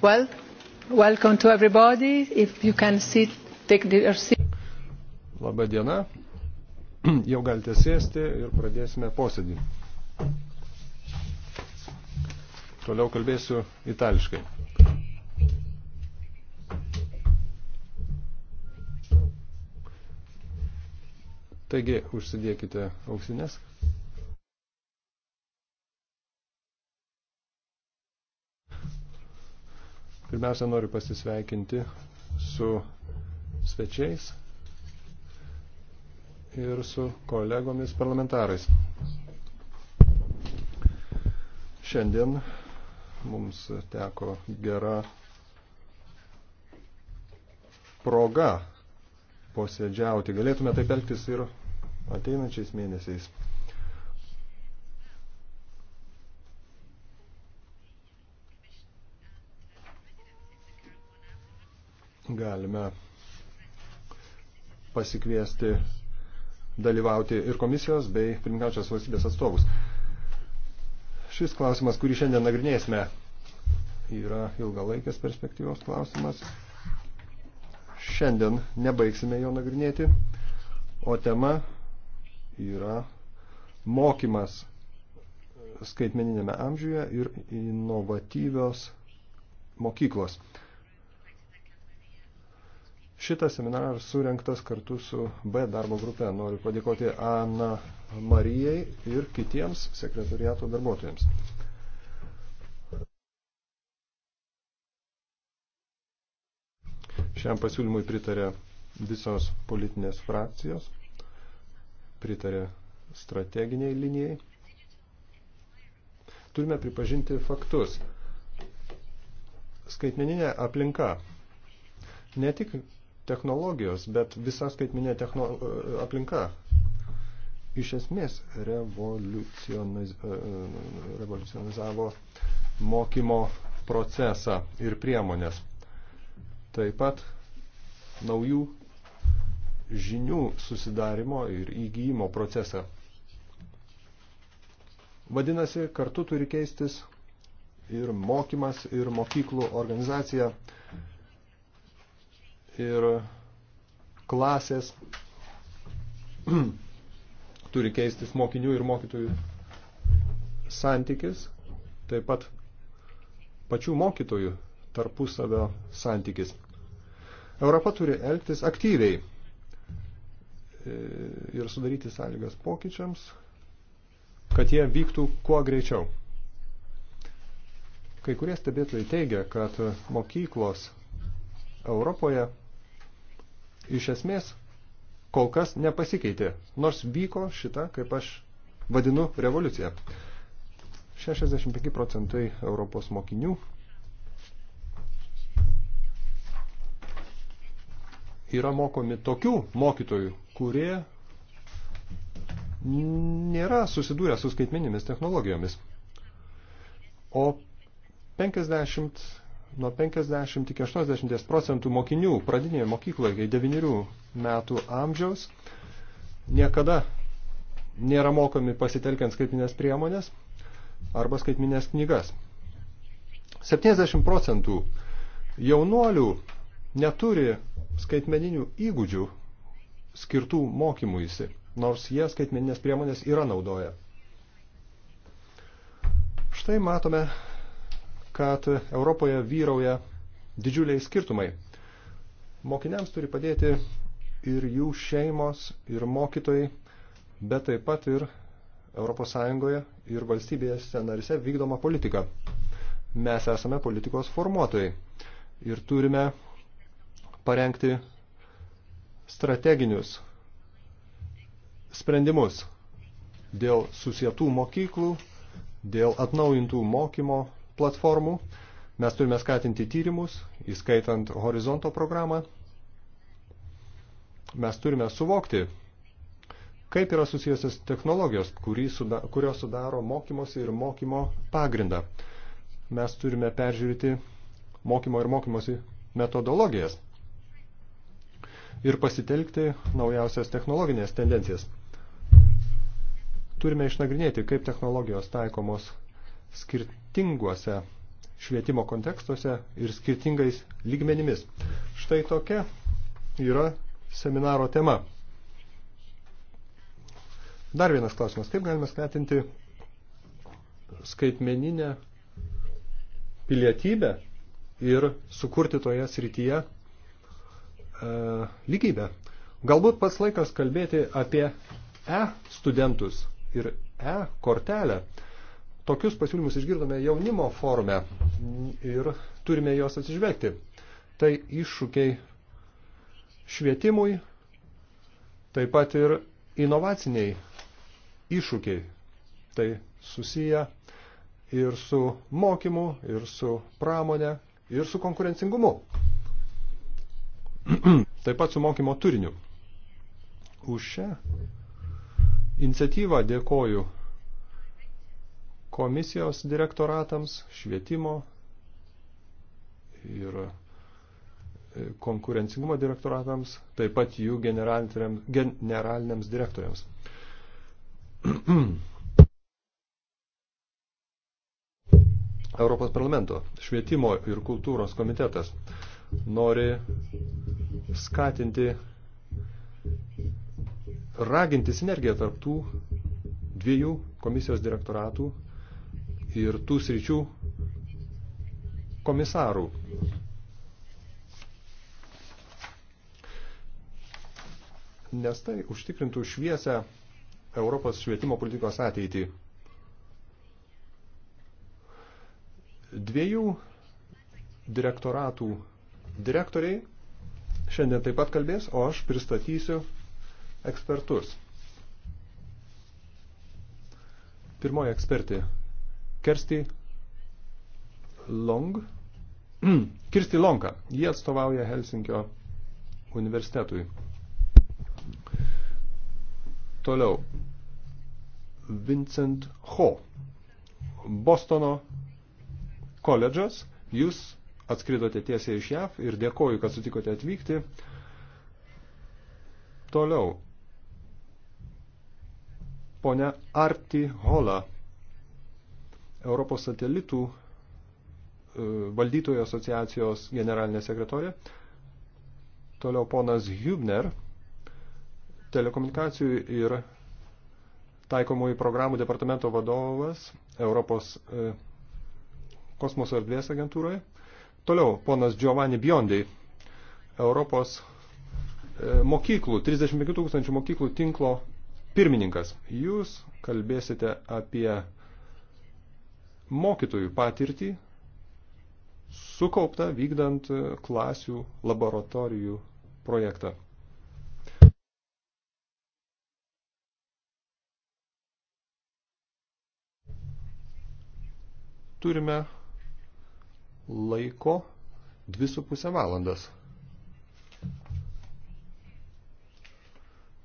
Well, welcome to everybody. If you can sit, take your seat. Labą dieną. Jau galite sėsti ir pradėsime posėdį. Toliau kalbėsiu itališkai. Taigi, užsidėkite ausinės. Pirmiausia, noriu pasisveikinti su svečiais ir su kolegomis parlamentarais. Šiandien mums teko gera proga posėdžiauti. Galėtume taip elgtis ir ateinančiais mėnesiais. galime pasikviesti dalyvauti ir komisijos bei pirmininkaučios valstybės atstovus. Šis klausimas, kurį šiandien nagrinėsime, yra ilgalaikės perspektyvos klausimas. Šiandien nebaigsime jo nagrinėti, o tema yra mokymas skaitmeninėme amžiuje ir inovatyvios mokyklos. Šitas seminaras surinktas kartu su B darbo grupė. Noriu padėkoti Ana Marijai ir kitiems sekretariato darbuotojams. Šiam pasiūlymui pritarė visos politinės frakcijos, pritarė strateginiai linijai. Turime pripažinti faktus. Skaitmeninė aplinka ne tik technologijos, bet visa skaitminė techno, e, aplinka iš esmės revoliucioniz, e, revoliucionizavo mokymo procesą ir priemonės. Taip pat naujų žinių susidarimo ir įgyjimo procesą. Vadinasi, kartu turi keistis ir mokymas, ir mokyklų organizacija ir klasės turi keistis mokinių ir mokytojų santykis, taip pat pačių mokytojų tarpusavio santykis. Europa turi elgtis aktyviai e, ir sudaryti sąlygas pokyčiams, kad jie vyktų kuo greičiau. Kai kurie stebėtojai teigia, kad mokyklos Europoje iš esmės kol kas nepasikeitė, nors vyko šita, kaip aš vadinu, revoliucija. 65 procentai Europos mokinių yra mokomi tokių mokytojų, kurie nėra susidūrę su skaitmeninėmis technologijomis. O 50 nuo 50 iki 80 procentų mokinių pradinėje mokykloje, kai 9 metų amžiaus, niekada nėra mokomi pasitelkiant skaitminės priemonės arba skaitminės knygas. 70 procentų jaunuolių neturi skaitmeninių įgūdžių skirtų mokymuisi, nors jie skaitmeninės priemonės yra naudoja. Štai matome kad Europoje vyrauja didžiuliai skirtumai. Mokiniams turi padėti ir jų šeimos, ir mokytojai, bet taip pat ir ES ir valstybėje scenarise vykdoma politika. Mes esame politikos formuotojai ir turime parengti strateginius sprendimus dėl susietų mokyklų, dėl atnaujintų mokymo platformų. Mes turime skatinti tyrimus, įskaitant horizonto programą. Mes turime suvokti, kaip yra susijusios technologijos, kurios sudaro mokymosi ir mokymo pagrindą. Mes turime peržiūrėti mokymo ir mokymosi metodologijas ir pasitelkti naujausias technologinės tendencijas. Turime išnagrinėti, kaip technologijos taikomos skirti skirtinguose švietimo kontekstuose ir skirtingais lygmenimis. Štai tokia yra seminaro tema. Dar vienas klausimas. Kaip galime skatinti skaitmeninę pilietybę ir sukurti toje srityje e, lygybę? Galbūt pats laikas kalbėti apie e-studentus ir e-kortelę. E Tokius pasiūlymus išgirdome jaunimo forume ir turime juos atsižvelgti. Tai iššūkiai švietimui, taip pat ir inovaciniai iššūkiai. Tai susiję ir su mokymu, ir su pramonė, ir su konkurencingumu. taip pat su mokymo turiniu. Už šią iniciatyvą dėkoju komisijos direktoratams, švietimo ir e, konkurencingumo direktoratams, taip pat jų generaliniams direktoriams. Europos parlamento švietimo ir kultūros komitetas nori skatinti, raginti sinergiją tarptų dviejų komisijos direktoratų ir tų sričių komisarų. Nes tai užtikrintų šviesę Europos švietimo politikos ateitį. Dviejų direktoratų direktoriai šiandien taip pat kalbės, o aš pristatysiu ekspertus. Pirmoji ekspertė Kersti Long. Mm, Kirsti Lonka. Jie atstovauja Helsinkio universitetui. Toliau. Vincent Ho. Bostono koledžas. Jūs atskridote tiesiai iš JAV ir dėkoju, kad sutikote atvykti. Toliau. Pone Arti Hola Europos satelitų e, valdytojų asociacijos generalinė sekretorė. Toliau ponas Hübner, telekomunikacijų ir taikomųjų programų departamento vadovas Europos e, kosmoso erdvės agentūroje. Toliau ponas Giovanni Biondi, Europos e, mokyklų, 35 tūkstančių mokyklų tinklo pirmininkas. Jūs kalbėsite apie mokytojų patirtį sukauptą vykdant e, klasių laboratorijų projektą. Turime laiko 2,5 valandas.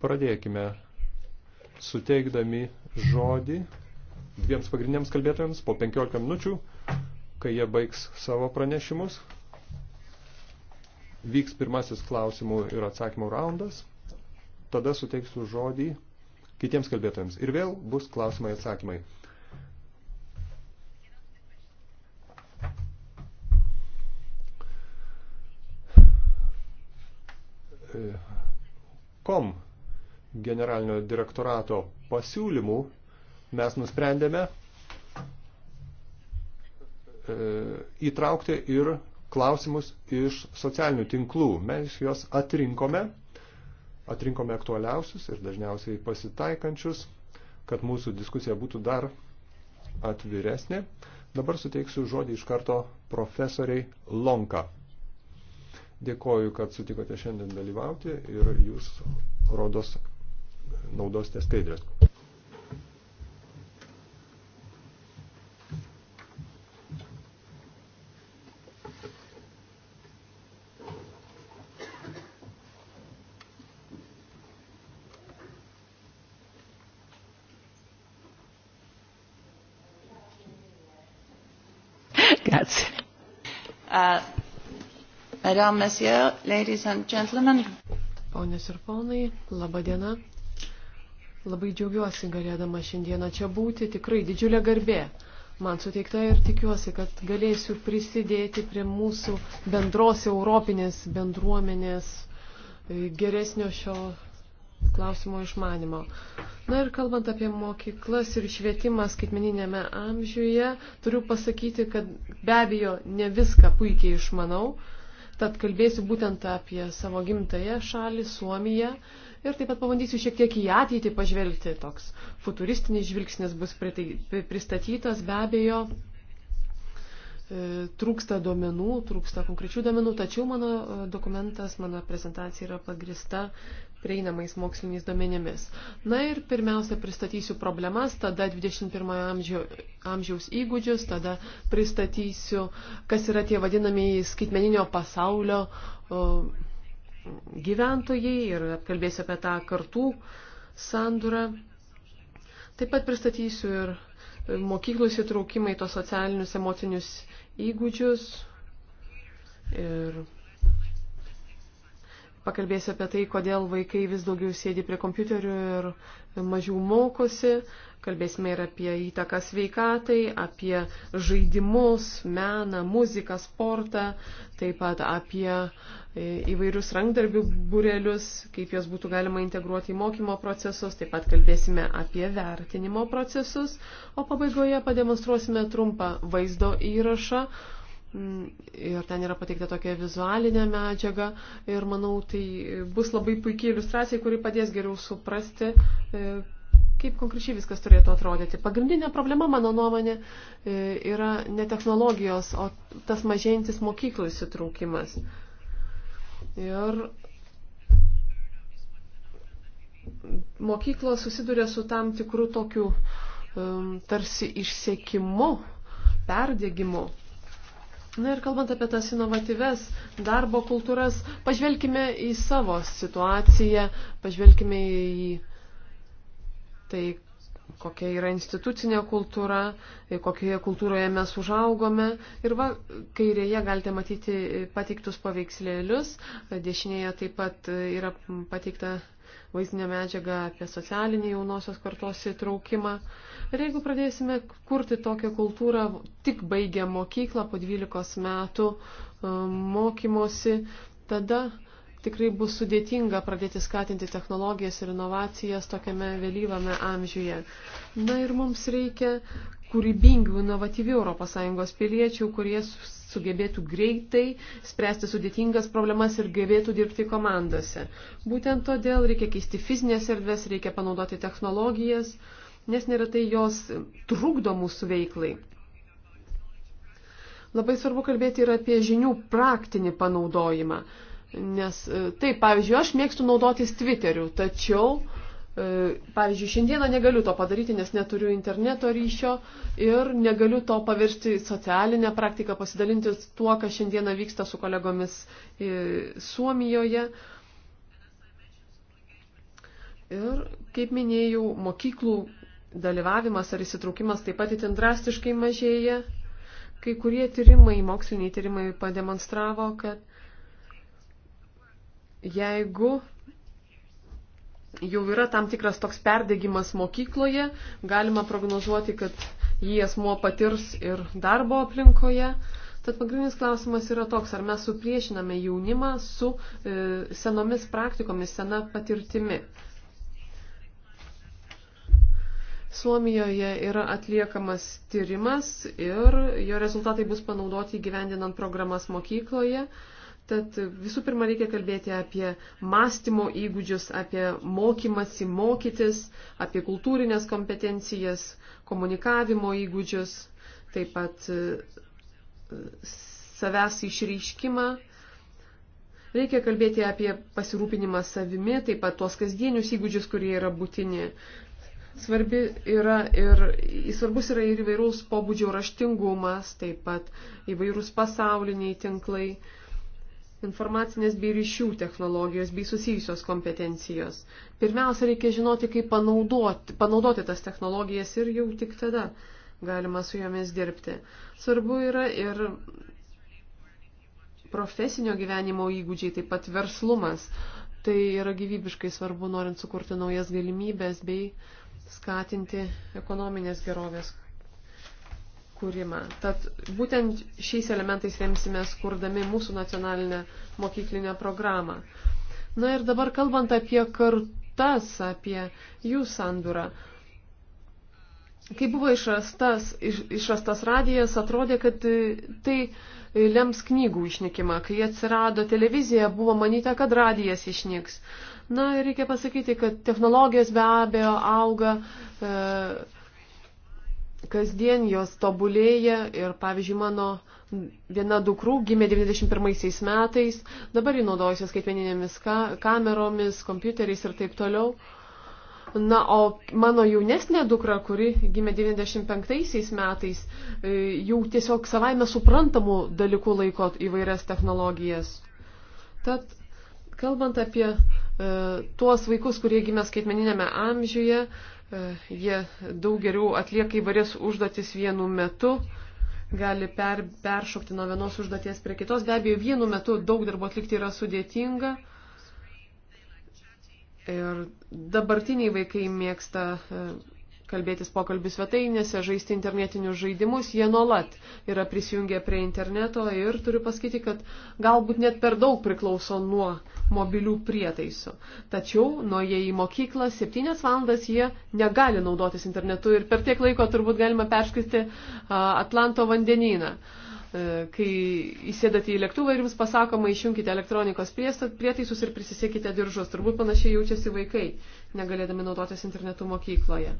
Pradėkime suteikdami žodį dviems pagrindiniams kalbėtojams po 15 minučių, kai jie baigs savo pranešimus. Vyks pirmasis klausimų ir atsakymų raundas. Tada suteiksiu žodį kitiems kalbėtojams. Ir vėl bus klausimai atsakymai. E, kom generalinio direktorato pasiūlymų mes nusprendėme e, įtraukti ir klausimus iš socialinių tinklų. Mes juos atrinkome, atrinkome aktualiausius ir dažniausiai pasitaikančius, kad mūsų diskusija būtų dar atviresnė. Dabar suteiksiu žodį iš karto profesoriai Lonka. Dėkoju, kad sutikote šiandien dalyvauti ir jūs rodos naudosite skaidrės. Madame, Monsieur, ladies and gentlemen. Ponės ir ponai, laba diena. Labai džiaugiuosi galėdama šiandieną čia būti, tikrai didžiulė garbė man suteikta ir tikiuosi, kad galėsiu prisidėti prie mūsų bendros europinės bendruomenės e, geresnio šio klausimo išmanimo. Na ir kalbant apie mokyklas ir švietimą skaitmeninėme amžiuje, turiu pasakyti, kad be abejo ne viską puikiai išmanau, Tad kalbėsiu būtent apie savo gimtąją šalį, Suomiją. Ir taip pat pabandysiu šiek tiek į ateitį pažvelgti. Toks futuristinis žvilgsnis bus pristatytas be abejo. E, trūksta duomenų, trūksta konkrečių duomenų, tačiau mano e, dokumentas, mano prezentacija yra pagrista prieinamais moksliniais domenimis. Na ir pirmiausia pristatysiu problemas, tada 21 amžiaus, amžiaus įgūdžius, tada pristatysiu, kas yra tie vadinamieji skaitmeninio pasaulio o, gyventojai ir apkalbėsiu apie tą kartų sandurą. Taip pat pristatysiu ir mokyklų įsitraukimai tos socialinius emocinius įgūdžius ir pakalbėsiu apie tai, kodėl vaikai vis daugiau sėdi prie kompiuterių ir mažiau mokosi. Kalbėsime ir apie įtaką sveikatai, apie žaidimus, meną, muziką, sportą, taip pat apie e, įvairius rankdarbių burelius, kaip juos būtų galima integruoti į mokymo procesus, taip pat kalbėsime apie vertinimo procesus, o pabaigoje pademonstruosime trumpą vaizdo įrašą, Mm, ir ten yra pateikta tokia vizualinė medžiaga ir manau, tai bus labai puikiai iliustracija, kuri padės geriau suprasti, e, kaip konkrečiai viskas turėtų atrodyti. Pagrindinė problema, mano nuomonė, e, yra ne technologijos, o tas mažėjantis mokyklų įsitraukimas. Ir mokyklos susiduria su tam tikru tokiu tarsi išsiekimu, perdėgymu Na ir kalbant apie tas inovatyves darbo kultūras, pažvelkime į savo situaciją, pažvelkime į tai, kokia yra institucinė kultūra, kokioje kultūroje mes užaugome. Ir va, kairėje galite matyti pateiktus paveikslėlius, dešinėje taip pat yra pateikta vaizdinė medžiaga apie socialinį jaunosios kartos įtraukimą. Uh, Ir jeigu pradėsime kurti tokią kultūrą, tik baigę mokyklą po 12 metų e, mokymosi, tada tikrai bus sudėtinga pradėti skatinti technologijas ir inovacijas tokiame vėlyvame amžiuje. Na ir mums reikia kūrybingių, inovatyvių ES piliečių, kurie sugebėtų greitai spręsti sudėtingas problemas ir gebėtų dirbti komandose. Būtent todėl reikia keisti fizinės erdvės, reikia panaudoti technologijas. Uh, nes neretai jos trukdo mūsų veiklai. Labai svarbu kalbėti ir apie žinių praktinį panaudojimą, nes e, taip, pavyzdžiui, aš mėgstu naudotis Twitteriu, tačiau e, Pavyzdžiui, šiandieną negaliu to padaryti, nes neturiu interneto ryšio ir negaliu to pavirsti socialinę praktiką, pasidalinti tuo, kas šiandieną vyksta su kolegomis e, Suomijoje. Ir, kaip minėjau, mokyklų dalyvavimas ar įsitraukimas taip pat itin drastiškai mažėja. Kai kurie tyrimai, moksliniai tyrimai pademonstravo, kad jeigu jau yra tam tikras toks perdegimas mokykloje, galima prognozuoti, kad jį asmuo patirs ir darbo aplinkoje. Tad pagrindinis klausimas yra toks, ar mes supriešiname jaunimą su e, senomis praktikomis, sena patirtimi. Suomijoje yra atliekamas tyrimas ir jo rezultatai bus panaudoti gyvendinant programas mokykloje. Tad visų pirma reikia kalbėti apie mąstymo įgūdžius, apie mokymasi mokytis, apie kultūrinės kompetencijas, komunikavimo įgūdžius, taip pat e, savęs išreiškimą. Reikia kalbėti apie pasirūpinimą savimi, taip pat tuos kasdienius įgūdžius, kurie yra būtini. Svarbi yra ir, svarbus yra ir įvairūs pobūdžių raštingumas, taip pat įvairūs pasauliniai tinklai, informacinės bei ryšių technologijos bei susijusios kompetencijos. Pirmiausia, reikia žinoti, kaip panaudoti, panaudoti tas technologijas ir jau tik tada galima su jomis dirbti. Svarbu yra ir profesinio gyvenimo įgūdžiai, taip pat verslumas. Tai yra gyvybiškai svarbu, norint sukurti naujas galimybės bei uh, skatinti ekonominės gerovės kūrimą. Tad būtent šiais elementais remsime skurdami mūsų nacionalinę mokyklinę programą. Na ir dabar kalbant apie kartas, apie jų sandūrą, Kai buvo išrastas, iš, išrastas radijas, atrodė, kad e, tai e, lems knygų išnykimą. Kai atsirado televizija, buvo manyta, kad radijas išnyks. Na ir reikia pasakyti, kad technologijos be abejo auga, e, kasdien jos tobulėja ir, pavyzdžiui, mano viena dukrų gimė 91 metais, dabar ji naudojasi skaitmeninėmis kameromis, kompiuteriais ir taip toliau. E, Na, o mano jaunesnė dukra, kuri gimė 95 metais, e, jau tiesiog savaime suprantamų dalykų laiko įvairias technologijas. Tad, kalbant apie e, tuos vaikus, kurie gimė skaitmeninėme amžiuje, e, jie daug geriau atlieka įvairias užduotis vienu metu gali per, peršokti nuo vienos užduoties prie kitos. Be abejo, vienu metu daug darbo atlikti yra sudėtinga, Ir dabartiniai vaikai mėgsta e, kalbėtis pokalbių svetainėse, žaisti internetinius žaidimus, jie nuolat yra prisijungę prie interneto ir turiu pasakyti, kad galbūt net per daug priklauso nuo mobilių prietaisų. Tačiau, nuėję į mokyklą, 7 valandas jie negali naudotis internetu ir per tiek laiko turbūt galima perskristi Atlanto vandenyną. Uh, E, kai įsėdate į lėktuvą ir jums pasakoma, išjungkite elektronikos prietaisus ir prisisiekite diržus. Turbūt panašiai jaučiasi vaikai, negalėdami naudotis internetu mokykloje.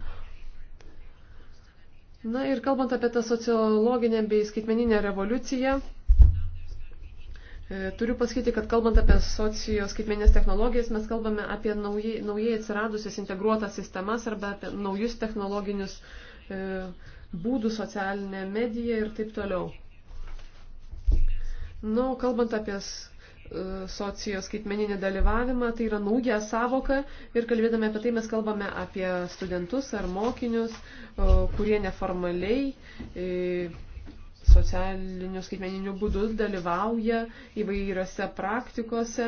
Na ir kalbant apie tą sociologinę bei skaitmeninę revoliuciją, e, Turiu pasakyti, kad kalbant apie socijos skaitmenės technologijas, mes kalbame apie naujai, naujai atsiradusias integruotas sistemas arba apie naujus technologinius e, būdus, socialinę mediją ir taip toliau. Nu, kalbant apie e, socijos skaitmeninį dalyvavimą, tai yra nauja savoka ir kalbėdami apie tai mes kalbame apie studentus ar mokinius, kurie neformaliai e, socialiniu skaitmeniniu būdu dalyvauja įvairiose praktikose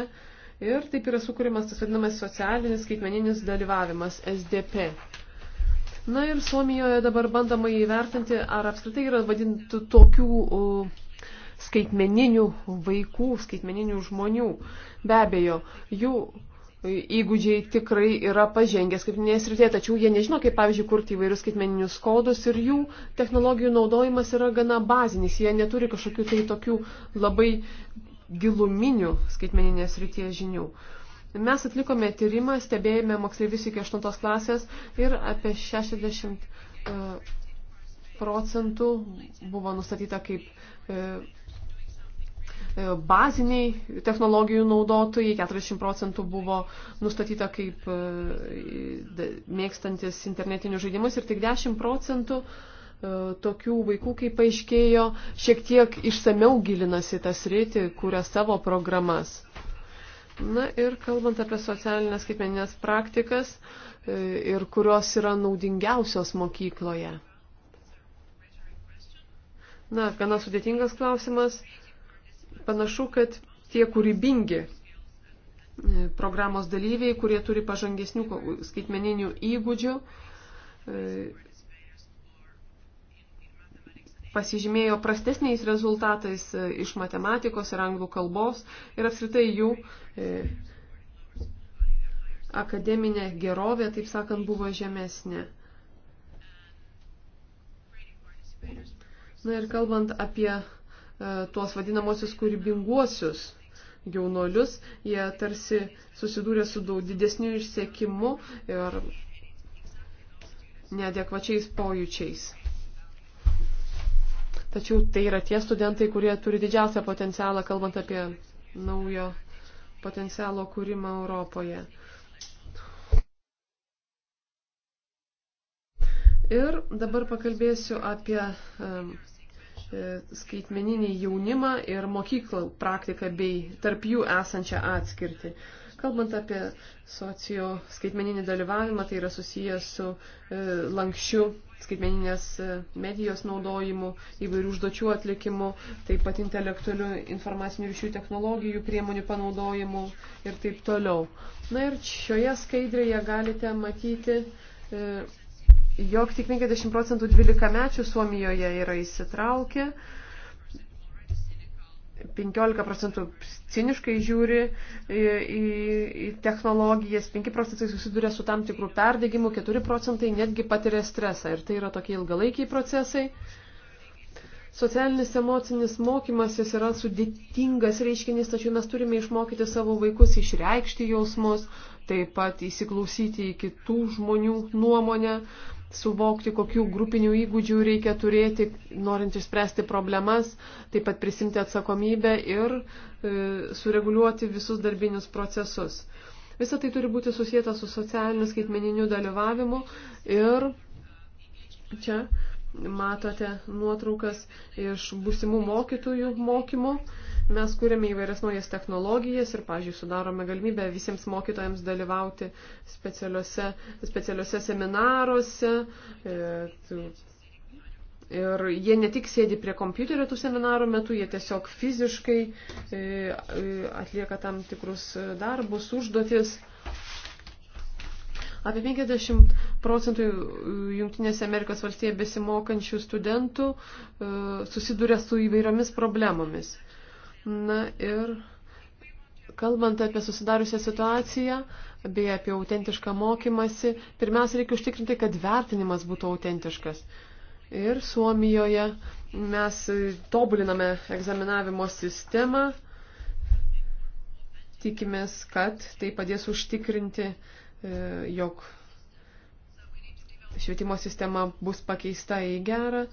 ir taip yra sukūrimas tas vadinamas socialinis skaitmeninis dalyvavimas SDP. Na ir Suomijoje dabar bandama įvertinti, ar apskritai yra vadinti tokių uh, skaitmeninių vaikų, skaitmeninių žmonių. Be abejo, jų įgūdžiai tikrai yra pažengę skaitmeninėje srityje, tačiau jie nežino, kaip, pavyzdžiui, kurti įvairius skaitmeninius kodus ir jų technologijų naudojimas yra gana bazinis. Jie neturi kažkokių tai tokių labai giluminių skaitmeninės srityje žinių. Mes atlikome tyrimą, stebėjome moksleivius iki 8 klasės ir apie 60 e, procentų buvo nustatyta kaip e, E, baziniai technologijų naudotojai, 40 procentų buvo nustatyta kaip e, mėgstantis internetinius žaidimus ir tik 10 procentų e, tokių vaikų, kaip paaiškėjo, šiek tiek išsameu gilinasi tą sritį, kuria savo programas. Na ir kalbant apie socialinės skaitmeninės praktikas ir kurios yra naudingiausios mokykloje. Na, gana sudėtingas klausimas. Panašu, kad tie kūrybingi e, programos dalyviai, kurie turi pažangesnių skaitmeninių įgūdžių, e, pasižymėjo prastesniais rezultatais e, iš matematikos ir anglų kalbos ir apskritai jų akademinė gerovė, taip sakant, buvo žemesnė. Na ir kalbant apie E, tuos vadinamosius kūrybinguosius jaunolius, jie tarsi susidūrė su daug didesniu išsiekimu ir neadekvačiais pojūčiais. Tačiau tai yra tie studentai, kurie turi didžiausią potencialą, kalbant apie naujo potencialo kūrimą Europoje. Ir dabar pakalbėsiu apie um, E, skaitmeninį jaunimą ir mokyklų praktiką bei tarp jų esančią atskirtį. Kalbant apie socio skaitmeninį dalyvavimą, tai yra susijęs su e, lankščiu skaitmeninės e, medijos naudojimu, įvairių užduočių atlikimu, taip pat intelektualių informacinių ryšių technologijų priemonių panaudojimu ir taip toliau. Na ir šioje skaidrėje galite matyti e, jog tik 50 procentų 12 mečių Suomijoje yra įsitraukę, 15 procentų ciniškai žiūri į, į, į technologijas, 5 procentai susiduria su tam tikrų perdėgymų, 4 procentai netgi patiria stresą ir tai yra tokie ilgalaikiai procesai. Socialinis emocinis mokymas jis yra sudėtingas reiškinys, tačiau mes turime išmokyti savo vaikus išreikšti jausmus, taip pat įsiklausyti į kitų žmonių nuomonę suvokti, kokių grupinių įgūdžių reikia turėti, norint išspręsti problemas, taip pat prisimti atsakomybę ir e, sureguliuoti visus darbinius procesus. Visą tai turi būti susijęta su socialiniu skaitmeniniu dalyvavimu ir čia matote nuotraukas iš būsimų mokytojų mokymų. E, Mes kūrėme įvairias naujas technologijas ir, pažiūrėjau, sudarome galimybę visiems mokytojams dalyvauti specialiuose, specialiuose seminaruose. E, ir jie ne tik sėdi prie kompiuterio tų seminarų metu, jie tiesiog fiziškai e, e, atlieka tam tikrus darbus, užduotis. Apie 50 procentų Junktinėse Amerikos valstybėje besimokančių studentų susiduria su įvairiomis problemomis. Na ir kalbant apie susidariusią situaciją, bei apie autentišką mokymasi, pirmiausia, reikia užtikrinti, kad vertinimas būtų autentiškas. Ir Suomijoje mes tobuliname egzaminavimo sistemą. Tikimės, kad tai padės užtikrinti, e, jog švietimo sistema bus pakeista į gerą,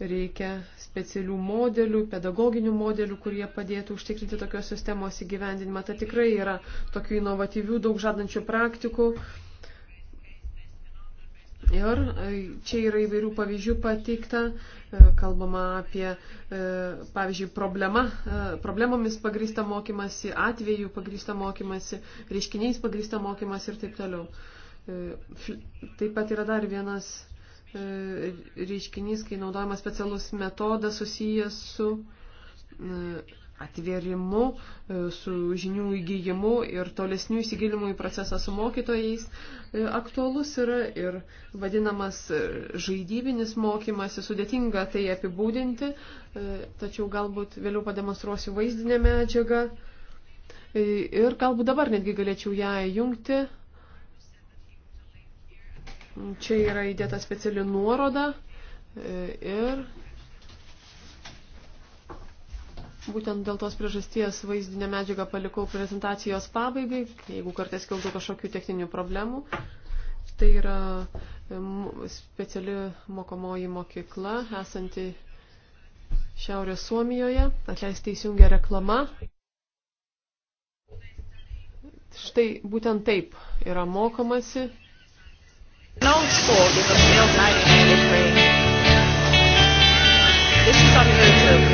reikia specialių modelių, pedagoginių modelių, kurie padėtų užtikrinti tokios sistemos įgyvendinimą. Tai tikrai yra tokių inovatyvių, daug žadančių praktikų. Ir e, čia yra įvairių pavyzdžių pateikta, e, kalbama apie, e, pavyzdžiui, problema, problemomis pagrįsta mokymasi, atvejų pagrįsta mokymasi, reiškiniais pagrįsta mokymasi ir taip toliau. Taip pat yra dar vienas E, reiškinys, kai naudojamas specialus metodas susijęs su e, atvėrimu, e, su žinių įgyjimu ir tolesnių įsigilimų į procesą su mokytojais. Aktualus yra ir vadinamas žaidybinis mokymas, sudėtinga tai apibūdinti, tačiau galbūt vėliau pademonstruosiu vaizdinę medžiagą. Ir galbūt dabar netgi galėčiau ją įjungti. Čia yra įdėta speciali nuoroda e, ir būtent dėl tos priežasties vaizdinę medžiagą palikau prezentacijos pabaigai, jeigu kartais kiltų kažkokių techninių problemų. Tai yra e, speciali mokomoji mokykla esanti Šiaurės Suomijoje, atleisti įsijungia reklama. Štai būtent taip yra mokomasi No sport is a skilled marriage delivery. This is on YouTube.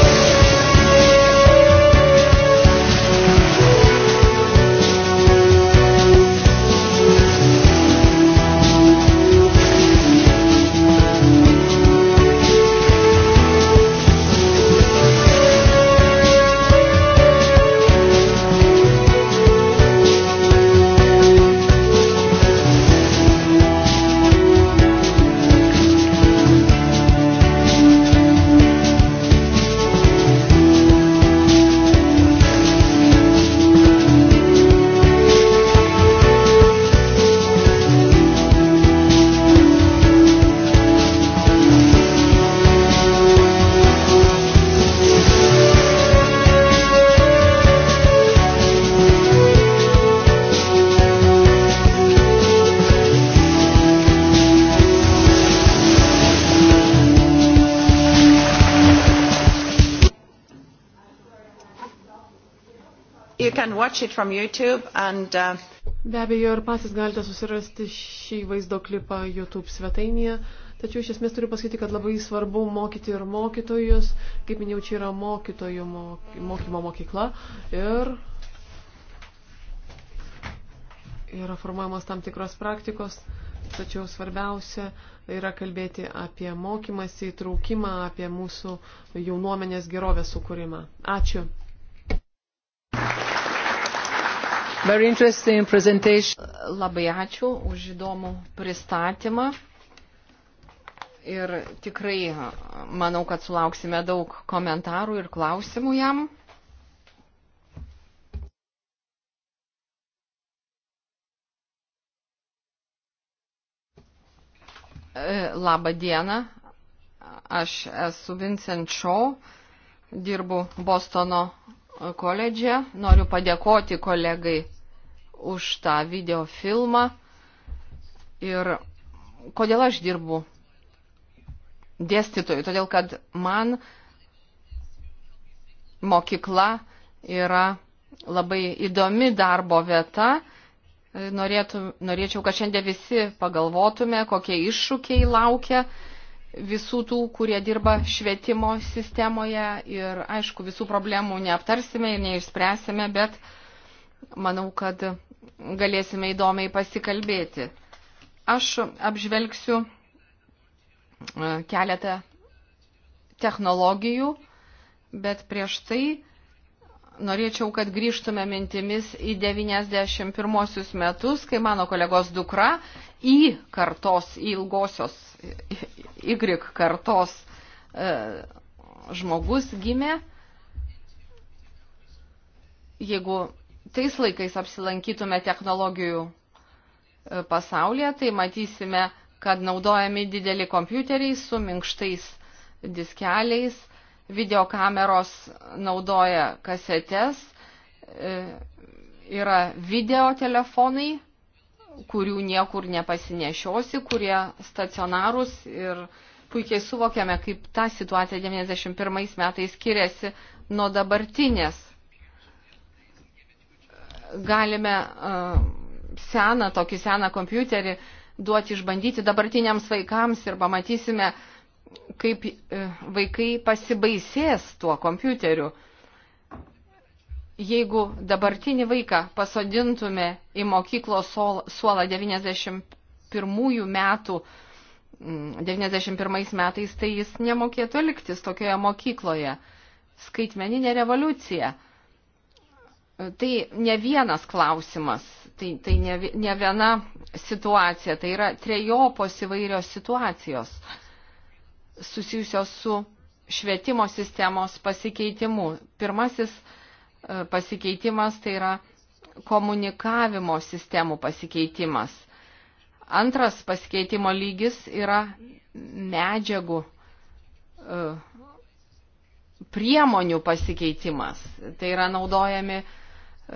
watch it from YouTube and uh... Be abejo, ir patys galite susirasti šį vaizdo klipą YouTube svetainėje, tačiau iš esmės turiu pasakyti, kad labai svarbu mokyti ir mokytojus, kaip minėjau, čia yra mokytojų mokymo mokykla ir yra formuojamos tam tikros praktikos, tačiau svarbiausia yra kalbėti apie mokymąsi, įtraukimą, apie mūsų jaunuomenės gerovės sukūrimą. Ačiū. Very interesting presentation. Labai ačiū už įdomų pristatymą. Ir tikrai manau, kad sulauksime daug komentarų ir klausimų jam. E, Labą dieną, aš esu Vincent Shaw, dirbu Bostono koledže. Noriu padėkoti kolegai už tą videofilmą ir kodėl aš dirbu dėstytoju. Todėl, kad man mokykla yra labai įdomi darbo vieta. Norėtų, norėčiau, kad šiandien visi pagalvotume, kokie iššūkiai laukia visų tų, kurie dirba švietimo sistemoje ir aišku, visų problemų neaptarsime ir neišspręsime, bet manau, kad galėsime įdomiai pasikalbėti. Aš apžvelgsiu e, keletą technologijų, bet prieš tai norėčiau, kad grįžtume mintimis į 91 metus, kai mano kolegos dukra į kartos, į ilgosios Y kartos e, žmogus gimė. Jeigu tais laikais apsilankytume technologijų e, pasaulyje, tai matysime, kad naudojami dideli kompiuteriai su minkštais diskeliais, videokameros naudoja kasetes, e, yra videotelefonai, kurių niekur nepasinešiosi, kurie stacionarūs ir puikiai suvokiame, kaip ta situacija 91 metais skiriasi nuo dabartinės galime seną, tokį seną kompiuterį duoti išbandyti dabartiniams vaikams ir pamatysime, kaip e, vaikai pasibaisės tuo kompiuteriu. Jeigu dabartinį vaiką pasodintume į mokyklos suolą 91 metų, 91 metais, tai jis nemokėtų elgtis tokioje mokykloje. Skaitmeninė revoliucija. Tai ne vienas klausimas, tai, tai ne, ne viena situacija, tai yra trejopos įvairios situacijos susijusios su švietimo sistemos pasikeitimu. Pirmasis e, pasikeitimas tai yra komunikavimo sistemų pasikeitimas. Antras pasikeitimo lygis yra medžiagų e, priemonių pasikeitimas. Tai yra naudojami uh,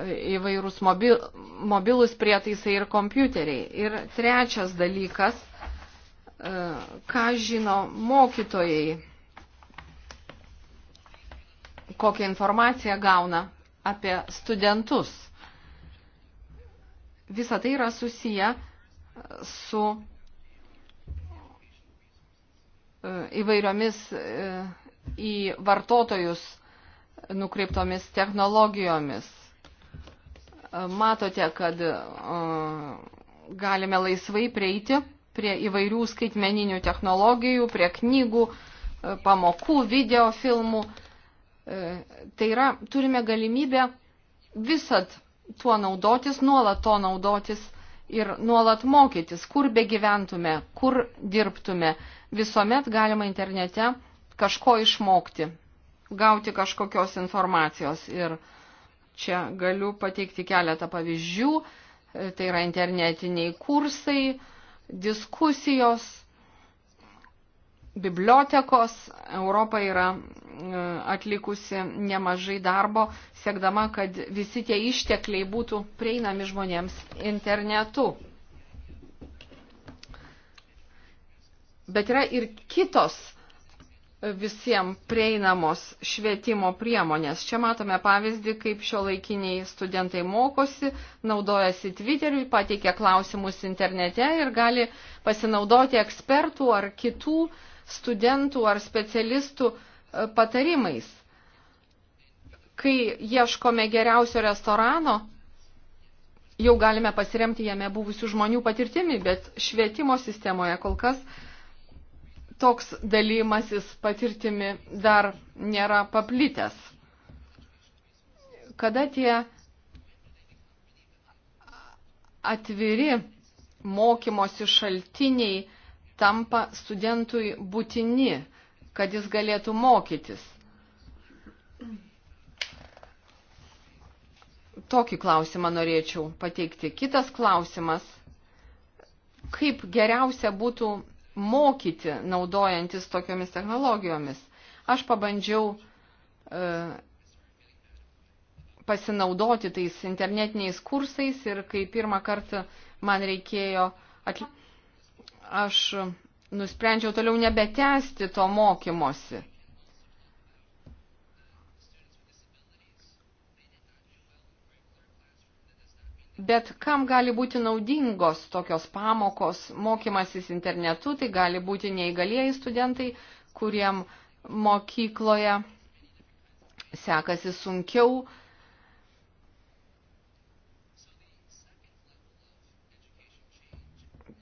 įvairūs mobil, mobilus prietaisai ir kompiuteriai. Ir trečias dalykas, e, ką žino mokytojai, kokią informaciją gauna apie studentus. Visa tai yra susiję su e, įvairiomis e, į vartotojus nukreiptomis technologijomis matote, kad galime laisvai prieiti prie įvairių skaitmeninių technologijų, prie knygų, pamokų, videofilmų. E, tai yra, turime galimybę visat tuo naudotis, nuolat to naudotis ir nuolat mokytis, kur begyventume, kur dirbtume. Visuomet galima internete kažko išmokti, gauti kažkokios informacijos. Ir uh, Čia galiu pateikti keletą pavyzdžių. E, tai yra internetiniai kursai, diskusijos, bibliotekos. Europa yra e, atlikusi nemažai darbo, siekdama, kad visi tie ištekliai būtų prieinami žmonėms internetu. Bet yra ir kitos visiems prieinamos švietimo priemonės. Čia matome pavyzdį, kaip šio laikiniai studentai mokosi, naudojasi Twitteriu, pateikia klausimus internete ir gali pasinaudoti ekspertų ar kitų studentų ar specialistų e, patarimais. Kai ieškome geriausio restorano, jau galime pasiremti jame buvusių žmonių patirtimi, bet švietimo sistemoje kol kas toks dalymasis patirtimi dar nėra paplitęs. Kada tie atviri mokymosi šaltiniai tampa studentui būtini, kad jis galėtų mokytis. Tokį klausimą norėčiau pateikti. Kitas klausimas, kaip geriausia būtų mokyti, naudojantis tokiomis technologijomis. Aš pabandžiau e, pasinaudoti tais internetiniais kursais ir kai pirmą kartą man reikėjo atlikti, aš nusprendžiau toliau nebetesti to mokymosi. Bet kam gali būti naudingos tokios pamokos, mokymasis internetu, tai gali būti neįgalieji studentai, kuriem mokykloje sekasi sunkiau.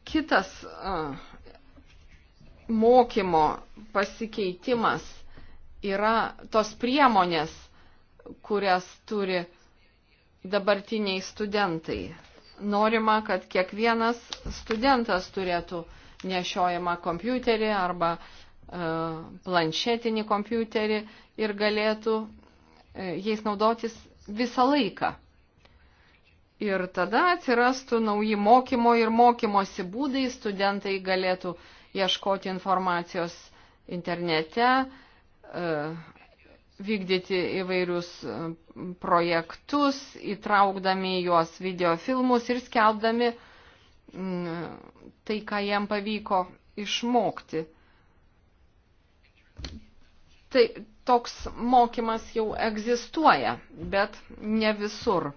Kitas uh, mokymo pasikeitimas yra tos priemonės, kurias turi uh, dabartiniai studentai. Norima, kad kiekvienas studentas turėtų nešiojamą kompiuterį arba e, planšetinį kompiuterį ir galėtų e, jais naudotis visą laiką. Ir tada atsirastų nauji mokymo ir mokymosi būdai, studentai galėtų ieškoti informacijos internete, e, vykdyti įvairius e, projektus, įtraukdami juos videofilmus ir skeldami mm, tai, ką jam pavyko išmokti. Tai toks mokymas jau egzistuoja, bet ne visur.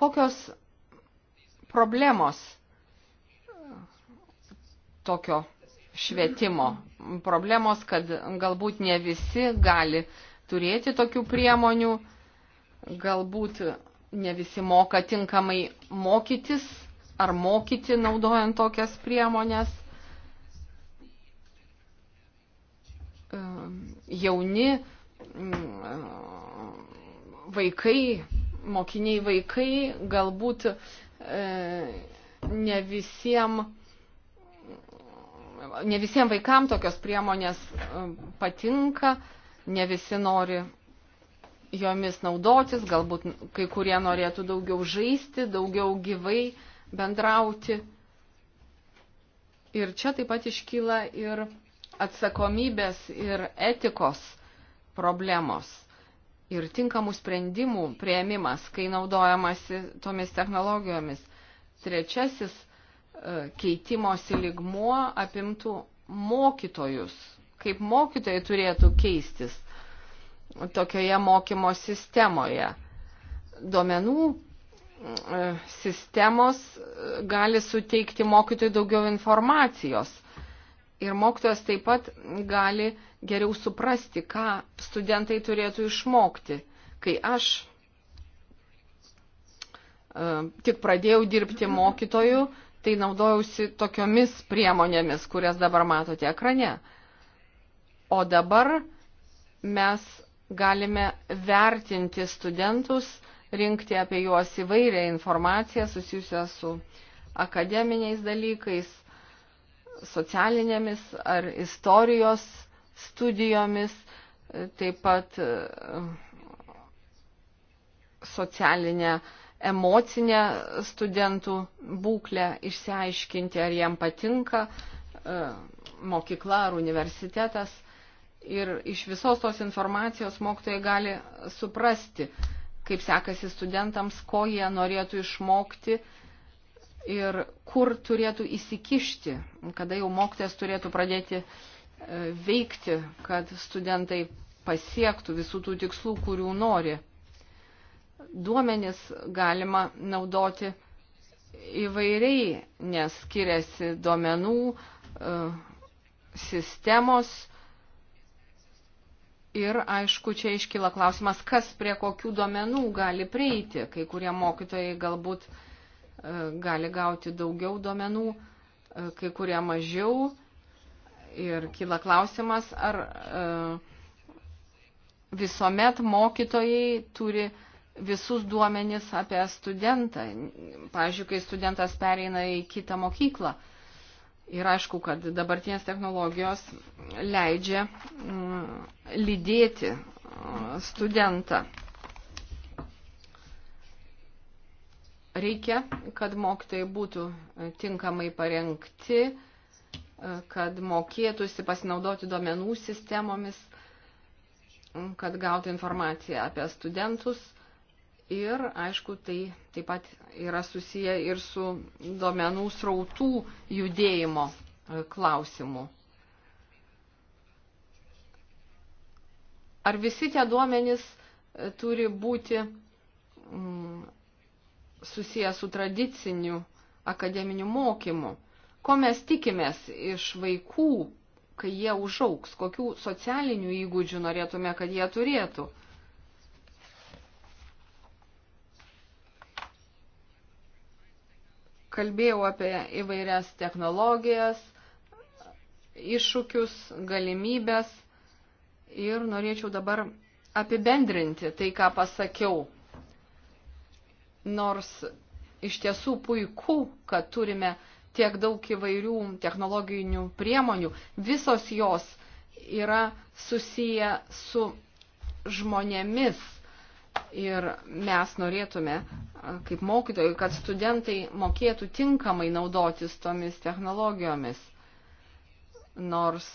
Kokios problemos tokio švietimo? Problemos, kad galbūt ne visi gali turėti tokių priemonių, galbūt ne visi moka tinkamai mokytis ar mokyti naudojant tokias priemonės. Ehm, jauni vaikai mokiniai vaikai galbūt e, ne visiems ne visiems vaikams tokios priemonės e, patinka, ne visi nori jomis naudotis, galbūt kai kurie norėtų daugiau žaisti, daugiau gyvai bendrauti. Ir čia taip pat iškyla ir atsakomybės ir etikos problemos ir tinkamų sprendimų prieimimas, kai naudojamasi tomis technologijomis. Trečiasis e, keitimosi ligmuo apimtų mokytojus, kaip mokytojai turėtų keistis tokioje mokymo sistemoje. Duomenų e, sistemos e, gali suteikti mokytojui daugiau informacijos ir mokytojas taip pat gali uh, geriau suprasti, ką studentai turėtų išmokti. Kai aš e, tik pradėjau dirbti mokytoju, tai naudojausi tokiomis priemonėmis, kurias dabar matote ekrane. O dabar mes galime vertinti studentus, rinkti apie juos įvairią informaciją susijusią su akademiniais dalykais, socialinėmis ar istorijos studijomis, taip pat e, socialinę, emocinę studentų būklę išsiaiškinti, ar jam patinka e, mokykla ar universitetas. Ir iš visos tos informacijos mokytojai gali suprasti, kaip sekasi studentams, ko jie norėtų išmokti ir kur turėtų įsikišti, kada jau mokytas turėtų pradėti uh, veikti, kad studentai pasiektų visų tų tikslų, kurių nori. Duomenis galima naudoti įvairiai, nes skiriasi duomenų e, sistemos ir aišku, čia iškyla klausimas, kas prie kokių duomenų gali prieiti. Kai kurie mokytojai galbūt e, gali gauti daugiau duomenų, e, kai kurie mažiau Ir kyla klausimas, ar e, visuomet mokytojai turi visus duomenis apie studentą. Pavyzdžiui, kai studentas pereina į kitą mokyklą. Ir aišku, kad dabartinės technologijos leidžia mm, lydėti mm, studentą. Reikia, kad mokytojai būtų e, tinkamai parengti kad mokėtųsi pasinaudoti duomenų sistemomis, kad gautų informaciją apie studentus. Ir, aišku, tai taip pat yra susiję ir su duomenų srautų judėjimo e, klausimu. Ar visi tie duomenys e, turi būti mm, susiję su tradiciniu akademiniu mokymu? Ko mes tikimės iš vaikų, kai jie užauks, kokių socialinių įgūdžių norėtume, kad jie turėtų. Kalbėjau apie įvairias technologijas, iššūkius, galimybės ir norėčiau dabar apibendrinti tai, ką pasakiau. Nors iš tiesų puiku, kad turime tiek daug įvairių technologinių priemonių, visos jos yra susiję su žmonėmis. Ir mes norėtume, kaip mokytojai, kad studentai mokėtų tinkamai naudotis tomis technologijomis. Nors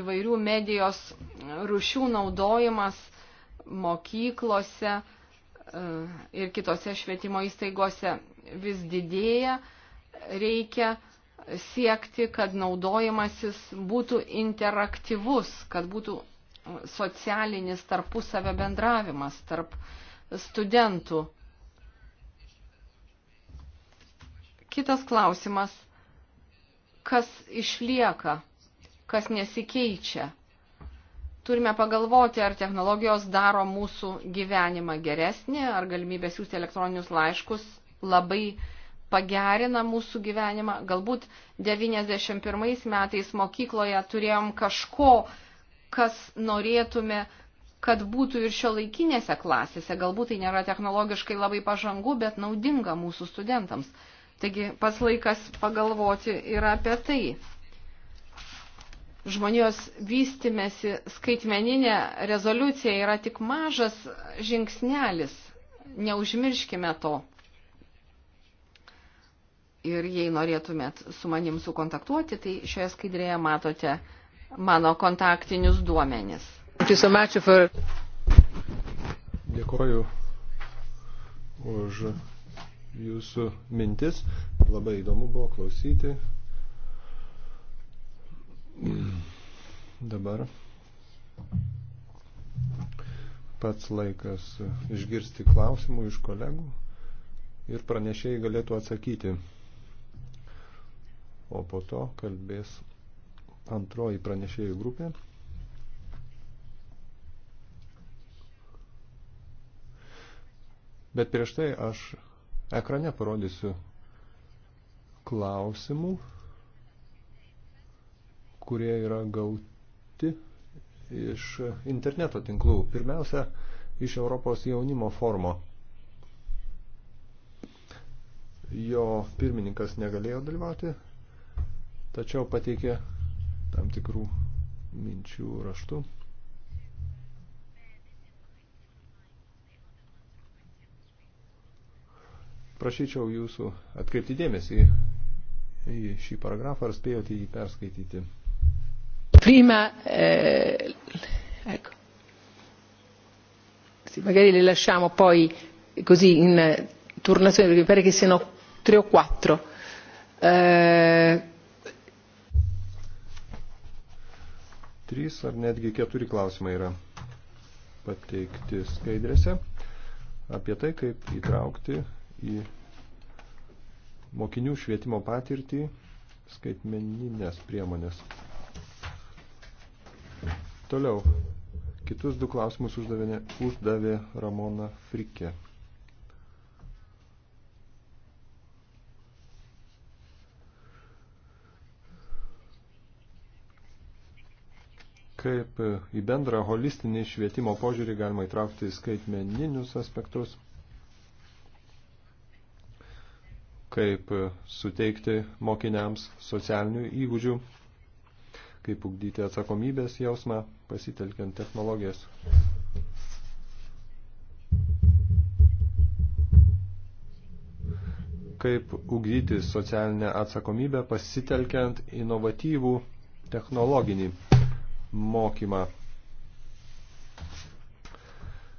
įvairių medijos rušių naudojimas mokyklose ir kitose švietimo įstaigose vis didėja, reikia siekti, kad naudojimasis būtų interaktyvus, kad būtų socialinis tarpusavio bendravimas tarp studentų. Kitas klausimas, kas išlieka, kas nesikeičia. Turime pagalvoti, ar technologijos daro mūsų gyvenimą geresnį, ar galimybė siūsti elektroninius laiškus labai uh, pagerina mūsų gyvenimą. Galbūt 91 metais mokykloje turėjom kažko, kas norėtume, kad būtų ir šio laikinėse klasėse. Galbūt tai nėra technologiškai labai pažangu, bet naudinga mūsų studentams. Taigi pats laikas pagalvoti ir apie tai. Žmonijos vystimėsi skaitmeninė rezoliucija yra tik mažas žingsnelis. Neužmirškime to. Ir jei norėtumėt su manim sukontaktuoti, tai šioje skaidrėje matote mano kontaktinius duomenis. Dėkoju už jūsų mintis. Labai įdomu buvo klausyti. Dabar pats laikas išgirsti klausimų iš kolegų ir pranešėjai galėtų atsakyti o po to kalbės antroji pranešėjų grupė. Bet prieš tai aš ekrane parodysiu klausimų, kurie yra gauti iš interneto tinklų. Pirmiausia, iš Europos jaunimo formo. Jo pirmininkas negalėjo dalyvauti tačiau pateikė tam tikrų minčių raštų. Prašyčiau jūsų atkreipti dėmesį į šį paragrafą, ar spėjote jį perskaityti. Prima, eh, ecco. Sì, magari le lasciamo poi così in turnazione, perché mi pare che siano tre o quattro. Eh, Trys ar netgi keturi klausimai yra pateikti skaidrėse apie tai, kaip įtraukti į mokinių švietimo patirtį skaitmeninės priemonės. Toliau. Kitus du klausimus uždavė, uždavė Ramona Frikė. kaip į bendrą holistinį švietimo požiūrį galima įtraukti skaitmeninius aspektus, kaip suteikti mokiniams socialinių įgūdžių, kaip ugdyti atsakomybės jausmą, pasitelkiant technologijas. kaip ugdyti socialinę atsakomybę pasitelkiant inovatyvų technologinį mokymą.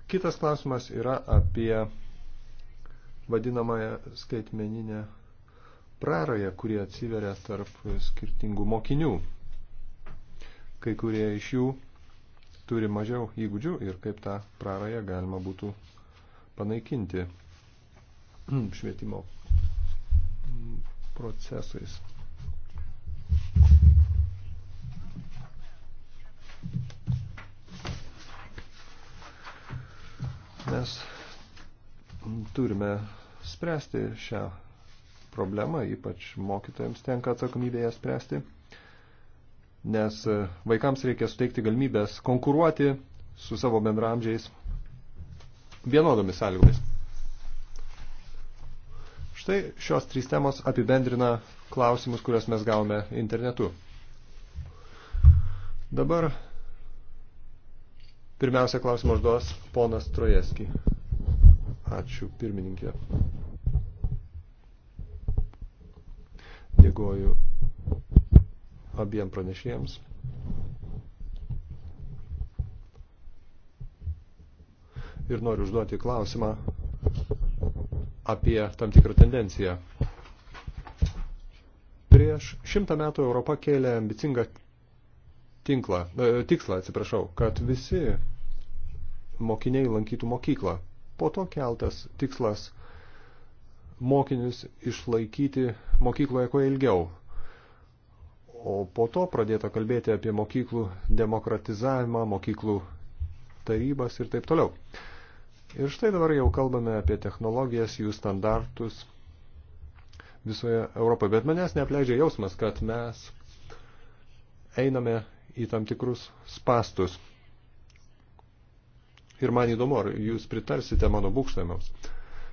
Kitas klausimas yra apie vadinamąją skaitmeninę prarąją, kurie atsiveria tarp skirtingų mokinių. Kai kurie iš jų turi mažiau įgūdžių ir kaip tą prarąją galima būtų panaikinti švietimo procesais. Mes turime spręsti šią problemą, ypač mokytojams tenka atsakomybė ją spręsti, nes e, vaikams reikia suteikti galimybės konkuruoti su savo bendramžiais vienodomis sąlygomis. Štai šios trys temos apibendrina klausimus, kuriuos mes gavome internetu. Dabar Pirmiausia, klausimą užduos ponas Trojeski. Ačiū, pirmininkė. Dėkoju abiem pranešėjams. Ir noriu užduoti klausimą apie tam tikrą tendenciją. Prieš šimtą metų Europa kėlė ambicingą tinklą, e, tikslą, atsiprašau, kad visi mokiniai lankytų mokyklą. Po to keltas tikslas mokinius išlaikyti mokykloje kuo ilgiau. O po to pradėta kalbėti apie mokyklų demokratizavimą, mokyklų tarybas ir taip toliau. Ir štai dabar jau kalbame apie technologijas, jų standartus visoje Europoje. Bet manęs neapleidžia jausmas, kad mes einame į tam tikrus spastus. Ir man įdomu, ar jūs pritarsite mano būkštojimams.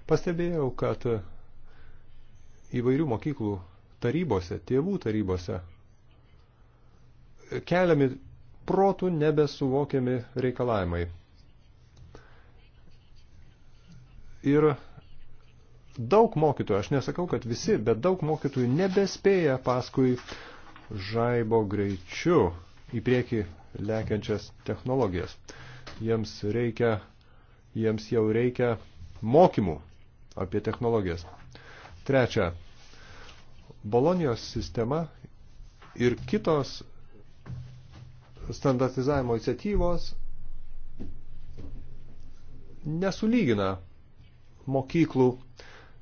Pastebėjau, kad įvairių mokyklų tarybose, tėvų tarybose keliami protų nebesuvokiami reikalavimai. Ir daug mokytojų, aš nesakau, kad visi, bet daug mokytojų nebespėja paskui žaibo greičiu į priekį lekiančias technologijas. Jiems, reikia, jiems jau reikia mokymų apie technologijas. Trečia, Bolonijos sistema ir kitos standartizavimo iniciatyvos nesulygina mokyklų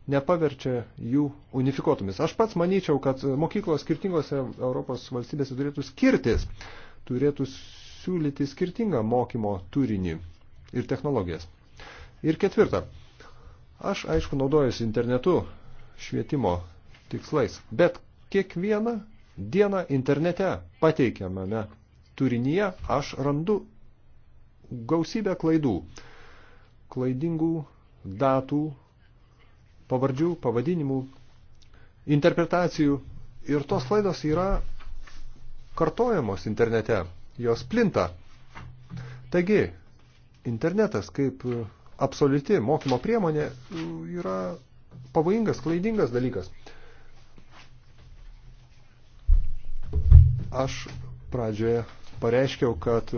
nepaverčia jų unifikuotomis. Aš pats manyčiau, kad mokyklos skirtingose Europos valstybėse turėtų skirtis, turėtų siūlyti skirtingą mokymo turinį ir technologijas. Ir ketvirta, aš aišku naudojusi internetu švietimo tikslais, bet kiekvieną dieną internete pateikiamame turinyje aš randu gausybę klaidų, klaidingų datų, pavardžių, pavadinimų, interpretacijų. Ir tos klaidos yra kartojamos internete, jos plinta. Taigi, internetas kaip absoliuti mokymo priemonė yra pavojingas, klaidingas dalykas. Aš pradžioje pareiškiau, kad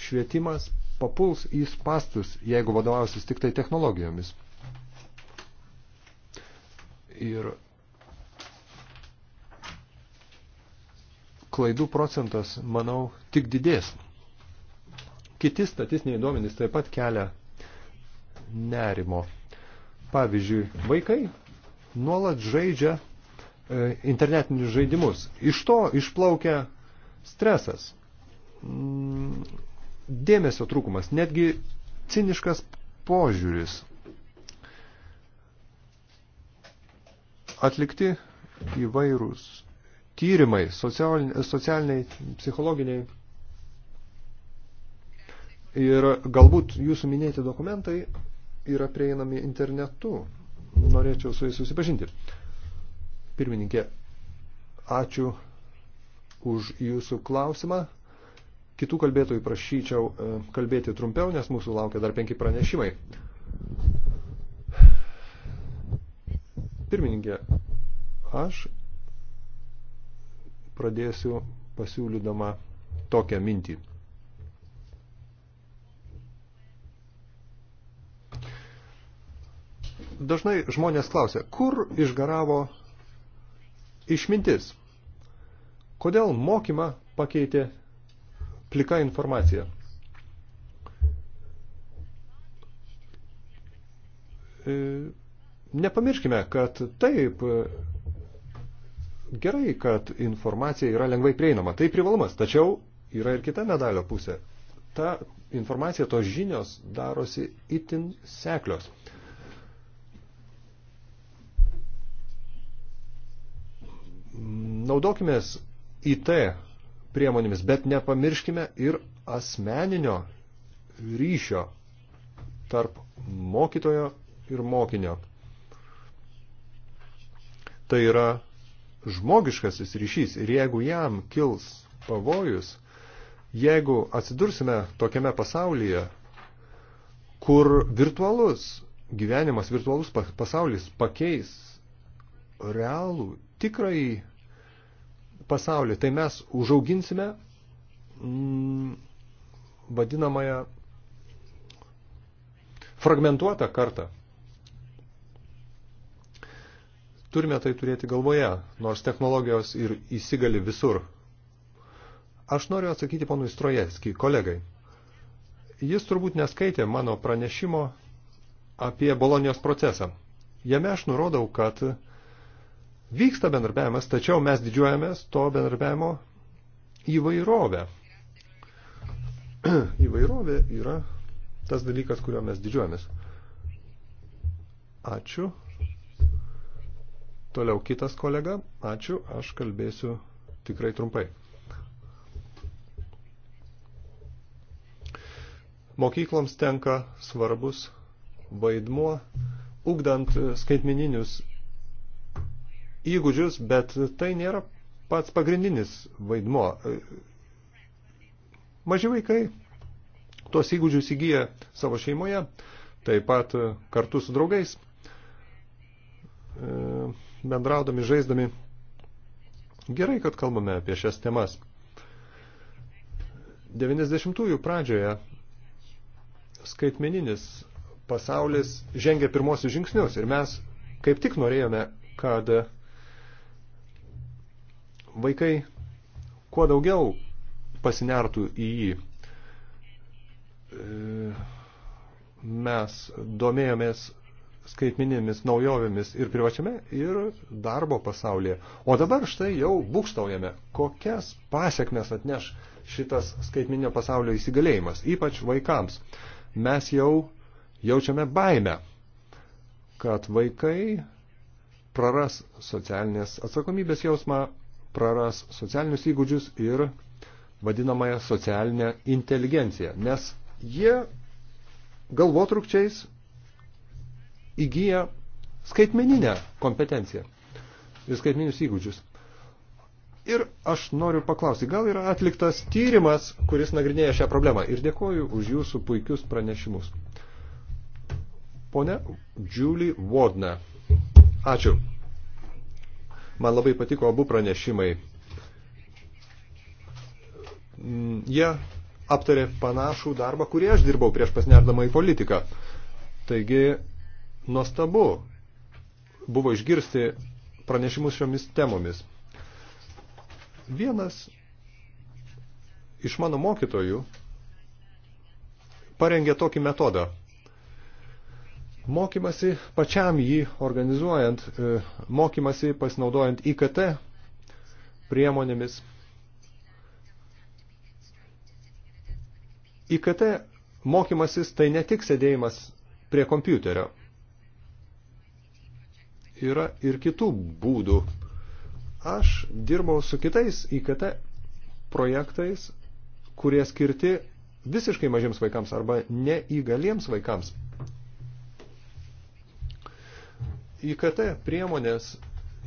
švietimas papuls į spastus, jeigu vadovausis tik tai technologijomis. Ir klaidų procentas, manau, tik didės. Kiti statistiniai duomenys taip pat kelia nerimo. Pavyzdžiui, vaikai nuolat žaidžia e, internetinius žaidimus. Iš to išplaukia stresas, mm, dėmesio trūkumas, netgi ciniškas požiūris atlikti įvairūs tyrimai, socialiniai, psichologiniai. Ir galbūt jūsų minėti dokumentai yra prieinami internetu. Norėčiau su jais susipažinti. Pirmininkė, ačiū už jūsų klausimą. Kitų kalbėtojų prašyčiau e, kalbėti trumpiau, nes mūsų laukia dar penki pranešimai. Pirmininkė, aš pradėsiu pasiūlydama tokią mintį. Dažnai žmonės klausia, kur išgaravo išmintis? Kodėl mokymą pakeitė plika informacija? E, Nepamirškime, kad taip, gerai, kad informacija yra lengvai prieinama, tai privalumas, tačiau yra ir kita medalio pusė. Ta informacija, tos žinios darosi itin seklios. Naudokimės IT priemonėmis, bet nepamirškime ir asmeninio ryšio tarp mokytojo ir mokinio. Tai yra žmogiškasis ryšys ir jeigu jam kils pavojus, jeigu atsidursime tokiame pasaulyje, kur virtualus gyvenimas, virtualus pasaulis pakeis realų, tikrai pasaulį, tai mes užauginsime mm, vadinamąją fragmentuotą kartą. Turime tai turėti galvoje, nors technologijos ir įsigali visur. Aš noriu atsakyti ponui Strojevskį, kolegai. Jis turbūt neskaitė mano pranešimo apie Bolonijos procesą. Jame aš nurodau, kad vyksta bendarbiavimas, tačiau mes didžiuojamės to bendarbiavimo įvairovę. įvairovė yra tas dalykas, kuriuo mes didžiuojamės. Ačiū. Toliau kitas kolega. Ačiū, aš kalbėsiu tikrai trumpai. Mokykloms tenka svarbus vaidmuo, ugdant skaitmeninius įgūdžius, bet tai nėra pats pagrindinis vaidmuo. Maži vaikai tuos įgūdžius įgyja savo šeimoje, taip pat kartu su draugais. E, bendraudami, žaisdami. Gerai, kad kalbame apie šias temas. 90-ųjų pradžioje skaitmeninis pasaulis žengė pirmosius žingsnius ir mes kaip tik norėjome, kad vaikai kuo daugiau pasinertų į jį. E, mes domėjomės skaitminėmis naujovėmis ir privačiame, ir darbo pasaulyje. O dabar štai jau būkstaujame, kokias pasiekmes atneš šitas skaitminio pasaulio įsigalėjimas, ypač vaikams. Mes jau jaučiame baimę, kad vaikai praras socialinės atsakomybės jausmą, praras socialinius įgūdžius ir vadinamąją socialinę inteligenciją, nes jie galvotrukčiais įgyja skaitmeninę kompetenciją ir skaitmeninius įgūdžius. Ir aš noriu paklausti, gal yra atliktas tyrimas, kuris nagrinėja šią problemą. Ir dėkoju už jūsų puikius pranešimus. Pone Julie Wodne. Ačiū. Man labai patiko abu pranešimai. Mm, jie aptarė panašų darbą, kurį aš dirbau prieš pasnerdama į politiką. Taigi Nuostabu buvo išgirsti pranešimus šiomis temomis. Vienas iš mano mokytojų parengė tokį metodą. Mokymasi pačiam jį organizuojant, e, mokymasi pasinaudojant IKT priemonėmis. IKT mokymasis tai ne tik sėdėjimas prie kompiuterio yra ir kitų būdų. Aš dirbau su kitais IKT projektais, kurie skirti visiškai mažiems vaikams arba neįgaliems vaikams. IKT priemonės,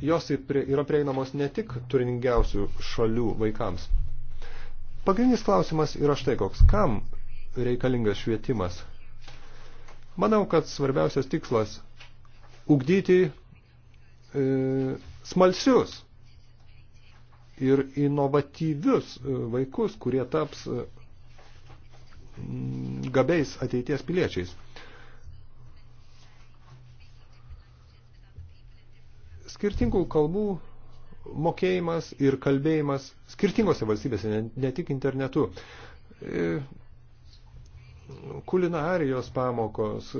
jos yra prieinamos ne tik turiningiausių šalių vaikams. Pagrindinis klausimas yra štai koks. Kam reikalingas švietimas? Manau, kad svarbiausias tikslas – ugdyti E, smalsius ir inovatyvius e, vaikus, kurie taps e, gabiais ateities piliečiais. Skirtingų kalbų mokėjimas ir kalbėjimas skirtingose valstybėse, ne, ne tik internetu. Kulinarijos pamokos,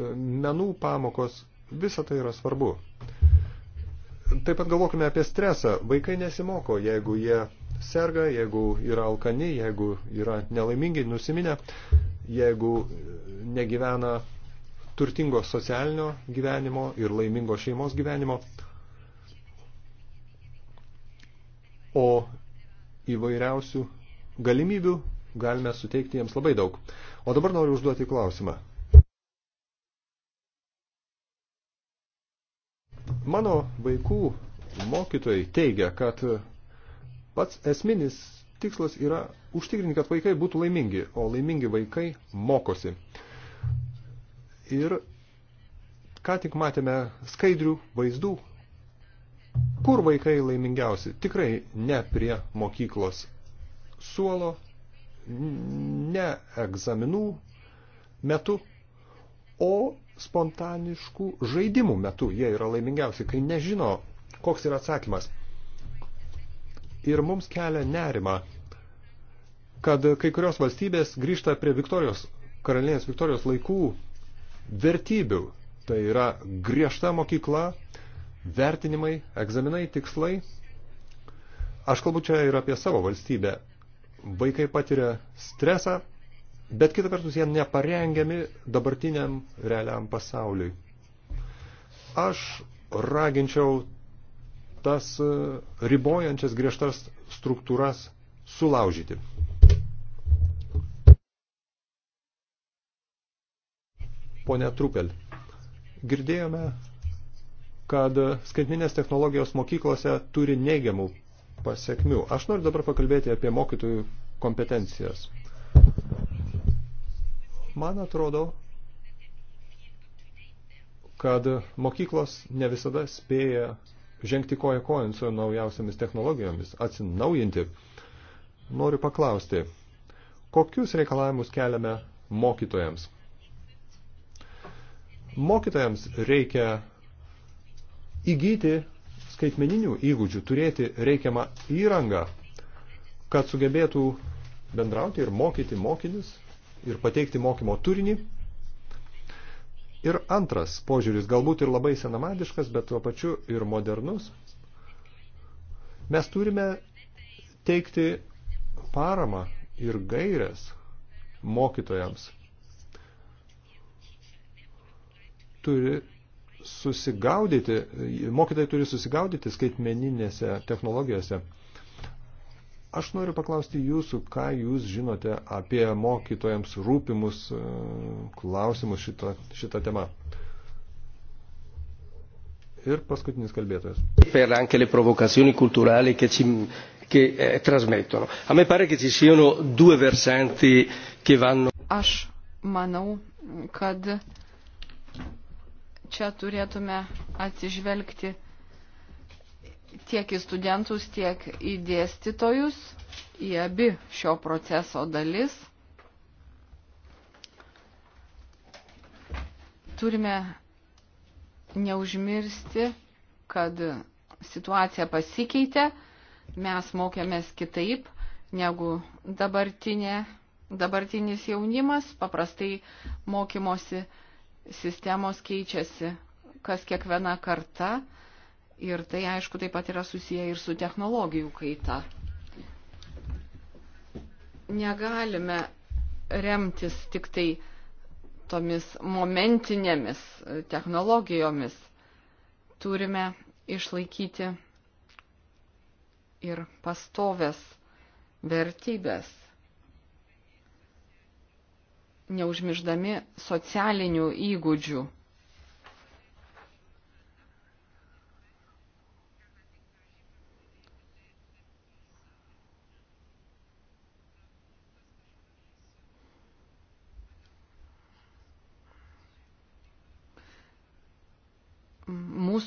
menų pamokos, visa tai yra svarbu. Taip pat galvokime apie stresą. Vaikai nesimoko, jeigu jie serga, jeigu yra alkani, jeigu yra nelaimingi, nusiminę, jeigu negyvena turtingo socialinio gyvenimo ir laimingo šeimos gyvenimo. O įvairiausių galimybių galime suteikti jiems labai daug. O dabar noriu užduoti klausimą. Mano vaikų mokytojai teigia, kad pats esminis tikslas yra užtikrinti, kad vaikai būtų laimingi, o laimingi vaikai mokosi. Ir ką tik matėme skaidrių vaizdų, kur vaikai laimingiausi. Tikrai ne prie mokyklos suolo, ne egzaminų metu, o spontaniškų žaidimų metu jie yra laimingiausi, kai nežino, koks yra atsakymas. Ir mums kelia nerima, kad kai kurios valstybės grįžta prie Viktorijos, karalienės Viktorijos laikų vertybių. Tai yra griežta mokykla, vertinimai, egzaminai, tikslai. Aš kalbu čia ir apie savo valstybę. Vaikai patiria stresą, bet kita vertus jie neparengiami dabartiniam realiam pasauliui. Aš raginčiau tas e, ribojančias griežtas struktūras sulaužyti. Pone Trupel, girdėjome, kad skaitminės technologijos mokyklose turi neigiamų pasiekmių. Aš noriu dabar pakalbėti apie mokytojų kompetencijas. Man atrodo, kad mokyklos ne visada spėja žengti koja kojant su naujausiamis technologijomis, atsinaujinti. Noriu paklausti, kokius reikalavimus keliame mokytojams? Mokytojams reikia įgyti skaitmeninių įgūdžių, turėti reikiamą įrangą, kad sugebėtų bendrauti ir mokyti mokinius ir pateikti mokymo turinį. Ir antras požiūris, galbūt ir labai senamadiškas, bet tuo pačiu ir modernus. Mes turime teikti paramą ir gairias mokytojams. Turi susigaudyti, mokytojai turi susigaudyti skaitmeninėse technologijose Aš noriu paklausti jūsų, ką jūs žinote apie mokytojams rūpimus e, klausimus šitą, šitą temą. Ir paskutinis kalbėtojas. Per anche le provocazioni culturali che ci che eh, trasmettono. A me pare che ci siano due versanti che vanno. Aš manau, kad čia turėtume atsižvelgti tiek į studentus, tiek į dėstytojus, į abi šio proceso dalis. Turime neužmirsti, kad situacija pasikeitė, mes mokėmės kitaip negu dabartinė, dabartinis jaunimas, paprastai mokymosi sistemos keičiasi kas kiekviena karta Ir tai, aišku, taip pat yra susiję ir su technologijų kaita. Negalime remtis tik tai tomis momentinėmis technologijomis. Turime išlaikyti ir pastovės vertybės, neužmirždami socialinių įgūdžių.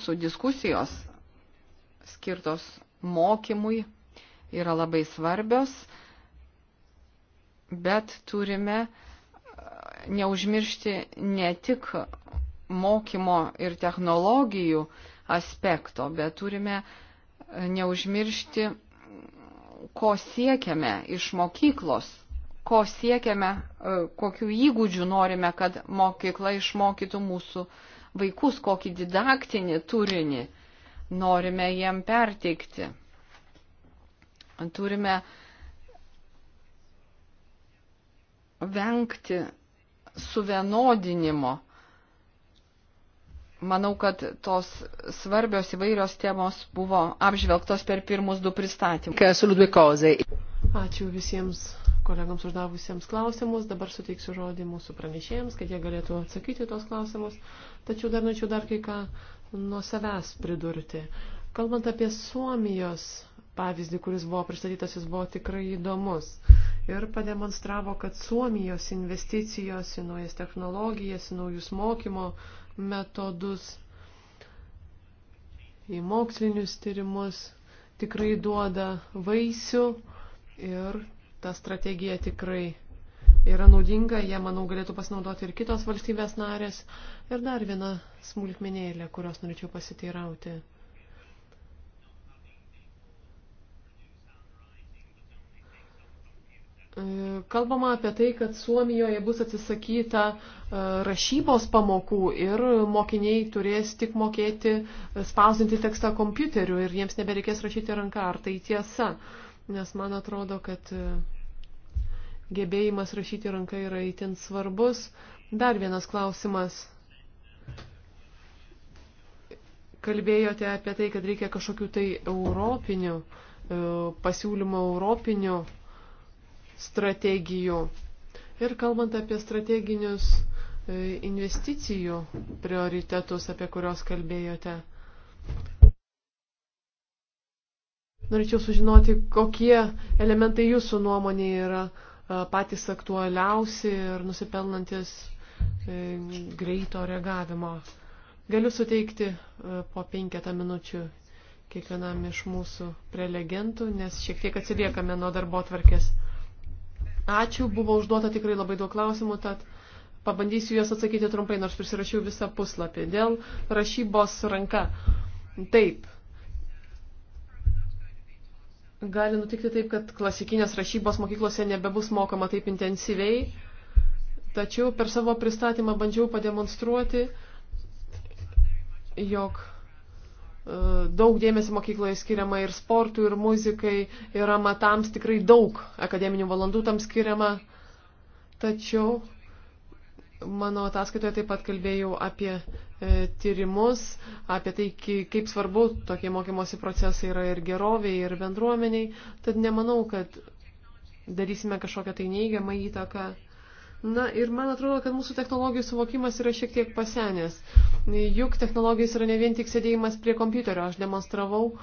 mūsų diskusijos skirtos mokymui yra labai svarbios, bet turime e, neužmiršti ne tik mokymo ir technologijų aspekto, bet turime e, neužmiršti, ko siekiame iš mokyklos, ko siekiame, e, kokiu įgūdžiu norime, kad mokykla išmokytų mūsų vaikus, kokį didaktinį turinį norime jiem perteikti. Turime vengti suvienodinimo. Manau, kad tos svarbios įvairios temos buvo apžvelgtos per pirmus du pristatymus. Ačiū visiems kolegams uždavusiems klausimus. Dabar suteiksiu žodį mūsų pranešėjams, kad jie galėtų atsakyti tos klausimus. Tačiau dar norėčiau dar kai ką nuo savęs pridurti. Kalbant apie Suomijos pavyzdį, kuris buvo pristatytas, jis buvo tikrai įdomus ir pademonstravo, kad Suomijos investicijos į naujas technologijas, į naujus mokymo metodus, į mokslinius tyrimus tikrai duoda vaisių ir ta strategija tikrai yra naudinga, jie, manau, galėtų pasinaudoti ir kitos valstybės narės. Ir dar viena smulkmenėlė, kurios norėčiau pasiteirauti. E, kalbama apie tai, kad Suomijoje bus atsisakyta e, rašybos pamokų ir mokiniai turės tik mokėti e, spausdinti tekstą kompiuteriu ir jiems nebereikės rašyti ranka. Ar tai tiesa? Nes man atrodo, kad gebėjimas rašyti ranka yra itin svarbus. Dar vienas klausimas. Kalbėjote apie tai, kad reikia kažkokių tai europinių e, pasiūlymų, europinių strategijų. Ir kalbant apie strateginius e, investicijų prioritetus, apie kuriuos kalbėjote. Norėčiau sužinoti, kokie elementai jūsų nuomonė yra E, patys aktualiausi ir nusipelnantis e, greito reagavimo. Galiu suteikti e, po penkietą minučių kiekvienam iš mūsų prelegentų, nes šiek tiek atsiliekame nuo darbo tvarkės. Ačiū, buvo užduota tikrai labai daug klausimų, tad pabandysiu juos atsakyti trumpai, nors prisirašiau visą puslapį. Dėl rašybos ranka. Taip, gali nutikti taip, kad klasikinės rašybos mokyklose nebebus mokama taip intensyviai, tačiau per savo pristatymą bandžiau pademonstruoti, jog e, daug dėmesio mokykloje skiriama ir sportui, ir muzikai, ir amatams tikrai daug akademinių valandų tam skiriama. Tačiau mano ataskaitoje taip pat kalbėjau apie E, tyrimus apie tai, kaip svarbu tokie mokymosi procesai yra ir geroviai, ir bendruomeniai. Tad nemanau, kad darysime kažkokią tai neigiamą įtaką. Na ir man atrodo, kad mūsų technologijų suvokimas yra šiek tiek pasenęs. Juk technologijos yra ne vien tik sėdėjimas prie kompiuterio. Aš demonstravau uh,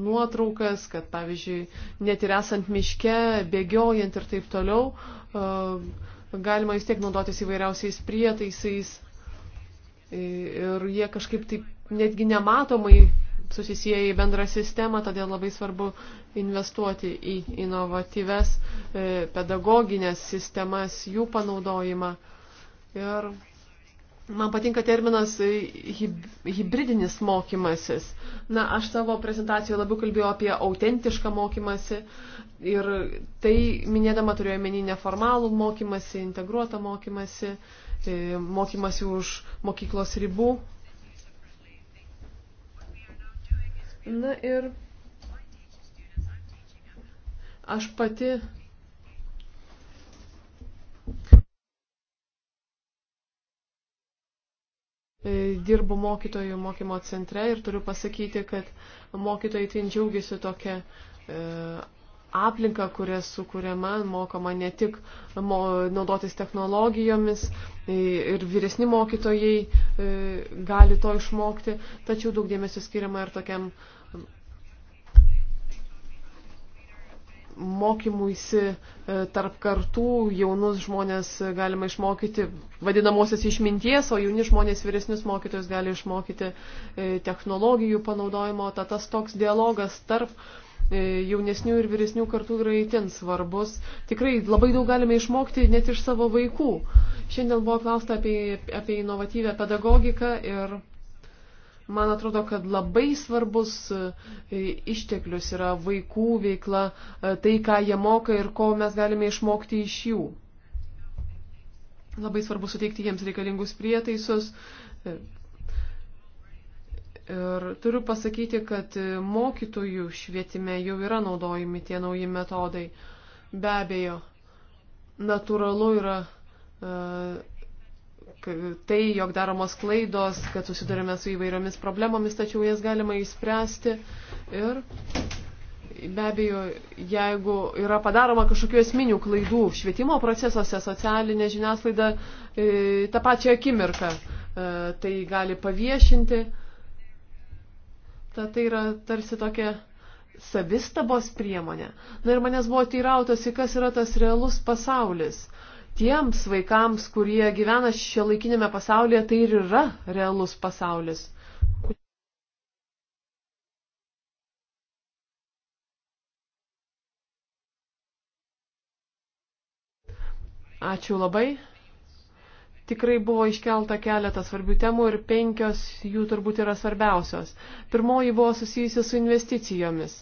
nuotraukas, kad pavyzdžiui, net ir esant miške, bėgiojant ir taip toliau, uh, galima vis tiek naudotis įvairiausiais prietaisais. Uh, ir jie kažkaip taip netgi nematomai susisieja į bendrą sistemą, todėl labai svarbu investuoti į inovatyves e, pedagoginės sistemas, jų panaudojimą. Ir man patinka terminas e, hybridinis mokymasis. Na, aš savo prezentacijoje labiau kalbėjau apie autentišką mokymasi ir tai minėdama turėjau menį neformalų mokymasi, integruotą mokymasi. E, E, mokymasi už mokyklos ribų. Na ir aš pati e, dirbu mokytojų mokymo centre ir turiu pasakyti, kad mokytojai tin džiaugiasi tokia e, aplinką, kuria sukūriama, mokoma ne tik naudotis technologijomis ir vyresni mokytojai gali to išmokti, tačiau daug dėmesio skiriama ir tokiam mokymuisi e, tarp kartų jaunus žmonės galima išmokyti vadinamosios išminties, o jauni žmonės vyresnius mokytojus gali išmokyti e, technologijų panaudojimo. Ta tas toks dialogas tarp uh, E, jaunesnių ir vyresnių kartų yra įtin svarbus. Tikrai labai daug galime išmokti net iš savo vaikų. Šiandien buvo klausta apie, apie inovatyvę pedagogiką ir man atrodo, kad labai svarbus e, išteklius yra vaikų veikla, e, tai, ką jie moka ir ko mes galime išmokti iš jų. Labai svarbu suteikti jiems reikalingus prietaisus, Ir turiu pasakyti, kad mokytojų švietime jau yra naudojami tie nauji metodai. Be abejo, natūralu yra e, tai, jog daromos klaidos, kad susidurime su įvairiomis problemomis, tačiau jas galima įspręsti. Ir be abejo, jeigu yra padaroma kažkokių esminių klaidų švietimo procesuose, socialinė žiniasklaida e, tą pačią akimirką e, tai gali paviešinti Ta tai yra tarsi tokia savistabos priemonė. Na ir manęs buvo teirautasi, kas yra tas realus pasaulis. Tiems vaikams, kurie gyvena šio laikinėme pasaulyje, tai ir yra realus pasaulis. Ačiū labai. Tikrai buvo iškelta keletas svarbių temų ir penkios jų turbūt yra svarbiausios. Pirmoji buvo susijusi su investicijomis.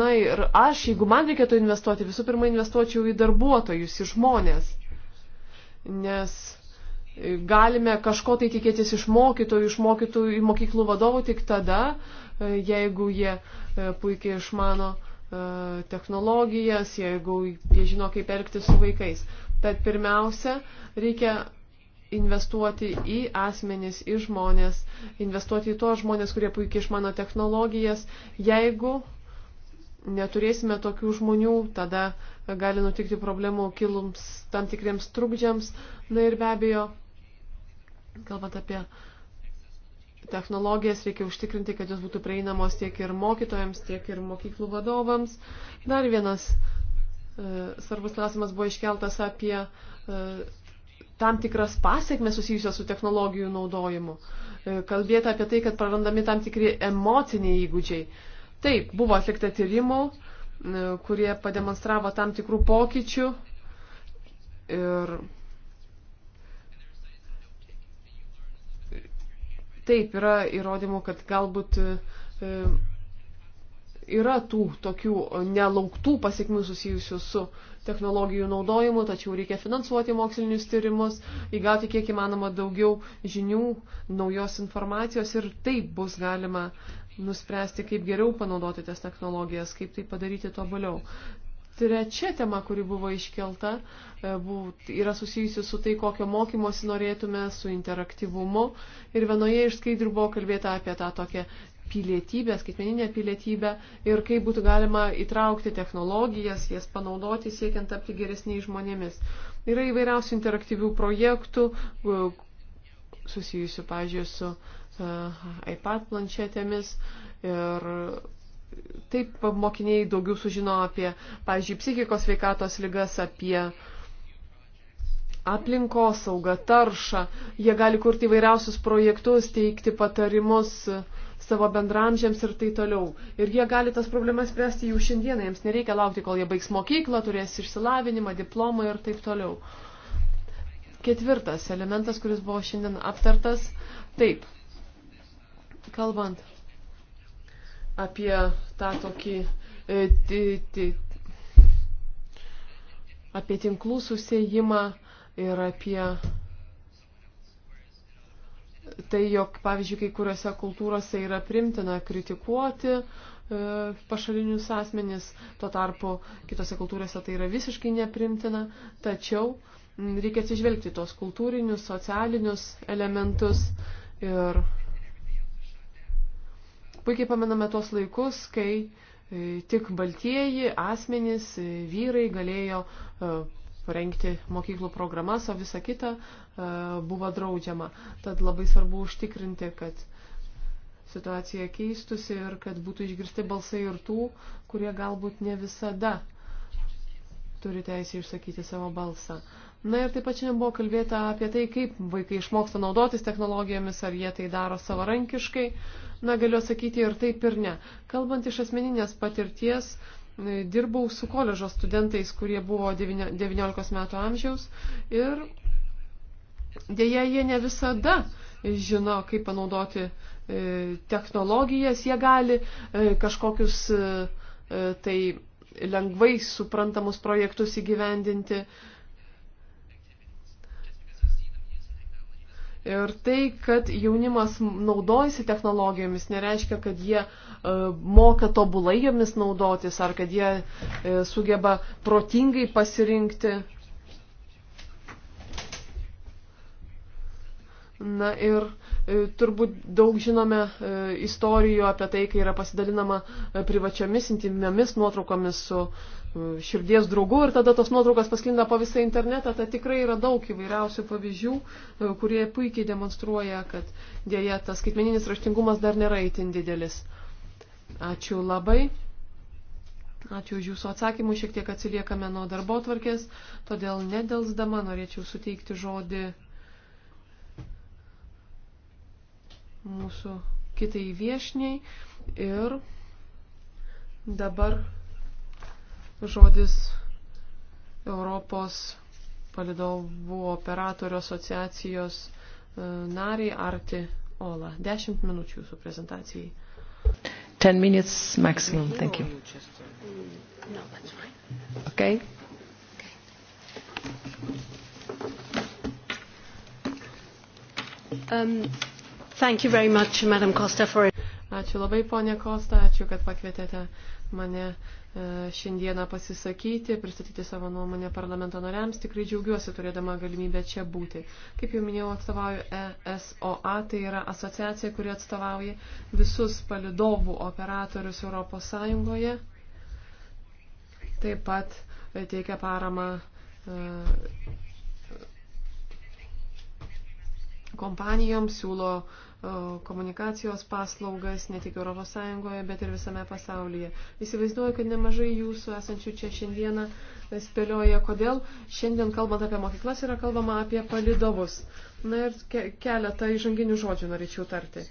Na ir aš, jeigu man reikėtų investuoti, visų pirma investuočiau į darbuotojus, į žmonės. Nes galime kažko tai tikėtis iš mokytojų, iš mokytojų, mokyklų vadovų tik tada, jeigu jie e, puikiai išmano e, technologijas, jeigu jie žino, kaip elgtis su vaikais. Tad pirmiausia, reikia investuoti į asmenis, į žmonės, investuoti į tos žmonės, kurie puikiai išmano technologijas. Jeigu neturėsime tokių žmonių, tada gali nutikti problemų kilums tam tikriems trukdžiams. Na ir be abejo, kalbant apie technologijas, reikia užtikrinti, kad jos būtų prieinamos tiek ir mokytojams, tiek ir mokyklų vadovams. Dar vienas e, svarbus klausimas buvo iškeltas apie e, tam tikras pasiekmes susijusios su technologijų naudojimu. E, kalbėta apie tai, kad prarandami tam tikri emociniai įgūdžiai. Taip, buvo atlikta tyrimų, e, kurie pademonstravo tam tikrų pokyčių ir taip yra įrodymų, kad galbūt e, yra tų tokių nelauktų pasiekmių susijusių su uh, technologijų naudojimu, tačiau reikia finansuoti mokslinius tyrimus, įgauti kiek įmanoma daugiau žinių, naujos informacijos ir taip bus galima nuspręsti, kaip geriau panaudoti tas technologijas, kaip tai padaryti tobuliau. Trečia tema, kuri buvo iškelta, e, yra susijusi su tai, kokio mokymosi norėtume, su interaktyvumu. Ir vienoje iš skaidrių buvo kalbėta apie tą tokią pilietybę, skaitmeninę pilietybę ir kaip būtų galima įtraukti technologijas, jas panaudoti siekiant tapti geresniais žmonėmis. Yra įvairiausių interaktyvių projektų e, susijusių, pažiūrėjau, su e, iPad planšetėmis ir taip mokiniai daugiau sužino apie, pažiūrėjau, psichikos veikatos lygas, apie aplinkosaugą, taršą. Jie gali kurti įvairiausius projektus, teikti patarimus. Uh, savo bendramžiams ir tai toliau. Ir jie gali tas problemas spręsti jau šiandieną, jiems nereikia laukti, kol jie baigs mokyklą, turės išsilavinimą, diplomą ir taip toliau. Ketvirtas elementas, kuris buvo šiandien aptartas, taip, kalbant apie tą tokį e, apie tinklų susijimą ir apie tai, jog, pavyzdžiui, kai kuriuose kultūrose yra primtina kritikuoti e, pašalinius asmenis, tuo tarpu kitose kultūrose tai yra visiškai neprimtina, tačiau reikia atsižvelgti tos kultūrinius, socialinius elementus ir puikiai pamename tuos laikus, kai e, tik baltieji asmenys, e, vyrai galėjo e, parengti mokyklų programas, o visa kita e, buvo draudžiama. Tad labai svarbu užtikrinti, kad situacija keistusi ir kad būtų išgirsti balsai ir tų, kurie galbūt ne visada turi teisę išsakyti savo balsą. Na ir taip pat šiandien buvo kalbėta apie tai, kaip vaikai išmoksta naudotis technologijomis, ar jie tai daro savarankiškai. Na, galiu sakyti ir taip ir ne. Kalbant iš asmeninės patirties, uh, dirbau su koledžo studentais, kurie buvo 19 metų amžiaus ir dėja jie ne visada žino, kaip panaudoti e, technologijas, jie gali e, kažkokius e, tai lengvai suprantamus projektus įgyvendinti. Ir tai, kad jaunimas naudojasi technologijomis, nereiškia, kad jie uh, E, moka tobulai jomis naudotis, ar kad jie e, sugeba protingai pasirinkti. Na ir e, turbūt daug žinome istorijų apie tai, kai yra pasidalinama privačiomis intimiomis nuotraukomis su širdies draugu ir tada tos nuotraukas pasklinda po visą internetą. Tai tikrai yra daug įvairiausių pavyzdžių, kurie puikiai demonstruoja, kad dėja tas skaitmeninis raštingumas dar nėra itin didelis. Ačiū labai. Ačiū už Jūsų atsakymų. Šiek tiek atsiliekame nuo darbo tvarkės, todėl nedelsdama norėčiau suteikti žodį mūsų kitai viešniai. Ir dabar žodis Europos palidovų operatorių asociacijos e, nariai Arti Ola. Dešimt minučių jūsų prezentacijai. 10 minutes maximum. Thank you. Okay? Um, thank you very much, Madam Costa, for Ačiū labai, ponė Kosta, ačiū, kad pakvietėte mane e, šiandieną pasisakyti, pristatyti savo nuomonę parlamento nariams. Tikrai džiaugiuosi turėdama galimybę čia būti. Kaip jau minėjau, atstovauju ESOA, tai yra asociacija, kuri atstovauja visus palidovų operatorius Europos Sąjungoje. Taip pat e, teikia paramą e, kompanijoms, siūlo uh, komunikacijos paslaugas ne tik ES, bet ir visame pasaulyje. Įsivaizduoju, kad nemažai jūsų esančių čia šiandieną spėlioja, kodėl šiandien kalbant apie mokyklas yra kalbama apie palidovus. Na ir keletą įžanginių žodžių norėčiau tarti.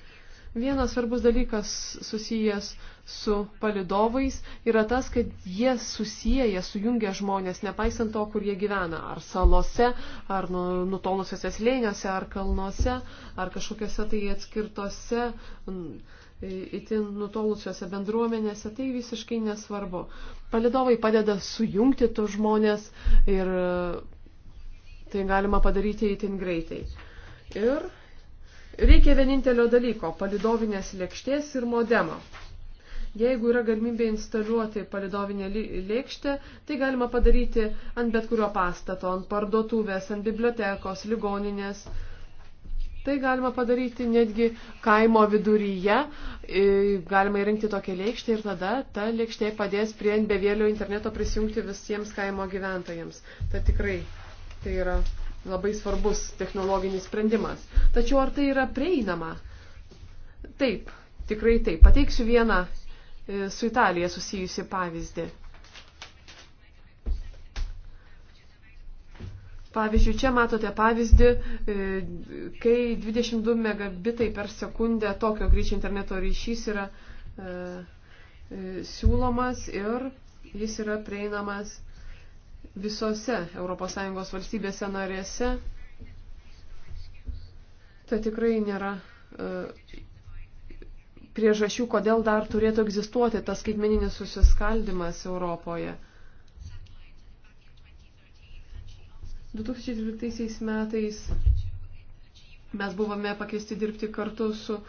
Vienas svarbus dalykas susijęs su palidovais yra tas, kad jie susiję, sujungia žmonės, nepaisant to, kur jie gyvena. Ar salose, ar nu, nutolusiuose slėniuose, ar kalnuose, ar kažkokiuose tai atskirtose, itin nutolusiuose bendruomenėse. Tai visiškai nesvarbu. Palidovai padeda sujungti tos žmonės ir e, tai galima padaryti itin greitai. Ir Reikia vienintelio dalyko - palidovinės lėkštės ir modemo. Jeigu yra galimybė instaliuoti palidovinę lėkštę, tai galima padaryti ant bet kurio pastato, ant parduotuvės, ant bibliotekos, ligoninės. Tai galima padaryti netgi kaimo viduryje, galima įrengti tokią lėkštę ir tada ta lėkštė padės prie bevėlio interneto prisijungti visiems kaimo gyventojams. Tai tikrai tai yra labai svarbus technologinis sprendimas. Tačiau ar tai yra prieinama? Taip, tikrai taip. Pateiksiu vieną e, su Italija susijusi pavyzdį. Pavyzdžiui, čia matote pavyzdį, e, kai 22 megabitai per sekundę tokio greičio interneto ryšys yra e, e, siūlomas ir jis yra prieinamas visose ES valstybėse narėse. Tai tikrai nėra e, priežasčių, kodėl dar turėtų egzistuoti tas skaitmeninis susiskaldimas Europoje. 2012 metais mes buvome pakviesti dirbti kartu su e,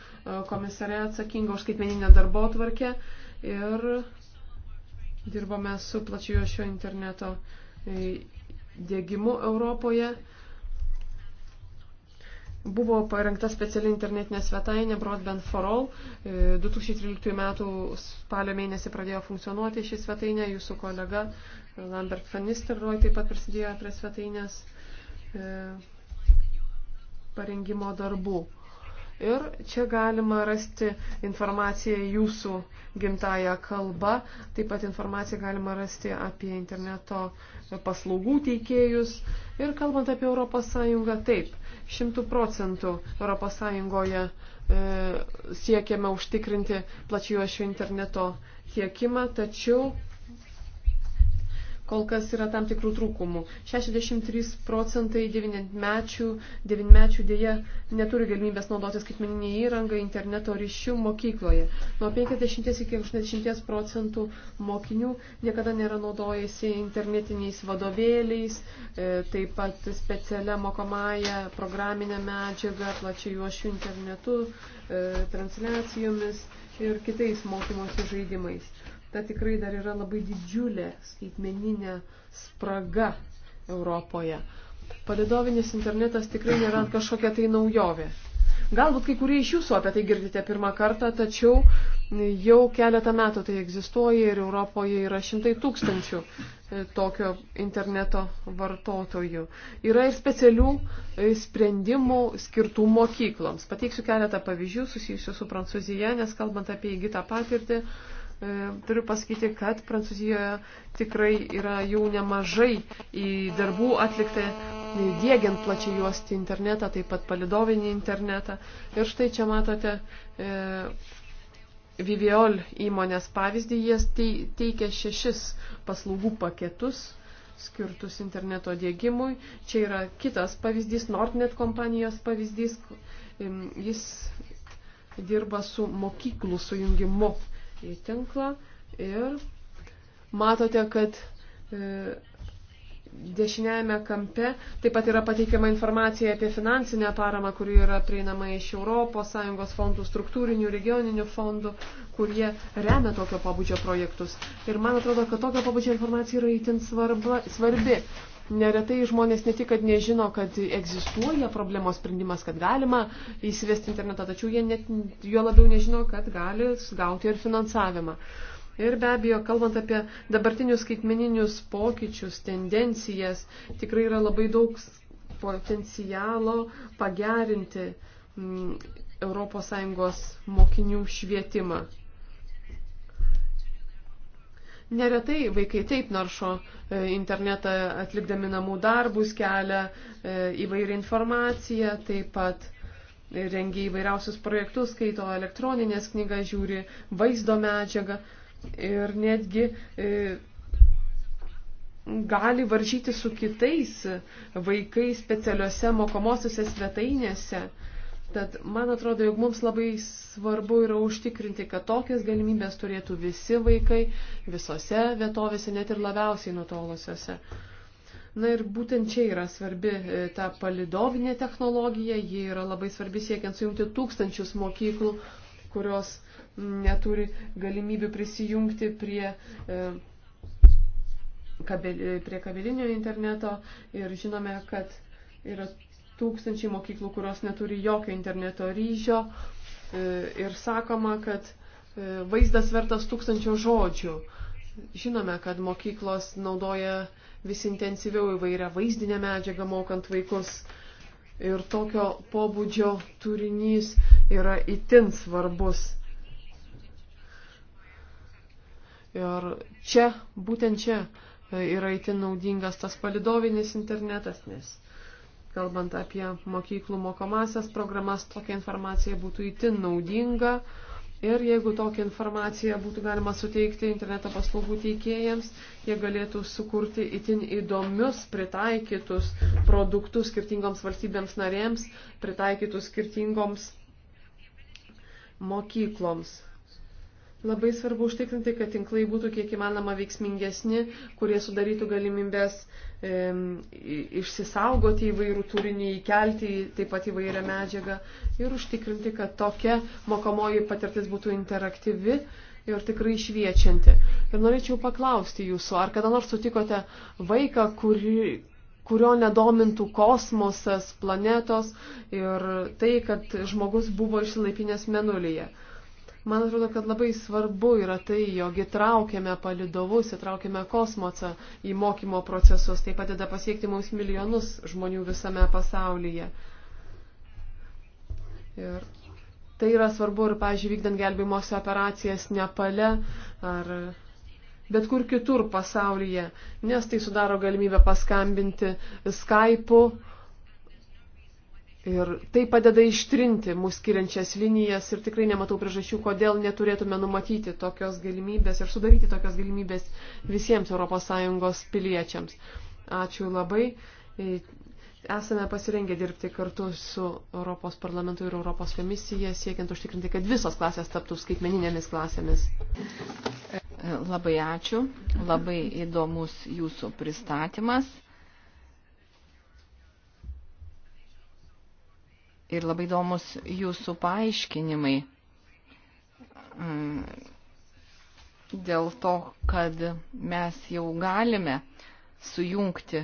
komisare atsakinga už skaitmeninę darbo tvarkę ir dirbome su plačiojo šio interneto uh, E, dėgymu Europoje. Buvo parengta speciali internetinė svetainė Broadband for All. 2013 e, metų spalio mėnesį pradėjo funkcionuoti šį svetainę. Jūsų kolega Lambert van Nistelrooy taip pat prisidėjo prie svetainės e, parengimo darbų. Ir čia galima rasti informaciją jūsų gimtają kalbą. Taip pat informaciją galima rasti apie interneto paslaugų teikėjus. Ir kalbant apie ES, taip, šimtų procentų ES e, siekiame užtikrinti plačiojo šio interneto tiekimą, tačiau kol kas yra tam tikrų trūkumų. 63 procentai devinmečių, devinmečių dėja neturi galimybės naudotis skaitmeninį įrangą, interneto ryšių mokykloje. Nuo 50 iki 80 procentų mokinių niekada nėra naudojasi internetiniais vadovėliais, e, taip pat specialia mokomąją programinę medžiagą, plačiai juošių internetu, e, transliacijomis ir kitais mokymosi žaidimais ta tikrai dar yra labai didžiulė skaitmeninė spraga Europoje. Palidovinis internetas tikrai nėra kažkokia tai naujovė. Galbūt kai kurie iš jūsų apie tai girdite pirmą kartą, tačiau jau keletą metų tai egzistuoja ir Europoje yra šimtai tūkstančių e, tokio interneto vartotojų. Yra ir specialių e, sprendimų skirtų mokykloms. Pateiksiu keletą pavyzdžių susijusių su Prancūzija, nes kalbant apie įgytą patirtį, E, turiu pasakyti, kad Prancūzijoje tikrai yra jau nemažai darbų atlikta dėgiant plačiai juosti internetą, taip pat palidovinį internetą. Ir štai čia matote e, Viviol įmonės pavyzdį, jie teikia šešis paslaugų paketus skirtus interneto dėgymui. Čia yra kitas pavyzdys, Nordnet kompanijos pavyzdys, jis dirba su mokyklų sujungimu į tinklą ir matote, kad e, dešiniajame kampe taip pat yra pateikiama informacija apie finansinę paramą, kuri yra prieinama iš ES fondų, struktūrinių, regioninių fondų, kurie remia tokio pabudžio projektus. Ir man atrodo, kad tokio pabudžio informacija yra itin svarba, svarbi. Neretai žmonės ne tik, kad nežino, kad egzistuoja problemos sprendimas, kad galima įsivesti internetą, tačiau jie net jo labiau nežino, kad gali gauti ir finansavimą. Ir be abejo, kalbant apie dabartinius skaitmeninius pokyčius, tendencijas, tikrai yra labai daug potencialo pagerinti mm, ES mokinių švietimą. Neretai vaikai taip naršo e, internetą atlikdami namų darbus, kelia e, įvairią informaciją, taip pat rengia įvairiausius projektus, skaito elektroninės knygas, žiūri vaizdo medžiagą ir netgi e, gali varžyti su kitais vaikais specialiuose mokomosiuose svetainėse. Tad man atrodo, jog mums labai svarbu yra užtikrinti, kad tokias galimybės turėtų visi vaikai visose vietovėse, net ir labiausiai nutolusiuose. Na ir būtent čia yra svarbi e, ta palidovinė technologija, ji yra labai svarbi siekiant sujungti tūkstančius mokyklų, kurios neturi galimybių prisijungti prie, e, kabel, prie kabelinio interneto ir žinome, kad yra tūkstančiai mokyklų, kurios neturi jokio interneto ryšio e, ir sakoma, kad e, vaizdas vertas tūkstančio žodžių. Žinome, kad mokyklos naudoja vis intensyviau įvairią vaizdinę medžiagą mokant vaikus ir tokio pobūdžio turinys yra itin svarbus. Ir čia, būtent čia e, yra itin naudingas tas palidovinis internetas, nes kalbant apie mokyklų mokomasias programas, tokia informacija būtų įtin naudinga. Ir jeigu tokią informaciją būtų galima suteikti interneto paslaugų teikėjams, jie galėtų sukurti itin įdomius, pritaikytus produktus skirtingoms valstybėms narėms, pritaikytus skirtingoms mokykloms. Labai svarbu užtikrinti, kad tinklai būtų kiek įmanoma veiksmingesni, kurie sudarytų galimybės uh, išsisaugoti įvairių turinį, įkelti taip pat įvairią medžiagą ir užtikrinti, kad tokia mokomoji patirtis būtų interaktyvi ir tikrai šviečianti. Ir norėčiau paklausti jūsų, ar kada nors sutikote vaiką, kuri, kurio nedomintų kosmosas, planetos ir tai, kad žmogus buvo išsilaipinęs menulyje. Man atrodo, kad labai svarbu yra tai, jog įtraukėme palidovus, įtraukėme kosmosą į mokymo procesus, tai padeda pasiekti mums milijonus žmonių visame pasaulyje. Ir tai yra svarbu ir, pažiūrėjau, vykdant gelbimosi operacijas Nepale ar bet kur kitur pasaulyje, nes tai sudaro galimybę paskambinti Skype'u Ir tai padeda ištrinti mūsų skiriančias linijas ir tikrai nematau priežasčių, kodėl neturėtume numatyti tokios galimybės ir sudaryti tokios galimybės visiems ES piliečiams. Ačiū labai. E, esame pasirengę dirbti kartu su Europos parlamentu ir Europos komisija, siekiant užtikrinti, kad visos klasės taptų skaitmeninėmis klasėmis. E, labai ačiū. Labai įdomus jūsų pristatymas. ir labai įdomus jūsų paaiškinimai mm, dėl to, kad mes jau galime sujungti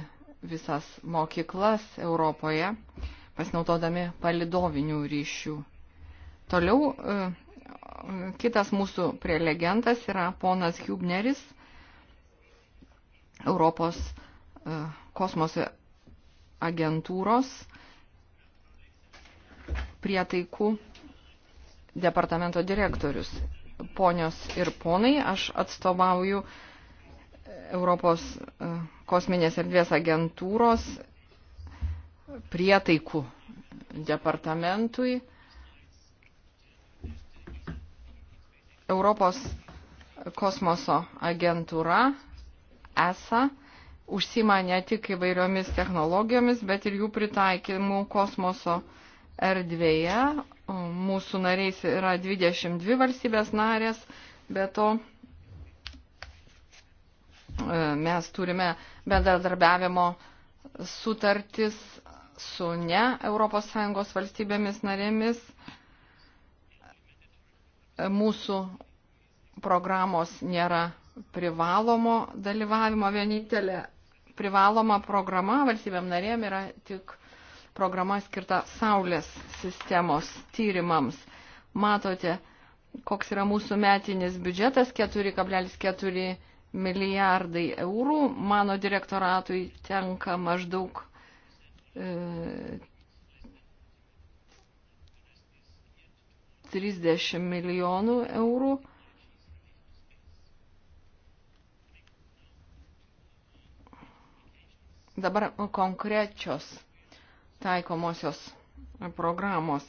visas mokyklas Europoje, pasinaudodami palidovinių ryšių. Toliau mm, kitas mūsų prelegentas yra ponas Hubneris, Europos mm, kosmoso agentūros prietaikų departamento direktorius. Ponios ir ponai, aš atstovauju Europos e, kosminės erdvės agentūros prietaikų departamentui. Europos kosmoso agentūra ESA užsima ne tik įvairiomis technologijomis, bet ir jų pritaikymu kosmoso agentūra erdvėje. Mūsų nariais yra 22 valstybės narės, bet to e, mes turime bendradarbiavimo sutartis su ne ES valstybėmis narėmis. Mūsų programos nėra privalomo dalyvavimo, vienintelė privaloma programa valstybėm narėm yra tik programa skirta Saulės sistemos tyrimams. Matote, koks yra mūsų metinis biudžetas - 4,4 milijardai eurų. Mano direktoratui tenka maždaug e, 30 milijonų eurų. Dabar konkrečios taikomosios programos.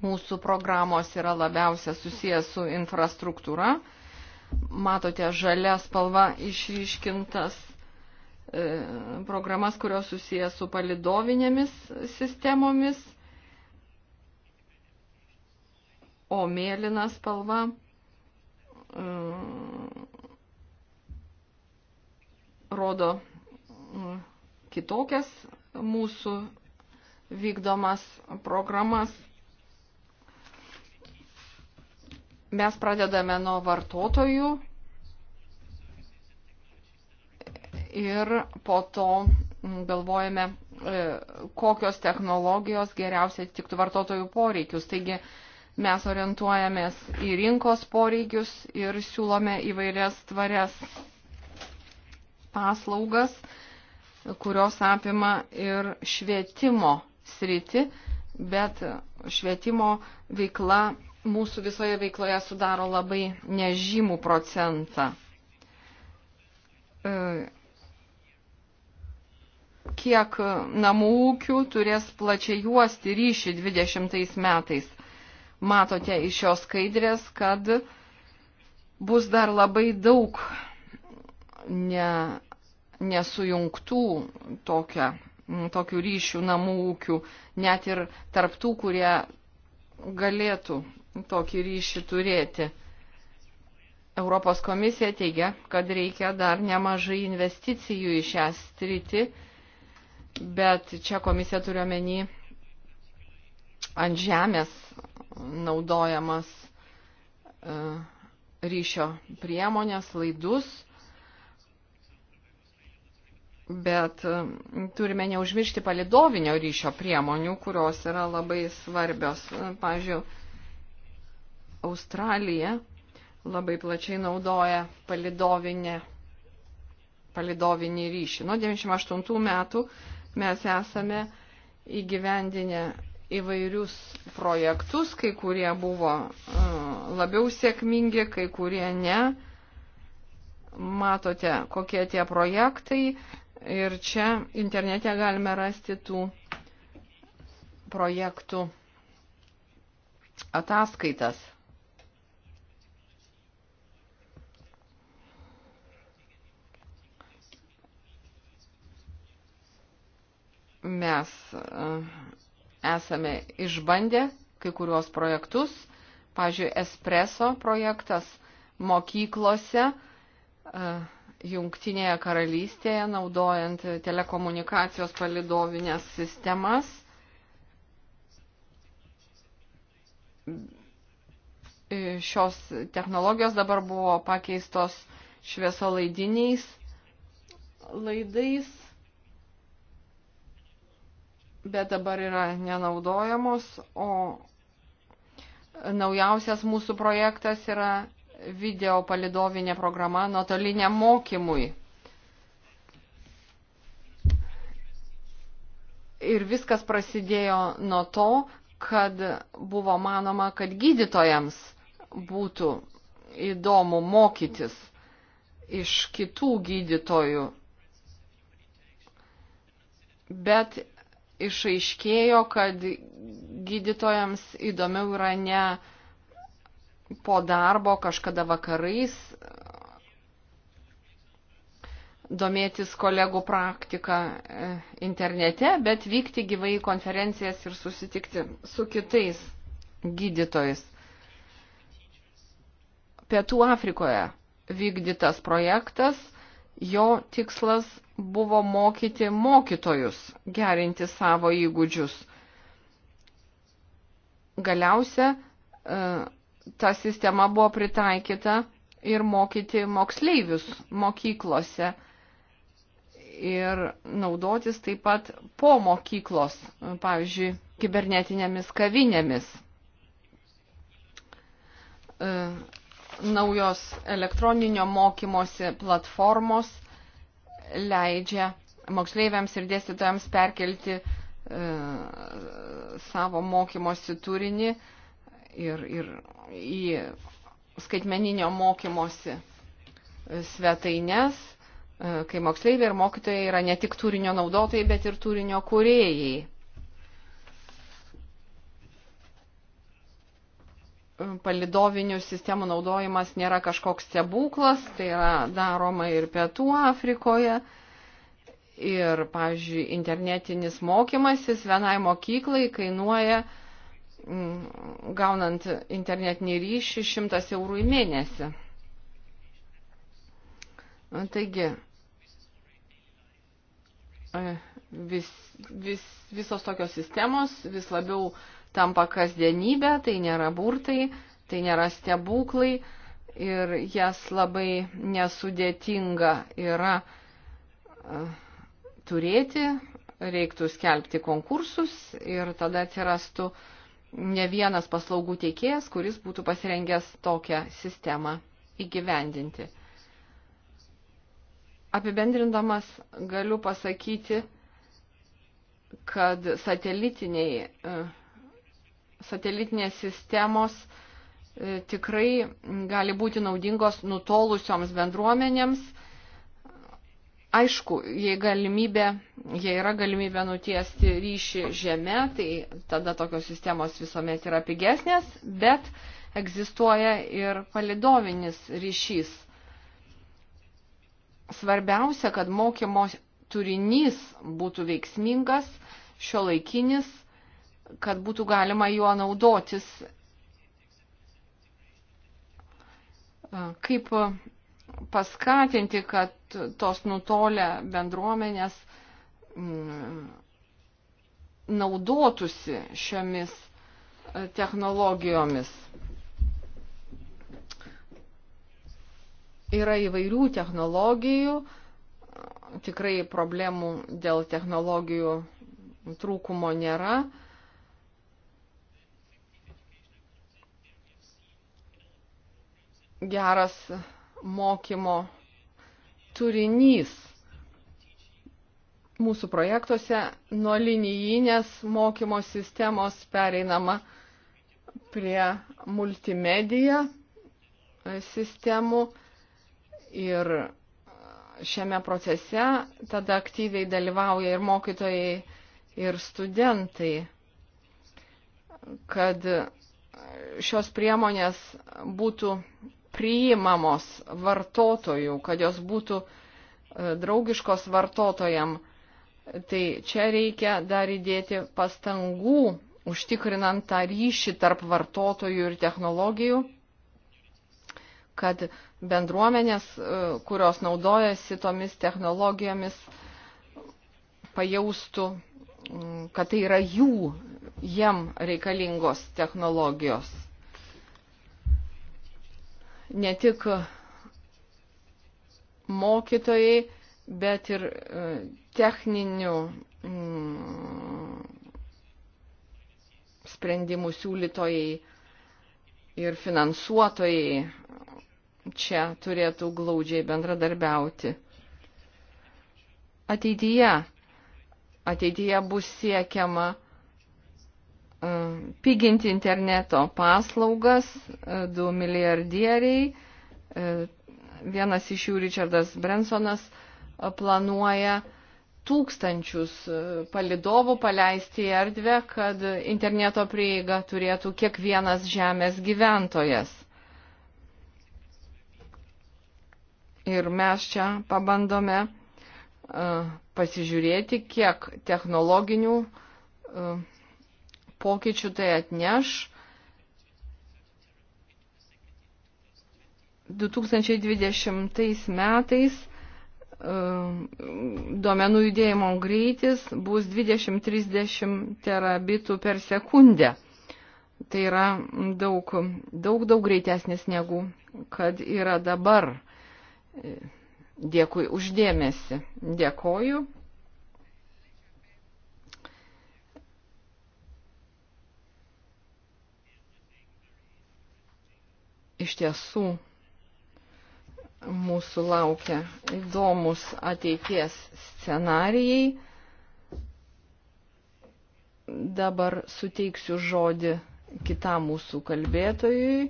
Mūsų programos yra labiausia susijęs su infrastruktūra. Matote žalia spalva išryškintas e, programas, kurios susijęs su palidovinėmis sistemomis, o mėlyna spalva e, rodo kitokias mūsų vykdomas programas. Mes pradedame nuo vartotojų ir po to galvojame, e, kokios technologijos geriausiai atitiktų vartotojų poreikius. Taigi mes orientuojamės į rinkos poreikius ir siūlome įvairias tvarias paslaugas kurios apima ir švietimo sritį, bet švietimo veikla mūsų visoje veikloje sudaro labai nežymų procentą. E, kiek namų ūkių turės plačiai juosti ryšį 20 metais? Matote iš šios skaidrės, kad bus dar labai daug ne nesujungtų tokia, tokių ryšių namų ūkių, net ir tarptų, kurie galėtų tokį ryšį turėti. Europos komisija teigia, kad reikia dar nemažai investicijų į šią sritį, bet čia komisija turiuomenį ant žemės naudojamas e, ryšio priemonės, laidus Bet e, turime neužmiršti palidovinio ryšio priemonių, kurios yra labai svarbios. E, pavyzdžiui, Australija labai plačiai naudoja palidovinę, palidovinį ryšį. Nuo 98 metų mes esame įgyvendinę įvairius projektus, kai kurie buvo e, labiau sėkmingi, kai kurie ne matote, kokie tie projektai Ir čia internete galime rasti tų projektų ataskaitas. Mes e, esame išbandę kai kuriuos projektus, pavyzdžiui, espreso projektas mokyklose. Uh, Jungtinėje karalystėje, naudojant telekomunikacijos palidovinės sistemas. Šios technologijos dabar buvo pakeistos šviesolaidiniais laidais, bet dabar yra nenaudojamos, o naujausias mūsų projektas yra video palidovinė programa nuotoliniam mokymui. Ir viskas prasidėjo nuo to, kad buvo manoma, kad gydytojams būtų įdomu mokytis iš kitų gydytojų. Bet išaiškėjo, kad gydytojams įdomiau yra ne po darbo kažkada vakarais domėtis kolegų praktiką e, internete, bet vykti gyvai į konferencijas ir susitikti su kitais gydytojais. Pietų Afrikoje vykdytas projektas, jo tikslas buvo mokyti mokytojus, gerinti savo įgūdžius. Galiausia, e, ta sistema buvo pritaikyta ir mokyti moksleivius mokyklose ir naudotis taip pat po mokyklos, pavyzdžiui, kibernetinėmis kavinėmis. E, naujos elektroninio mokymosi platformos leidžia moksleiviams ir dėstytojams perkelti e, savo mokymosi turinį ir, ir į skaitmeninio mokymosi svetaines, e, kai moksleiviai ir mokytojai yra ne tik turinio naudotojai, bet ir turinio kūrėjai. E, palidovinių sistemų naudojimas nėra kažkoks stebuklas, tai yra daroma ir Pietų Afrikoje. Ir, pavyzdžiui, internetinis mokymasis vienai mokyklai kainuoja Mm, gaunant internetinį ryšį 100 eurų į mėnesį. Taigi, e, vis, vis, visos tokios sistemos vis labiau tampa kasdienybė, tai nėra burtai, tai nėra stebuklai ir jas labai nesudėtinga yra e, turėti, reiktų skelbti konkursus ir tada atsirastų uh, ne vienas paslaugų teikėjas, kuris būtų pasirengęs tokią sistemą įgyvendinti. Apibendrindamas galiu pasakyti, kad satelitiniai, e, satelitinės sistemos e, tikrai gali būti naudingos nutolusioms bendruomenėms Aišku, jei, galimybė, jei yra galimybė nutiesti ryšį žemė, tai tada tokios sistemos visuomet yra pigesnės, bet egzistuoja ir palidovinis ryšys. Svarbiausia, kad mokymo turinys būtų veiksmingas, šio laikinis, kad būtų galima juo naudotis. Kaip paskatinti, kad tos nutolę bendruomenės m, mm, naudotųsi šiomis e, technologijomis. Yra įvairių technologijų, tikrai problemų dėl technologijų trūkumo nėra. Geras mokymo turinys mūsų projektuose nuo linijinės mokymo sistemos pereinama prie multimedija e, sistemų ir šiame procese tada aktyviai dalyvauja ir mokytojai, ir studentai, kad šios priemonės būtų priimamos vartotojų, kad jos būtų e, draugiškos vartotojam, tai čia reikia dar įdėti pastangų, užtikrinant tą ryšį tarp vartotojų ir technologijų, kad bendruomenės, e, kurios naudojasi tomis technologijomis, pajaustų, kad tai yra jų, jiem reikalingos technologijos ne tik mokytojai, bet ir e, techninių mm, sprendimų siūlytojai ir finansuotojai čia turėtų glaudžiai bendradarbiauti. Ateityje, ateityje bus siekiama piginti interneto paslaugas, e, du milijardieriai, e, vienas iš jų Richardas Bransonas e, planuoja tūkstančius palidovų paleisti į erdvę, kad interneto prieiga turėtų kiekvienas žemės gyventojas. Ir mes čia pabandome uh, pasižiūrėti, kiek technologinių uh, pokyčių tai atneš. 2020 metais um, duomenų judėjimo greitis bus 20-30 terabitų per sekundę. Tai yra daug, daug, daug greitesnis negu kad yra dabar. Dėkui uždėmesi. Dėkoju. iš tiesų mūsų laukia įdomus ateities scenarijai. Dabar suteiksiu žodį kitam mūsų kalbėtojui,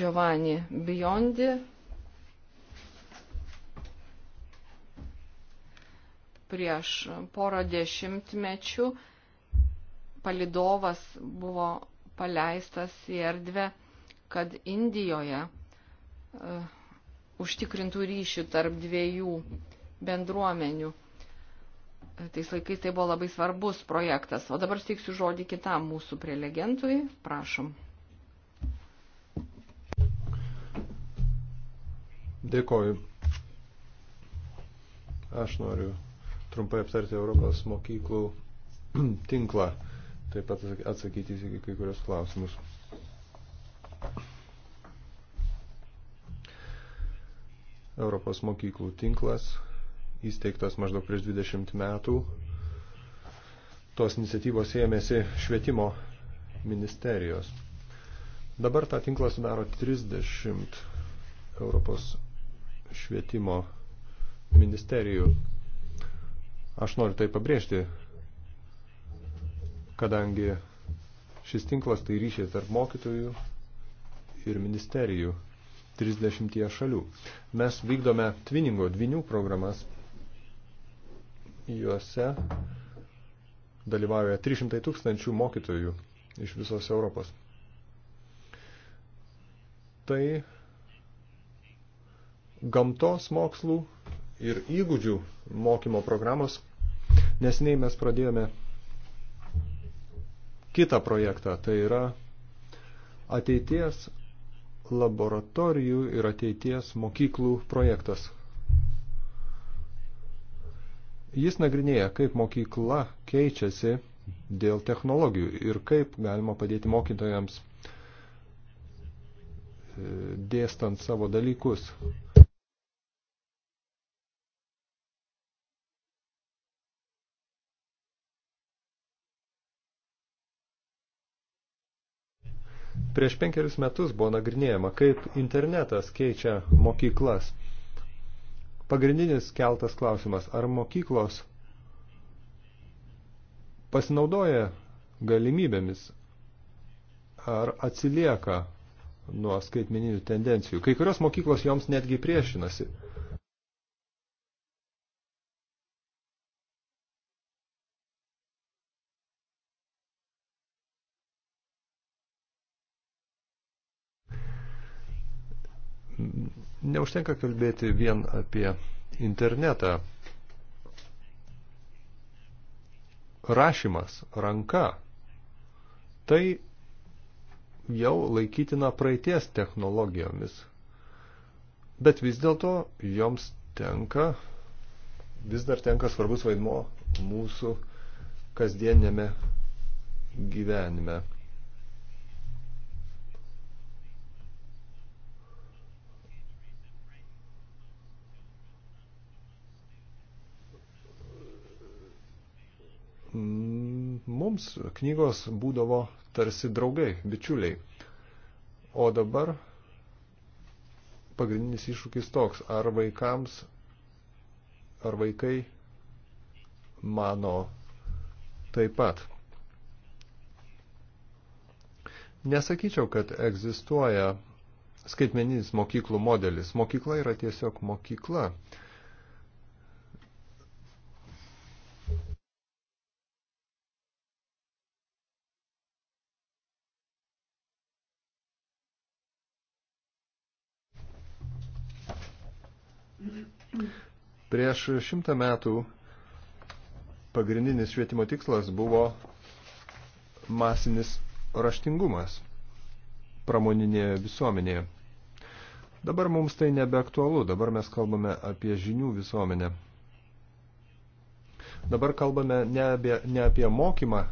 Giovanni Biondi. Prieš porą dešimtmečių palidovas buvo paleistas į erdvę kad Indijoje uh, užtikrintų ryšių tarp dviejų bendruomenių. E, tais laikais tai buvo labai svarbus projektas. O dabar steiksiu žodį kitam mūsų prelegentui. Prašom. Dėkoju. Aš noriu trumpai aptarti Europos mokyklų tinklą, taip pat atsakyti į kai kurios klausimus. Europos mokyklų tinklas, įsteigtas maždaug prieš 20 metų. Tos iniciatyvos ėmėsi švietimo ministerijos. Dabar tą tinklą sudaro 30 Europos švietimo ministerijų. Aš noriu tai pabrėžti, kadangi šis tinklas tai ryšiai tarp mokytojų ir ministerijų. 30 šalių. Mes vykdome tviningo dvinių programas. Juose dalyvauja 300 tūkstančių mokytojų iš visos Europos. Tai gamtos mokslų ir įgūdžių mokymo programos. Nesiniai mes pradėjome kitą projektą, tai yra ateities laboratorijų ir ateities mokyklų projektas. Jis nagrinėja, kaip mokykla keičiasi dėl technologijų ir kaip galima padėti mokytojams e, dėstant savo dalykus. Prieš penkerius metus buvo nagrinėjama, kaip internetas keičia mokyklas. Pagrindinis keltas klausimas, ar mokyklos pasinaudoja galimybėmis, ar atsilieka nuo skaitmeninių tendencijų. Kai kurios mokyklos joms netgi priešinasi. Neužtenka kalbėti vien apie internetą. Rašymas ranka tai jau laikytina praeities technologijomis. Bet vis dėlto joms tenka, vis dar tenka svarbus vaidmo mūsų kasdienėme gyvenime. mums knygos būdavo tarsi draugai, bičiuliai. O dabar pagrindinis iššūkis toks, ar vaikams, ar vaikai mano taip pat. Nesakyčiau, kad egzistuoja skaitmeninis mokyklų modelis. Mokykla yra tiesiog mokykla. Prieš šimtą metų pagrindinis švietimo tikslas buvo masinis raštingumas pramoninėje visuomenėje. Dabar mums tai nebeaktualu, dabar mes kalbame apie žinių visuomenę. Dabar kalbame ne apie, ne apie mokymą,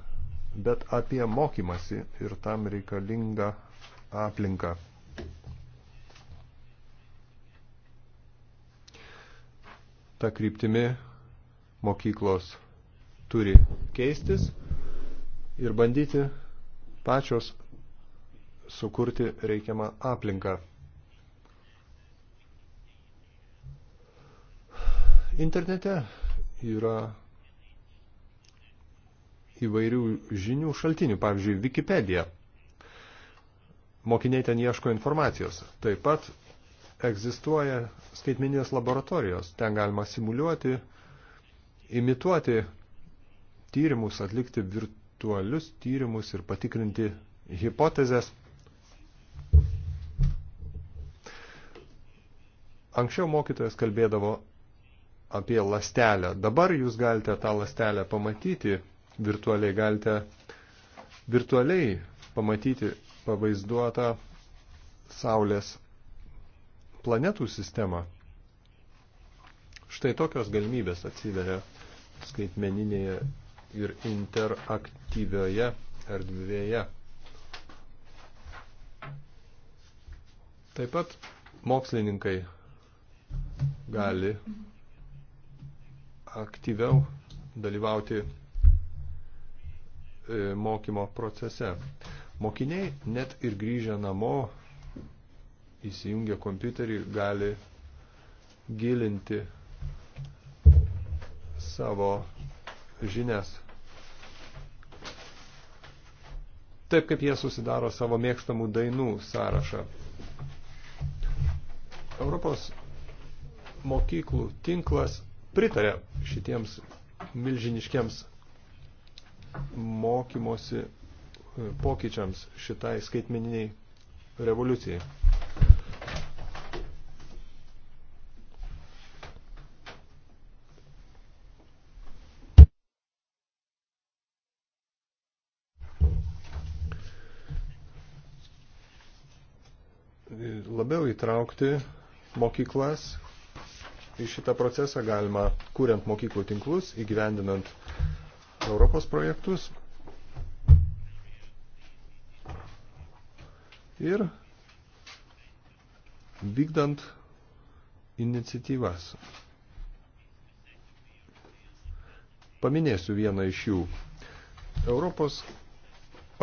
bet apie mokymasi ir tam reikalingą aplinką. tą kryptimį mokyklos turi keistis ir bandyti pačios sukurti reikiamą aplinką. Internete yra įvairių žinių šaltinių, pavyzdžiui, Wikipedia. Mokiniai ten ieško informacijos. Taip pat egzistuoja skaitmeninės laboratorijos. Ten galima simuliuoti, imituoti tyrimus, atlikti virtualius tyrimus ir patikrinti hipotezės. Anksčiau mokytojas kalbėdavo apie lastelę. Dabar jūs galite tą lastelę pamatyti virtualiai, galite virtualiai pamatyti pavaizduotą Saulės planetų sistemą. Štai tokios galimybės atsiveria skaitmeninėje ir interaktyvioje erdvėje. Taip pat mokslininkai gali aktyviau dalyvauti e, mokymo procese. Mokiniai net ir grįžę namo įsijungę kompiuterį gali gilinti savo žinias. Taip kaip jie susidaro savo mėgstamų dainų sąrašą. Europos mokyklų tinklas pritarė šitiems milžiniškiams mokymosi pokyčiams šitai skaitmeniniai revoliucijai. įtraukti mokyklas į šitą procesą, galima kuriant mokyklų tinklus, įgyvendinant Europos projektus. Ir vykdant iniciatyvas. Paminėsiu vieną iš jų. Europos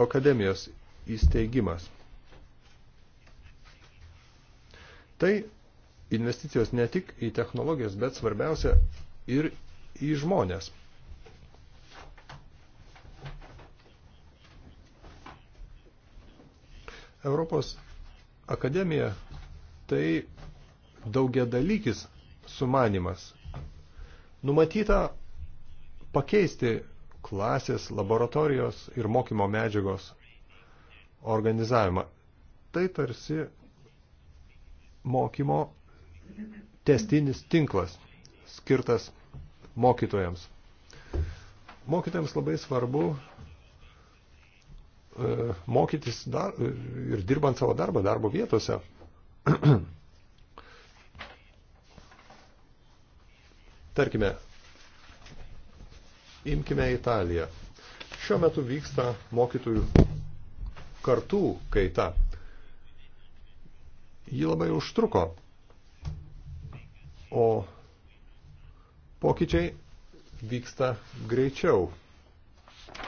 akademijos įsteigimas. Tai investicijos ne tik į technologijas, bet svarbiausia ir į žmonės. Europos akademija tai daugia dalykis sumanimas. Numatyta pakeisti klasės, laboratorijos ir mokymo medžiagos organizavimą. Tai tarsi mokymo testinis tinklas skirtas mokytojams. Mokytojams labai svarbu e, mokytis dar, ir dirbant savo darbą darbo vietose. Tarkime, imkime Italiją. Šiuo metu vyksta mokytojų kartų kaita ji labai užtruko. O pokyčiai vyksta greičiau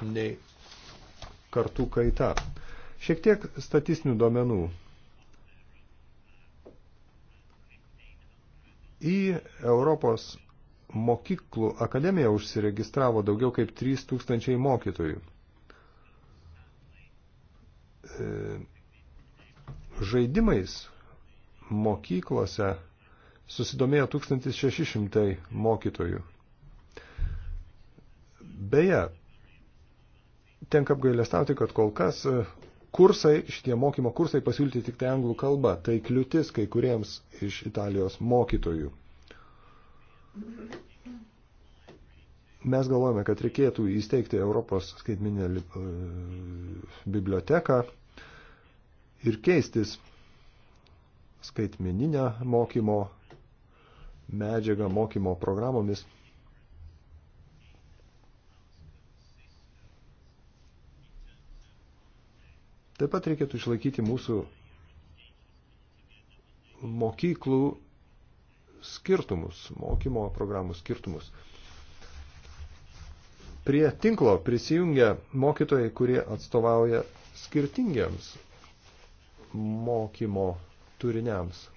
nei kartų kaita. Šiek tiek statistinių duomenų. Į Europos mokyklų akademiją užsiregistravo daugiau kaip 3000 mokytojų. E, žaidimais mokyklose susidomėjo 1600 mokytojų. Beje, tenka apgailestauti, kad kol kas e, kursai, šitie mokymo kursai pasiūlyti tik tai anglų kalba, tai kliūtis kai kuriems iš Italijos mokytojų. Mes galvojame, kad reikėtų įsteigti Europos skaitminę e, biblioteką ir keistis skaitmeninę mokymo medžiagą, mokymo programomis. Taip pat reikėtų išlaikyti mūsų mokyklų skirtumus, mokymo programų skirtumus. Prie tinklo prisijungia mokytojai, kurie atstovauja skirtingiams mokymo turiniams.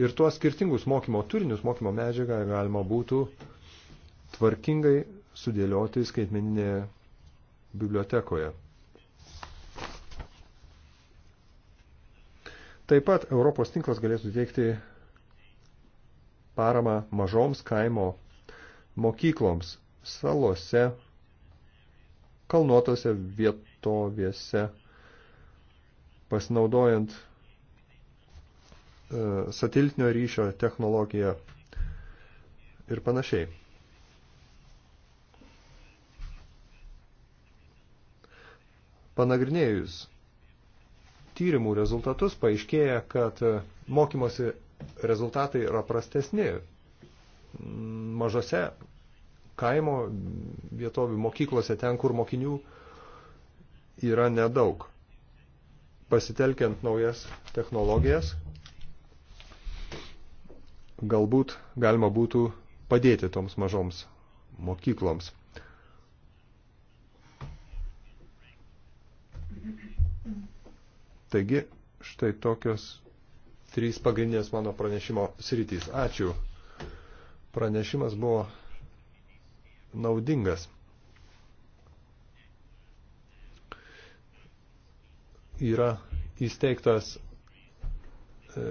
Ir tuos skirtingus mokymo turinius, mokymo medžiagą galima būtų tvarkingai sudėlioti skaitmeninėje bibliotekoje. Taip pat Europos tinklas galėtų teikti paramą mažoms kaimo mokykloms salose, kalnuotose vietovėse, pasinaudojant E, satelitinio ryšio technologija ir panašiai. Panagrinėjus tyrimų rezultatus paaiškėja, kad mokymosi rezultatai yra prastesni mažose kaimo vietovių mokyklose, ten, kur mokinių yra nedaug. Pasitelkiant naujas technologijas, galbūt galima būtų padėti toms mažoms mokykloms. Taigi, štai tokios trys pagrindinės mano pranešimo sritys. Ačiū. Pranešimas buvo naudingas. Yra įsteigtas e,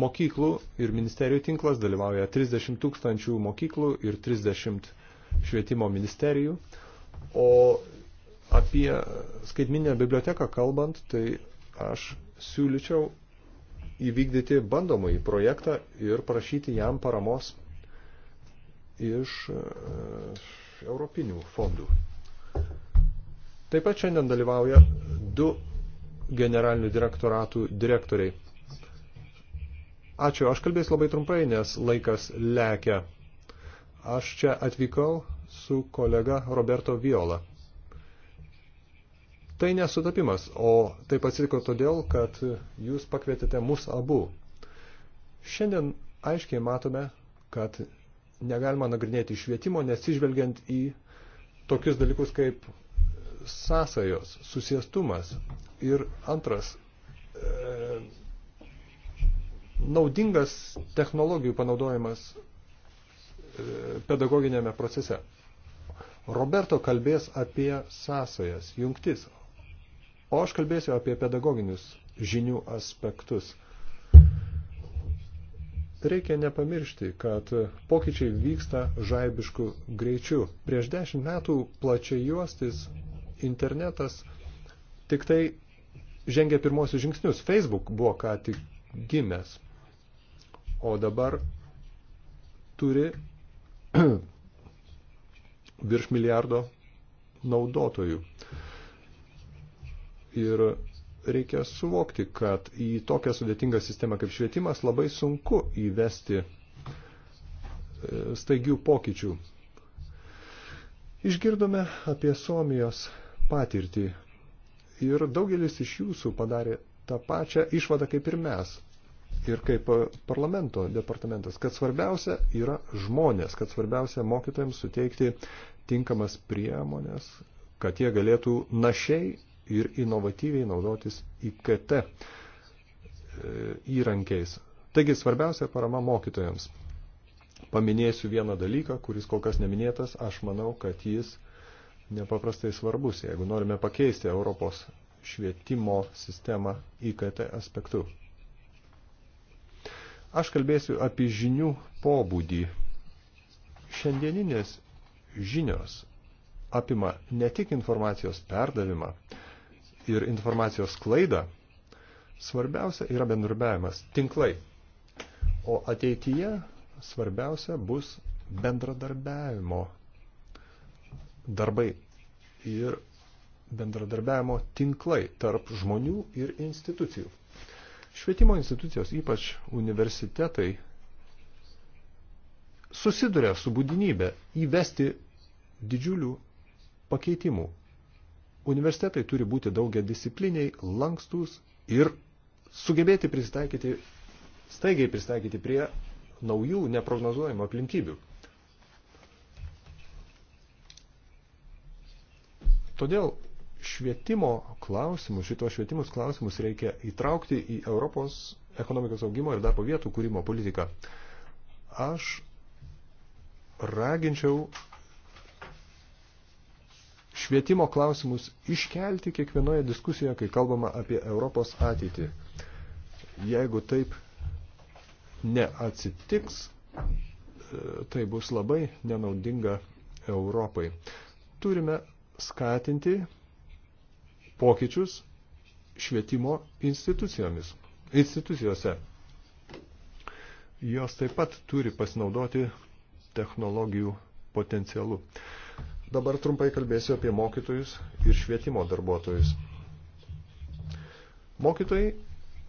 mokyklų ir ministerijų tinklas, dalyvauja 30 tūkstančių mokyklų ir 30 švietimo ministerijų. O apie skaitminę biblioteką kalbant, tai aš siūlyčiau įvykdyti bandomąjį projektą ir prašyti jam paramos iš e, europinių fondų. Taip pat šiandien dalyvauja du generalinių direktoratų direktoriai Ačiū, aš kalbėsiu labai trumpai, nes laikas lekia. Aš čia atvykau su kolega Roberto Viola. Tai nesutapimas, o taip atsitiko todėl, kad jūs pakvietėte mus abu. Šiandien aiškiai matome, kad negalima nagrinėti švietimo, nesižvelgiant į tokius dalykus kaip sąsajos, susiestumas ir antras naudingas technologijų panaudojimas e, pedagoginėme procese. Roberto kalbės apie sąsajas, jungtis, o aš kalbėsiu apie pedagoginius žinių aspektus. Reikia nepamiršti, kad pokyčiai vyksta žaibišku greičiu. Prieš dešimt metų plačiai juostis internetas tik tai žengė pirmosius žingsnius. Facebook buvo ką tik gimęs o dabar turi virš milijardo naudotojų. Ir reikia suvokti, kad į tokią sudėtingą sistemą kaip švietimas labai sunku įvesti e, staigių pokyčių. Išgirdome apie Suomijos patirtį ir daugelis iš jūsų padarė tą pačią išvadą kaip ir mes ir kaip e, parlamento departamentas, kad svarbiausia yra žmonės, kad svarbiausia mokytojams suteikti tinkamas priemonės, kad jie galėtų našiai ir inovatyviai naudotis IKT e, įrankiais. Taigi svarbiausia parama mokytojams. Paminėsiu vieną dalyką, kuris kol kas neminėtas, aš manau, kad jis nepaprastai svarbus, jeigu norime pakeisti Europos švietimo sistemą IKT aspektu. Aš kalbėsiu apie žinių pobūdį. Šiandieninės žinios apima ne tik informacijos perdavimą ir informacijos klaidą, svarbiausia yra bendradarbiavimas, tinklai. O ateityje svarbiausia bus bendradarbiavimo darbai ir bendradarbiavimo tinklai tarp žmonių ir institucijų. Švietimo institucijos, ypač universitetai, susiduria su būdinybė įvesti didžiulių pakeitimų. Universitetai turi būti daugia discipliniai, lankstus ir sugebėti pristaikyti, staigiai pristaikyti prie naujų neprognozuojamų aplinkybių. Todėl švietimo klausimus, šitos švietimus klausimus reikia įtraukti į Europos ekonomikos augimo ir darbo vietų kūrimo politiką. Aš raginčiau švietimo klausimus iškelti kiekvienoje diskusijoje, kai kalbama apie Europos ateitį. Jeigu taip neatsitiks, tai bus labai nenaudinga Europai. Turime skatinti pokyčius švietimo institucijomis, institucijose. Jos taip pat turi pasinaudoti technologijų potencialu. Dabar trumpai kalbėsiu apie mokytojus ir švietimo darbuotojus. Mokytojai,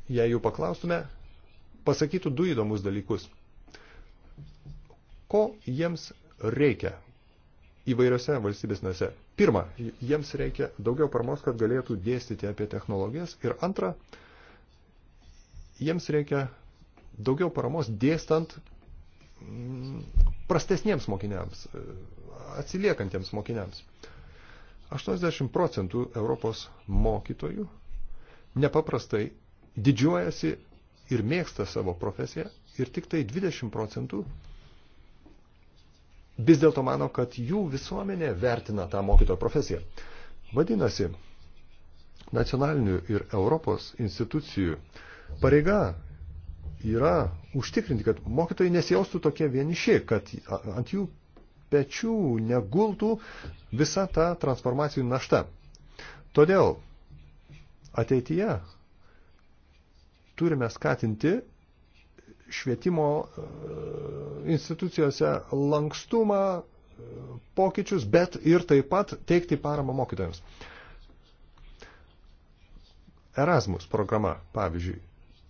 jei jų paklaustume, pasakytų du įdomus dalykus. Ko jiems reikia įvairiose valstybės nose? Pirma, jiems reikia daugiau paramos, kad galėtų dėstyti apie technologijas. Ir antra, jiems reikia daugiau paramos dėstant mm, prastesniems mokiniams, atsiliekantiems mokiniams. 80 procentų Europos mokytojų nepaprastai didžiuojasi ir mėgsta savo profesiją ir tik tai 20 procentų vis dėlto mano, kad jų visuomenė vertina tą mokytojo profesiją. Vadinasi, nacionalinių ir Europos institucijų pareiga yra užtikrinti, kad mokytojai nesijaustų tokie vieniši, kad ant jų pečių negultų visa ta transformacijų našta. Todėl ateityje turime skatinti švietimo e, institucijose lankstumą, e, pokyčius, bet ir taip pat teikti paramą mokytojams. Erasmus programa, pavyzdžiui,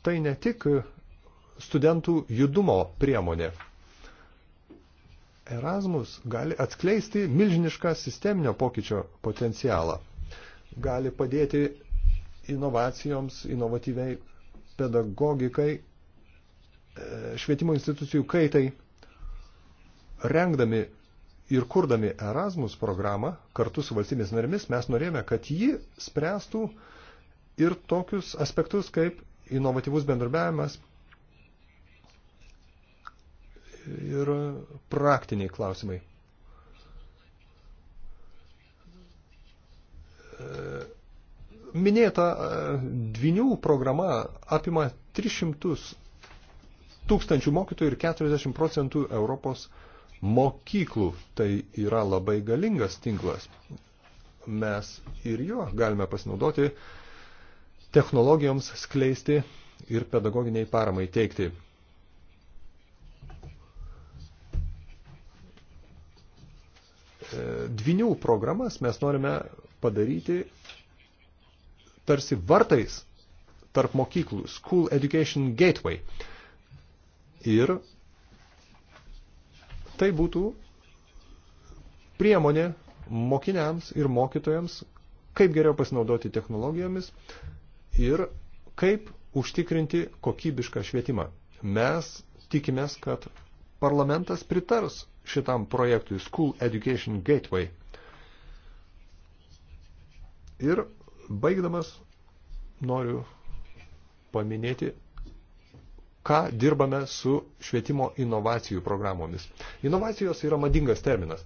tai ne tik studentų judumo priemonė. Erasmus gali atskleisti milžinišką sisteminio pokyčio potencialą. Gali padėti inovacijoms, inovatyviai pedagogikai E, švietimo institucijų kaitai. Rengdami ir kurdami Erasmus programą kartu su valstybės narėmis, mes norėjome, kad ji spręstų ir tokius aspektus kaip inovatyvus bendrabiavimas ir praktiniai klausimai. E, minėta e, dvinių programa apima 300 tūkstančių mokytojų ir 40 procentų Europos mokyklų. Tai yra labai galingas tinklas. Mes ir juo galime pasinaudoti technologijoms skleisti ir pedagoginiai paramai teikti. Dvinių programas mes norime padaryti tarsi vartais tarp mokyklų, School Education Gateway. Ir tai būtų priemonė mokiniams ir mokytojams, kaip geriau pasinaudoti technologijomis ir kaip užtikrinti kokybišką švietimą. Mes tikimės, kad parlamentas pritars šitam projektui School Education Gateway. Ir baigdamas noriu paminėti ką dirbame su švietimo inovacijų programomis. Inovacijos yra madingas terminas.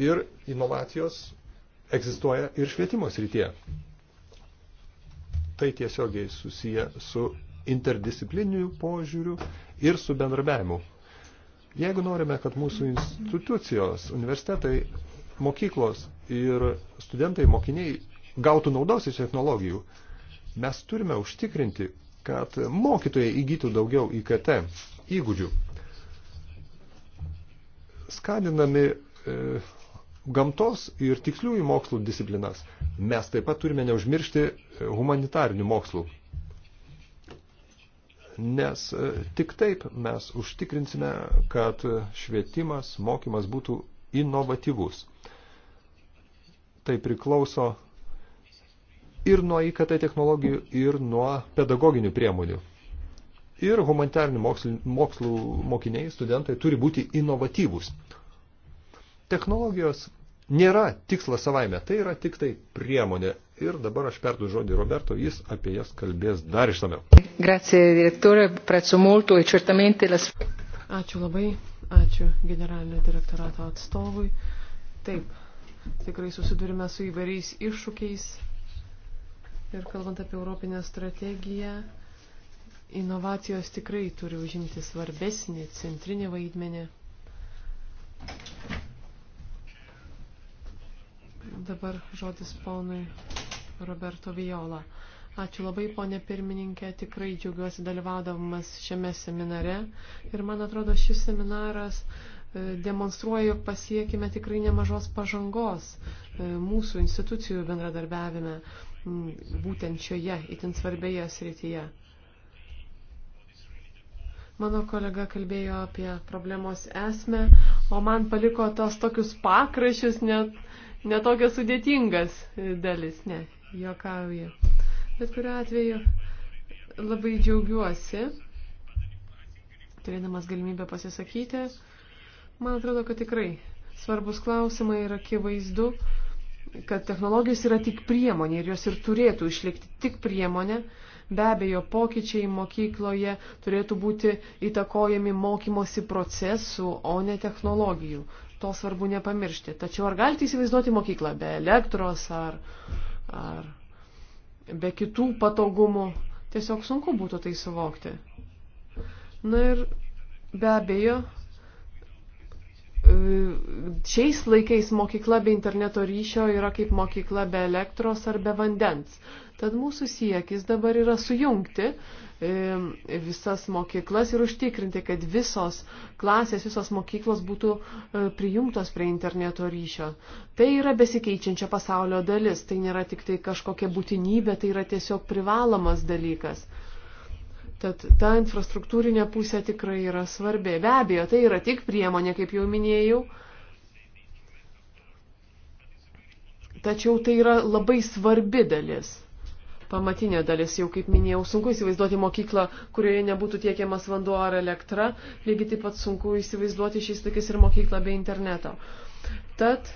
Ir inovacijos egzistuoja ir švietimo srityje. Tai tiesiogiai susiję su interdisciplininiu požiūriu ir su bendrabiavimu. Jeigu norime, kad mūsų institucijos, universitetai, mokyklos ir studentai, mokiniai gautų naudos iš technologijų, mes turime užtikrinti, kad mokytojai įgytų daugiau IKT įgūdžių. Skatinami e, gamtos ir tiksliųjų mokslų disciplinas, mes taip pat turime neužmiršti e, humanitarinių mokslų. Nes e, tik taip mes užtikrinsime, kad švietimas, mokymas būtų inovatyvus. Tai priklauso ir nuo IKT technologijų, ir nuo pedagoginių priemonių. Ir humanitarinių mokslų, mokslų mokiniai, studentai turi būti inovatyvūs. Technologijos nėra tikslas savaime, tai yra tik tai priemonė. Ir dabar aš perdu žodį Roberto, jis apie jas kalbės dar išsameu. Grazie, direktorė, prezio molto e certamente la... Ačiū labai, ačiū generalinio direktorato atstovui. Taip, tikrai susidurime su įvairiais iššūkiais Ir kalbant apie Europinę strategiją, inovacijos tikrai turi užimti svarbesnį centrinį vaidmenį. Dabar žodis ponui Roberto Viola. Ačiū labai, ponė pirmininkė, tikrai džiaugiuosi dalyvaudamas šiame seminare. Ir man atrodo, šis seminaras e, demonstruoja, jog pasiekime tikrai nemažos pažangos e, mūsų institucijų bendradarbiavime būtent šioje itin svarbioje srityje. Mano kolega kalbėjo apie problemos esmę, o man paliko tos tokius pakrašius, net, netokias sudėtingas dalis, ne, jokauju. Bet kuriu atveju labai džiaugiuosi, turėdamas galimybę pasisakyti. Man atrodo, kad tikrai svarbus klausimai yra akivaizdu, kad technologijos yra tik priemonė ir jos ir turėtų išlikti tik priemonė. Be abejo, pokyčiai mokykloje turėtų būti įtakojami mokymosi procesų, o ne technologijų. To svarbu nepamiršti. Tačiau ar galite įsivaizduoti mokyklą be elektros ar, ar be kitų patogumų? Tiesiog sunku būtų tai suvokti. Na ir be abejo, šiais laikais mokykla be interneto ryšio yra kaip mokykla be elektros ar be vandens. Tad mūsų siekis dabar yra sujungti e, visas mokyklas ir užtikrinti, kad visos klasės, visos mokyklos būtų e, prijungtos prie interneto ryšio. Tai yra besikeičiančia pasaulio dalis, tai nėra tik tai kažkokia būtinybė, tai yra tiesiog privalomas dalykas. Tad ta infrastruktūrinė pusė tikrai yra svarbi. Be abejo, tai yra tik priemonė, kaip jau minėjau. Tačiau tai yra labai svarbi dalis. Pamatinė dalis, jau kaip minėjau, sunku įsivaizduoti mokyklą, kurioje nebūtų tiekiamas vanduo ar elektra. Lygiai taip pat sunku įsivaizduoti šiais laikais ir mokyklą be interneto. Tad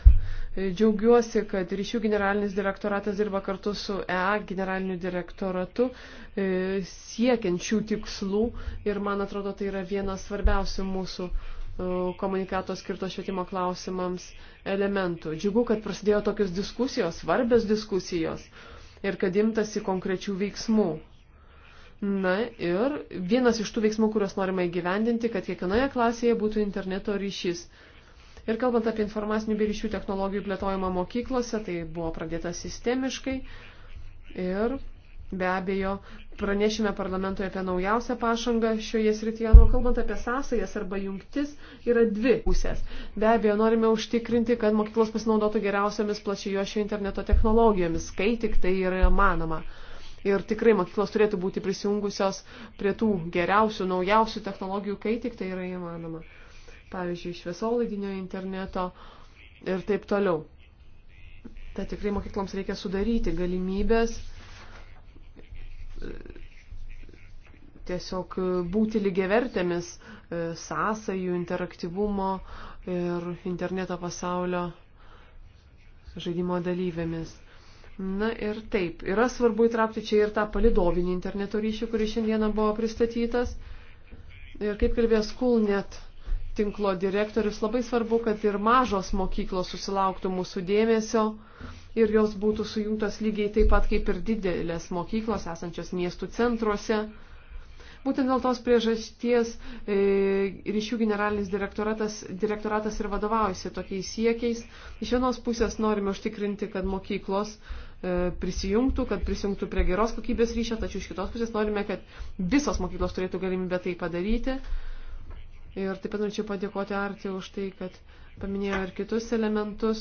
Džiaugiuosi, kad ryšių generalinis direktoratas dirba kartu su EA generaliniu direktoratu e, siekiančių tikslų ir man atrodo tai yra vienas svarbiausių mūsų e, komunikato skirto švietimo klausimams elementų. Džiugu, kad prasidėjo tokios diskusijos, svarbios diskusijos ir kad imtasi konkrečių veiksmų. Na ir vienas iš tų veiksmų, kuriuos norime įgyvendinti, kad kiekvienoje klasėje būtų interneto ryšys. Ir kalbant apie informacinių bei ryšių technologijų plėtojimą mokyklose, tai buvo pradėta sistemiškai. Ir be abejo, pranešime parlamentoje apie naujausią pažangą šioje srityje. Nu, kalbant apie sąsajas arba jungtis, yra dvi pusės. Be abejo, norime užtikrinti, kad mokyklos pasinaudotų geriausiamis plačiojo šio interneto technologijomis, kai tik tai yra manoma. Ir tikrai mokyklos turėtų būti prisijungusios prie tų geriausių, naujausių technologijų, kai tik tai yra įmanoma pavyzdžiui, šviesolaidinio interneto ir taip toliau. Tai tikrai mokykloms reikia sudaryti galimybės e, tiesiog būti lygiavertėmis e, sąsajų, interaktyvumo ir interneto pasaulio žaidimo dalyvėmis. Na ir taip, yra svarbu įtraukti čia ir tą palidovinį interneto ryšį, kuris šiandieną buvo pristatytas. Ir kaip kalbėjo Skulnet tinklo direktorius, labai svarbu, kad ir mažos mokyklos susilauktų mūsų dėmesio ir jos būtų sujungtos lygiai taip pat kaip ir didelės mokyklos esančios miestų centruose. Būtent dėl tos priežasties e, ryšių generalinis direktoratas, direktoratas ir vadovaujasi tokiais siekiais. Iš vienos pusės norime užtikrinti, kad mokyklos e, prisijungtų, kad prisijungtų prie geros kokybės ryšio, tačiau iš kitos pusės norime, kad visos mokyklos turėtų galimybę tai padaryti. E, Ir taip pat norėčiau padėkoti Artį už tai, kad paminėjo ir kitus elementus.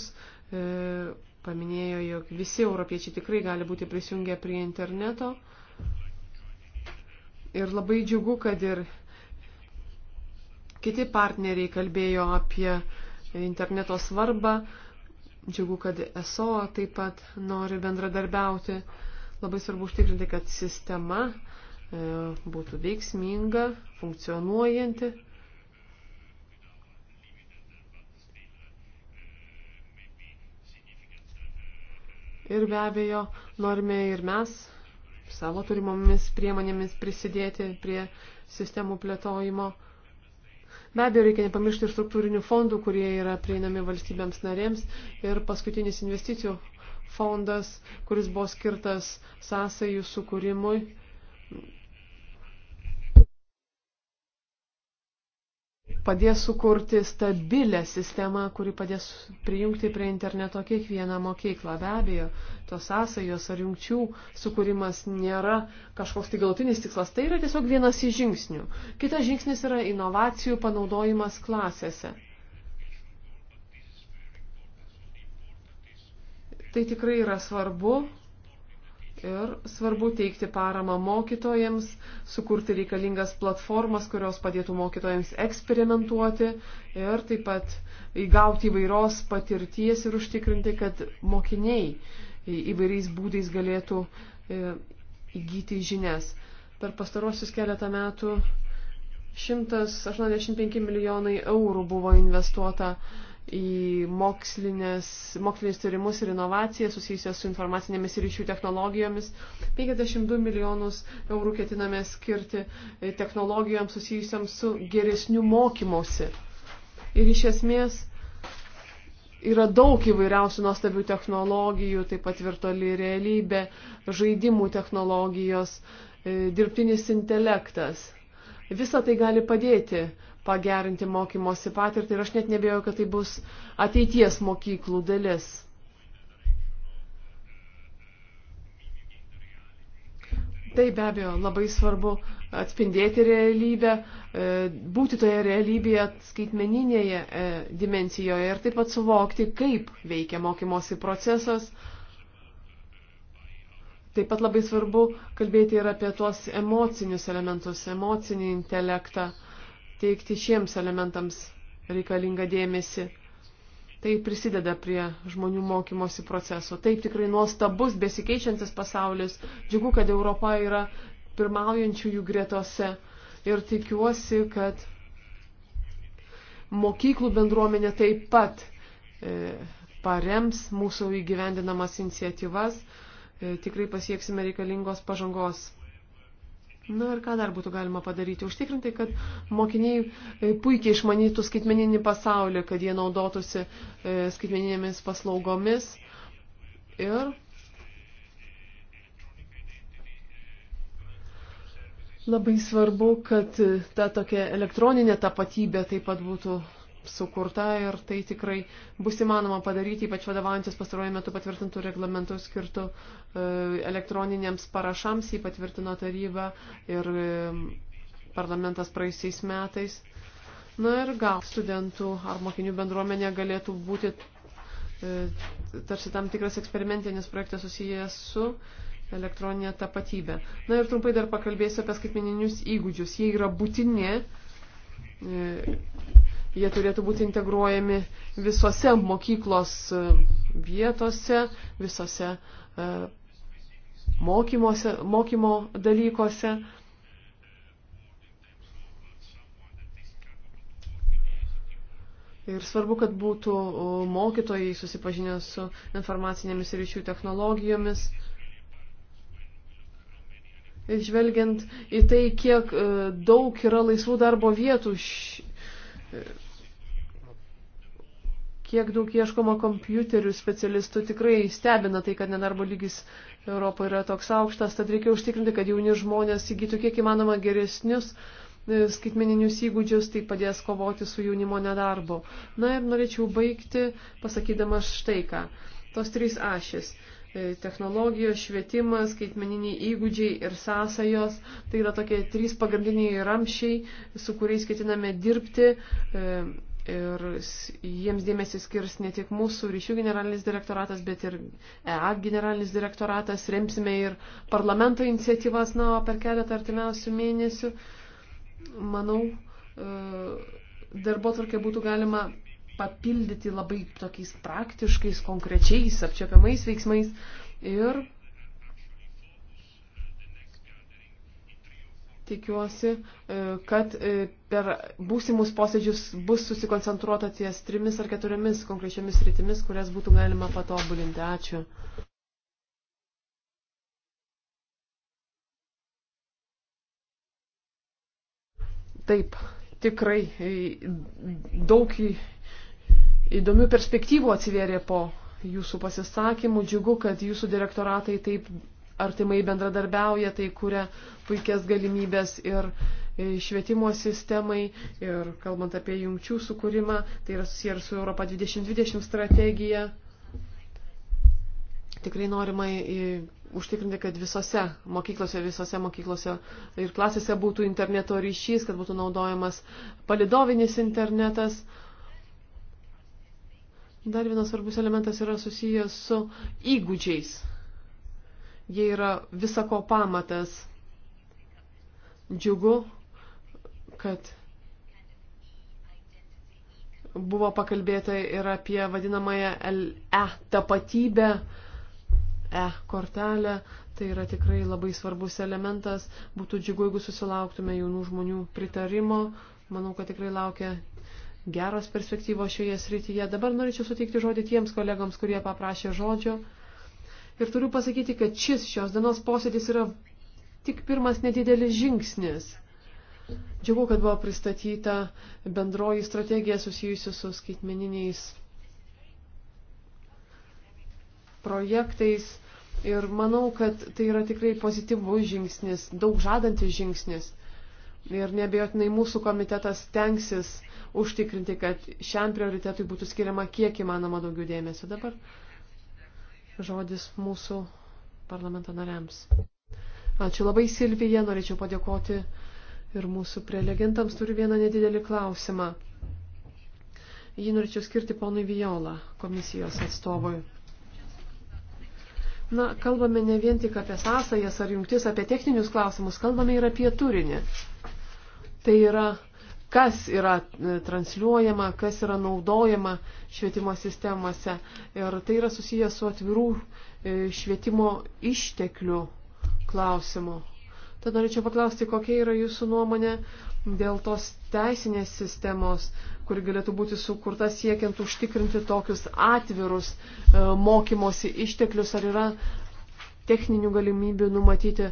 E, paminėjo, jog visi europiečiai tikrai gali būti prisijungę prie interneto. Ir labai džiugu, kad ir kiti partneriai kalbėjo apie interneto svarbą. Džiugu, kad ESO taip pat nori bendradarbiauti. Labai svarbu užtikrinti, kad sistema e, būtų veiksminga, funkcionuojanti. Ir be abejo, norime ir mes savo turimomis priemonėmis prisidėti prie sistemų plėtojimo. Be abejo, reikia nepamiršti ir struktūrinių fondų, kurie yra prieinami valstybėms narėms. Ir paskutinis investicijų fondas, kuris buvo skirtas sąsajų sukūrimui, padės sukurti stabilę sistemą, kuri padės prijungti prie interneto kiekvieną mokyklą. Be abejo, tos sąsajos ar jungčių sukūrimas nėra kažkoks tai galutinis tikslas, tai yra tiesiog vienas iš žingsnių. Kitas žingsnis yra inovacijų panaudojimas klasėse. Tai tikrai yra svarbu, Ir svarbu teikti paramą mokytojams, sukurti reikalingas platformas, kurios padėtų mokytojams eksperimentuoti ir taip pat įgauti įvairios patirties ir užtikrinti, kad mokiniai įvairiais būdais galėtų e, įgyti žinias. Per pastarosius keletą metų 185 milijonai eurų buvo investuota uh, į mokslinius tyrimus ir inovacijas susijusias su informacinėmis ryšių technologijomis. 52 milijonus eurų ketiname skirti e, technologijoms susijusiam su geresniu mokymosi. Ir iš esmės yra daug įvairiausių nuostabių technologijų, taip pat virtuali realybė, žaidimų technologijos, e, dirbtinis intelektas. Visa tai gali padėti pagerinti mokymosi patirtį ir aš net nebėjau, kad tai bus ateities mokyklų dalis. Tai be abejo labai svarbu atspindėti realybę, e, būti toje realybėje skaitmeninėje e, dimencijoje ir taip pat suvokti, kaip veikia mokymosi procesas. Taip pat labai svarbu kalbėti ir apie tuos emocinius elementus, emocinį intelektą. Uh, teikti šiems elementams reikalingą dėmesį. Tai prisideda prie žmonių mokymosi proceso. Taip tikrai nuostabus, besikeičiantis pasaulis. Džiugu, kad Europa yra pirmaujančiųjų gretose. Ir tikiuosi, kad mokyklų bendruomenė taip pat e, parems mūsų įgyvendinamas iniciatyvas. E, tikrai pasieksime reikalingos pažangos. Na ir ką dar būtų galima padaryti? Užtikrinti, kad mokiniai e, puikiai išmanytų skaitmeninį pasaulį, kad jie naudotųsi e, skaitmeninėmis paslaugomis. Ir labai svarbu, kad e, ta tokia elektroninė tapatybė taip pat būtų sukurta ir tai tikrai bus įmanoma padaryti, ypač vadovaujantis pastaruoju metu patvirtintų reglamentų skirtų e, elektroniniams parašams, jį patvirtino taryba ir e, parlamentas praeisiais metais. Na ir gal studentų ar mokinių bendruomenė galėtų būti e, tarsi tam tikras eksperimentinis projektas susijęs su elektroninė tapatybė. Na ir trumpai dar pakalbėsiu apie skaitmeninius įgūdžius. Jie yra būtini jie turėtų būti integruojami visose mokyklos e, vietose, visose e, mokymuose, mokymo dalykuose. Ir svarbu, kad būtų mokytojai susipažinę su informacinėmis ryšių technologijomis. Ir žvelgiant į tai, kiek e, daug yra laisvų darbo vietų š kiek daug ieškoma kompiuterių specialistų, tikrai stebina tai, kad nedarbo lygis Europoje yra toks aukštas, tad reikia užtikrinti, kad jauni žmonės įgytų kiek įmanoma geresnius e, skaitmeninius įgūdžius, tai padės kovoti su jaunimo nedarbu. Na ir norėčiau baigti pasakydama štai ką. Tos trys ašis e, - technologijos, švietimas, skaitmeniniai įgūdžiai ir sąsajos - tai yra tokie trys pagrindiniai ramšiai, su kuriais ketiname dirbti. E, ir jiems dėmesį skirs ne tik mūsų ryšių generalinis direktoratas, bet ir EAT generalinis direktoratas, remsime ir parlamento iniciatyvas, na, per keletą artimiausių mėnesių, manau, e, darbo tvarkė būtų galima papildyti labai tokiais praktiškais, konkrečiais, apčiopiamais veiksmais ir Tikiuosi, e, kad e, per būsimus posėdžius bus susikoncentruota ties trimis ar keturiomis konkrečiomis rytimis, kurias būtų galima patobulinti. Ačiū. Taip, tikrai e, daug įdomių perspektyvų atsivėrė po jūsų pasisakymų. Džiugu, kad jūsų direktoratai taip artimai bendradarbiauja, tai kuria puikias galimybės ir e, švietimo sistemai, ir kalbant apie jungčių sukūrimą, tai yra susiję ir su Europa 2020 strategija. Tikrai norima e, užtikrinti, kad visose mokyklose, visose mokyklose ir klasėse būtų interneto ryšys, kad būtų naudojamas palidovinis internetas. Dar vienas svarbus elementas yra susijęs su įgūdžiais. Jie yra visako pamatas. Džiugu, kad buvo pakalbėta ir apie vadinamąją E tapatybę, E kortelę. Tai yra tikrai labai svarbus elementas. Būtų džiugu, jeigu susilauktume jaunų žmonių pritarimo. Manau, kad tikrai laukia geros perspektyvos šioje srityje. Dabar norėčiau suteikti žodį tiems kolegams, kurie paprašė žodžio. Ir turiu pasakyti, kad šis šios dienos posėdis yra tik pirmas nedidelis žingsnis. Džiugu, kad buvo pristatyta bendroji strategija susijusi su skaitmeniniais projektais. Ir manau, kad tai yra tikrai pozityvus žingsnis, daug žadantis žingsnis. Ir nebejotinai mūsų komitetas tenksis užtikrinti, kad šiam prioritetui būtų skiriama kiek įmanoma daugiau dėmesio. Dabar žodis mūsų parlamento nariams. Ačiū labai Silvija, norėčiau padėkoti ir mūsų prelegentams turiu vieną nedidelį klausimą. Jį norėčiau skirti ponui Viola, komisijos atstovui. Na, kalbame ne vien tik apie sąsajas ar jungtis, apie techninius klausimus, kalbame ir apie turinį. Tai yra kas yra e, transliuojama, kas yra naudojama švietimo sistemose. Ir tai yra susijęs su atvirų e, švietimo išteklių klausimu. Tad norėčiau paklausti, kokia yra jūsų nuomonė dėl tos teisinės sistemos, kuri galėtų būti sukurta siekiant užtikrinti tokius atvirus e, mokymosi išteklius, ar yra techninių galimybių numatyti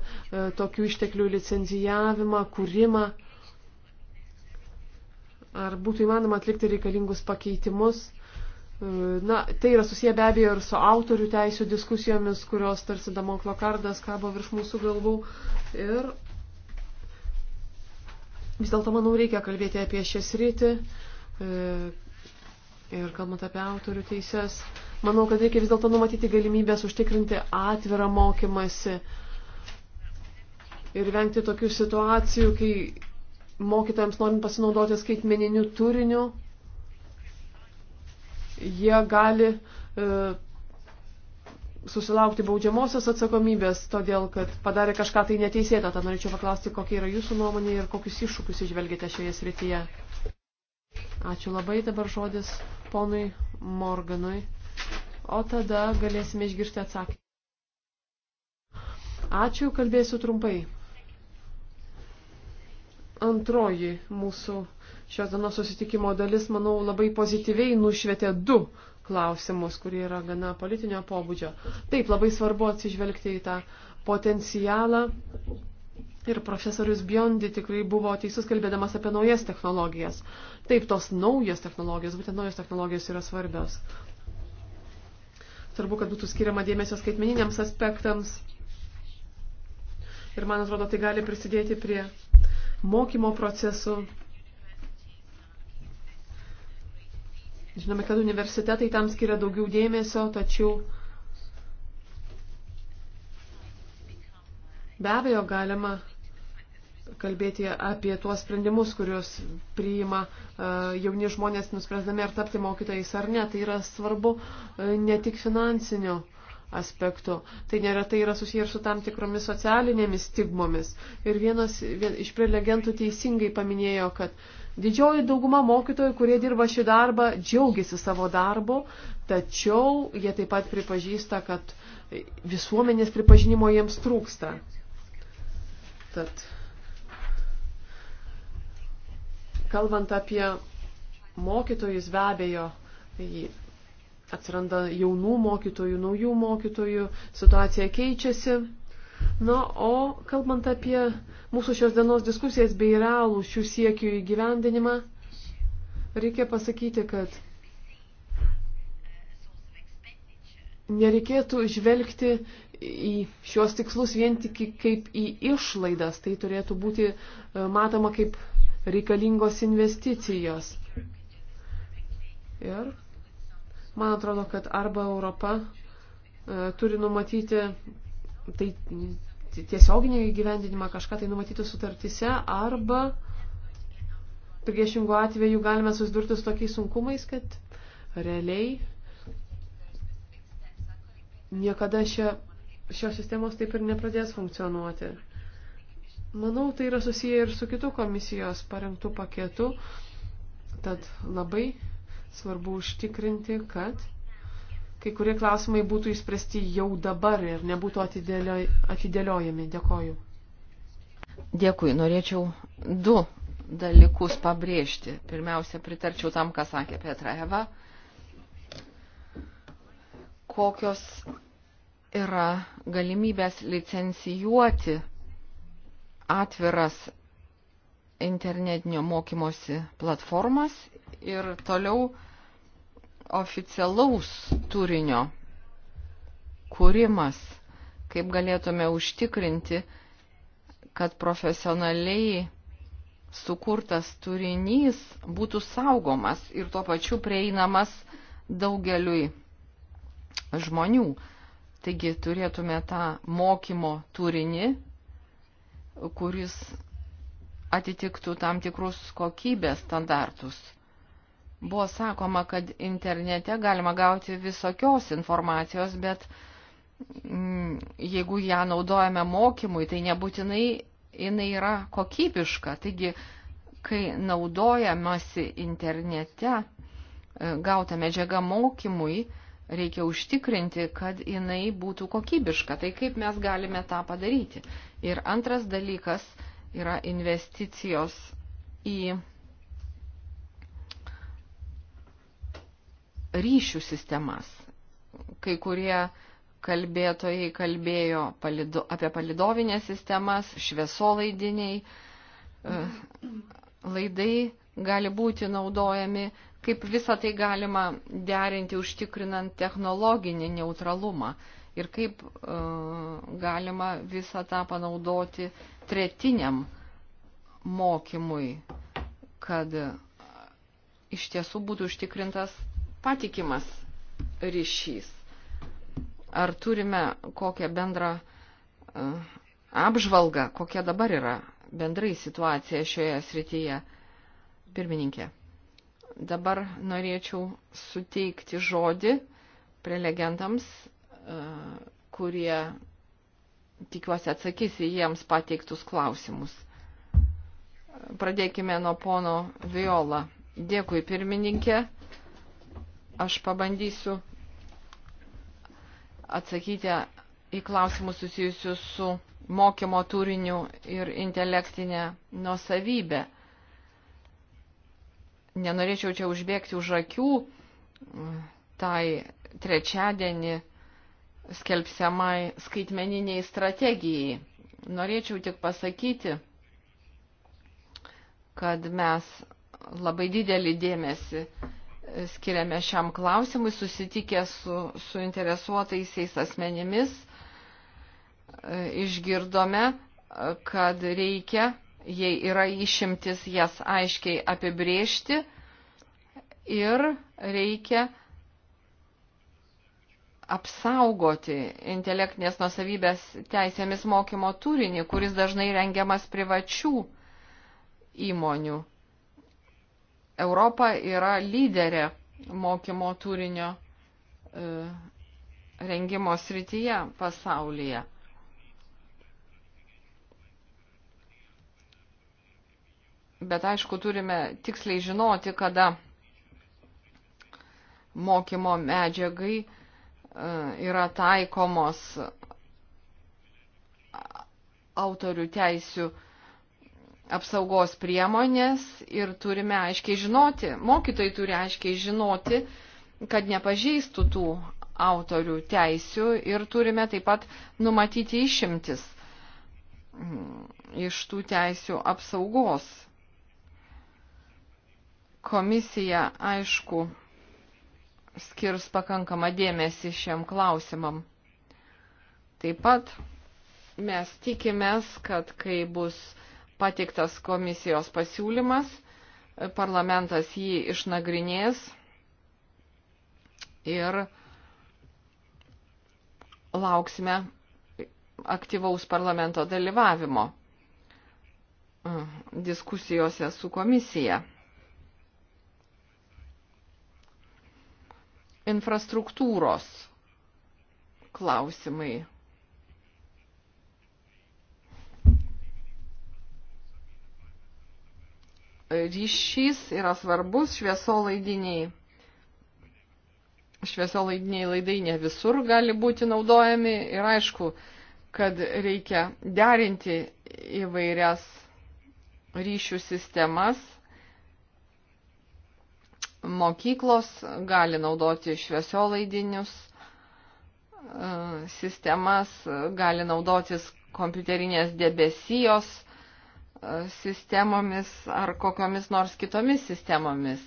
tokių išteklių licenzijavimą, kūrimą ar būtų įmanoma atlikti reikalingus pakeitimus. E, na, tai yra susiję be abejo ir su autorių teisų diskusijomis, kurios tarsi damoklo kardas kabo virš mūsų galvų. Ir vis dėlto, manau, reikia kalbėti apie šią sritį. E, ir kalbant apie autorių teises, manau, kad reikia vis dėlto numatyti galimybės užtikrinti atvirą mokymasi ir vengti tokių situacijų, kai mokytojams norint pasinaudoti skaitmeniniu turiniu, jie gali e, susilaukti baudžiamosios atsakomybės, todėl kad padarė kažką tai neteisėtą. Tad norėčiau paklausti, kokia yra jūsų nuomonė ir kokius iššūkius išvelgėte šioje srityje. Ačiū labai dabar žodis ponui Morganui. O tada galėsime išgirsti atsakymą. Ačiū, kalbėsiu trumpai antroji mūsų šios dienos susitikimo dalis, manau, labai pozityviai nušvietė du klausimus, kurie yra gana politinio pobūdžio. Taip, labai svarbu atsižvelgti į tą potencialą. Ir profesorius Biondi tikrai buvo teisus kalbėdamas apie naujas technologijas. Taip, tos naujas technologijos, būtent naujas technologijos yra svarbios. Svarbu, kad būtų skiriama dėmesio skaitmeniniams aspektams. Ir man atrodo, tai gali prisidėti prie mokymo procesų. Žinome, kad universitetai tam skiria daugiau dėmesio, tačiau be abejo galima kalbėti apie tuos sprendimus, kuriuos priima e, jauni žmonės, nuspręsdami ar tapti mokytojais ar ne. Tai yra svarbu e, ne tik finansinio aspektu. Tai neretai yra susiję ir su tam tikromis socialinėmis stigmomis. Ir vienas vien, iš prelegentų teisingai paminėjo, kad didžioji dauguma mokytojų, kurie dirba šį darbą, džiaugiasi savo darbu, tačiau jie taip pat pripažįsta, kad visuomenės pripažinimo jiems trūksta. Tad, kalbant apie mokytojus, be abejo, atsiranda jaunų mokytojų, naujų mokytojų, situacija keičiasi. Na, o kalbant apie mūsų šios dienos diskusijas bei realų šių siekių įgyvendinimą, reikia pasakyti, kad nereikėtų žvelgti į šios tikslus vien tik kaip į išlaidas, tai turėtų būti e, matoma kaip reikalingos investicijos. Ir Man atrodo, kad arba Europa e, turi numatyti tai tiesioginį įgyvendinimą, kažką tai numatyti sutartise, arba priešingų atveju galime susidurti su tokiais sunkumais, kad realiai niekada šia, šios sistemos taip ir nepradės funkcionuoti. Manau, tai yra susiję ir su kitu komisijos parengtų paketu, tad labai Svarbu užtikrinti, kad kai kurie klausimai būtų įspręsti jau dabar ir nebūtų atidėliojami. Dėkoju. Dėkui. Norėčiau du dalykus pabrėžti. Pirmiausia, pritarčiau tam, ką sakė Petra Eva. Kokios yra galimybės licencijuoti atviras internetinio mokymosi platformas ir toliau oficialaus turinio kūrimas, kaip galėtume užtikrinti, kad profesionaliai sukurtas turinys būtų saugomas ir tuo pačiu prieinamas daugeliui žmonių. Taigi turėtume tą mokymo turinį, kuris atitiktų tam tikrus kokybės standartus. Buvo sakoma, kad internete galima gauti visokios informacijos, bet mm, jeigu ją naudojame mokymui, tai nebūtinai jinai yra kokybiška. Taigi, kai naudojamasi internete, e, gauta medžiaga mokymui, reikia užtikrinti, kad jinai būtų kokybiška. Tai kaip mes galime tą padaryti? Ir antras dalykas yra investicijos į ryšių sistemas. Kai kurie kalbėtojai kalbėjo palido, apie palidovinės sistemas, šviesolaidiniai e, laidai gali būti naudojami, kaip visą tai galima derinti užtikrinant technologinį neutralumą ir kaip uh, galima visą tą panaudoti tretiniam mokymui, kad iš tiesų būtų užtikrintas patikimas ryšys? Ar turime kokią bendrą e, apžvalgą, kokia dabar yra bendrai situacija šioje srityje? Pirmininkė, dabar norėčiau suteikti žodį prelegentams, e, kurie tikiuosi atsakys į jiems pateiktus klausimus. Pradėkime nuo pono Viola. Dėkui pirmininkė. Aš pabandysiu atsakyti į klausimus susijusius su mokymo turiniu ir intelektinė nuosavybė. Nenorėčiau čia užbėgti už akių tai trečiadienį skelbsiamai skaitmeniniai strategijai. Norėčiau tik pasakyti, kad mes labai didelį dėmesį skiriame šiam klausimui, susitikę su suinteresuotaisiais asmenimis, e, išgirdome, e, kad reikia, jei yra išimtis, jas aiškiai apibriežti ir reikia apsaugoti intelektinės nusavybės teisėmis mokymo turinį, kuris dažnai rengiamas privačių įmonių. Europa yra lyderė mokymo turinio e, rengimo srityje pasaulyje. Bet aišku, turime tiksliai žinoti, kada mokymo medžiagai e, yra taikomos autorių teisių apsaugos priemonės ir turime aiškiai žinoti, mokytojai turi aiškiai žinoti, kad nepažeistų tų autorių teisių ir turime taip pat numatyti išimtis mm, iš tų teisių apsaugos. Komisija, aišku, skirs pakankamą dėmesį šiam klausimam. Taip pat mes tikimės, kad kai bus pateiktas komisijos pasiūlymas, parlamentas jį išnagrinės ir lauksime aktyvaus parlamento dalyvavimo uh, diskusijose su komisija. Infrastruktūros klausimai. ryšys yra svarbus šviesolaidiniai. Šviesolaidiniai laidai ne visur gali būti naudojami ir aišku, kad reikia derinti įvairias ryšių sistemas. Mokyklos gali naudoti šviesolaidinius e, sistemas, gali naudotis kompiuterinės debesijos sistemomis ar kokiomis nors kitomis sistemomis.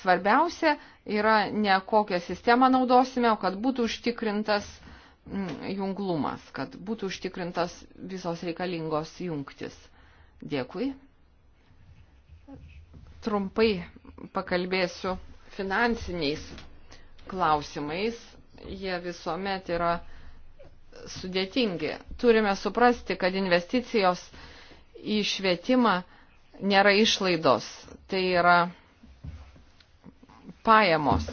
Svarbiausia yra ne kokią sistemą naudosime, o kad būtų užtikrintas mm, junglumas, kad būtų užtikrintas visos reikalingos jungtis. Dėkui. Trumpai pakalbėsiu finansiniais klausimais. Jie visuomet yra uh, sudėtingi. Turime suprasti, kad investicijos į švietimą nėra išlaidos, tai yra pajamos.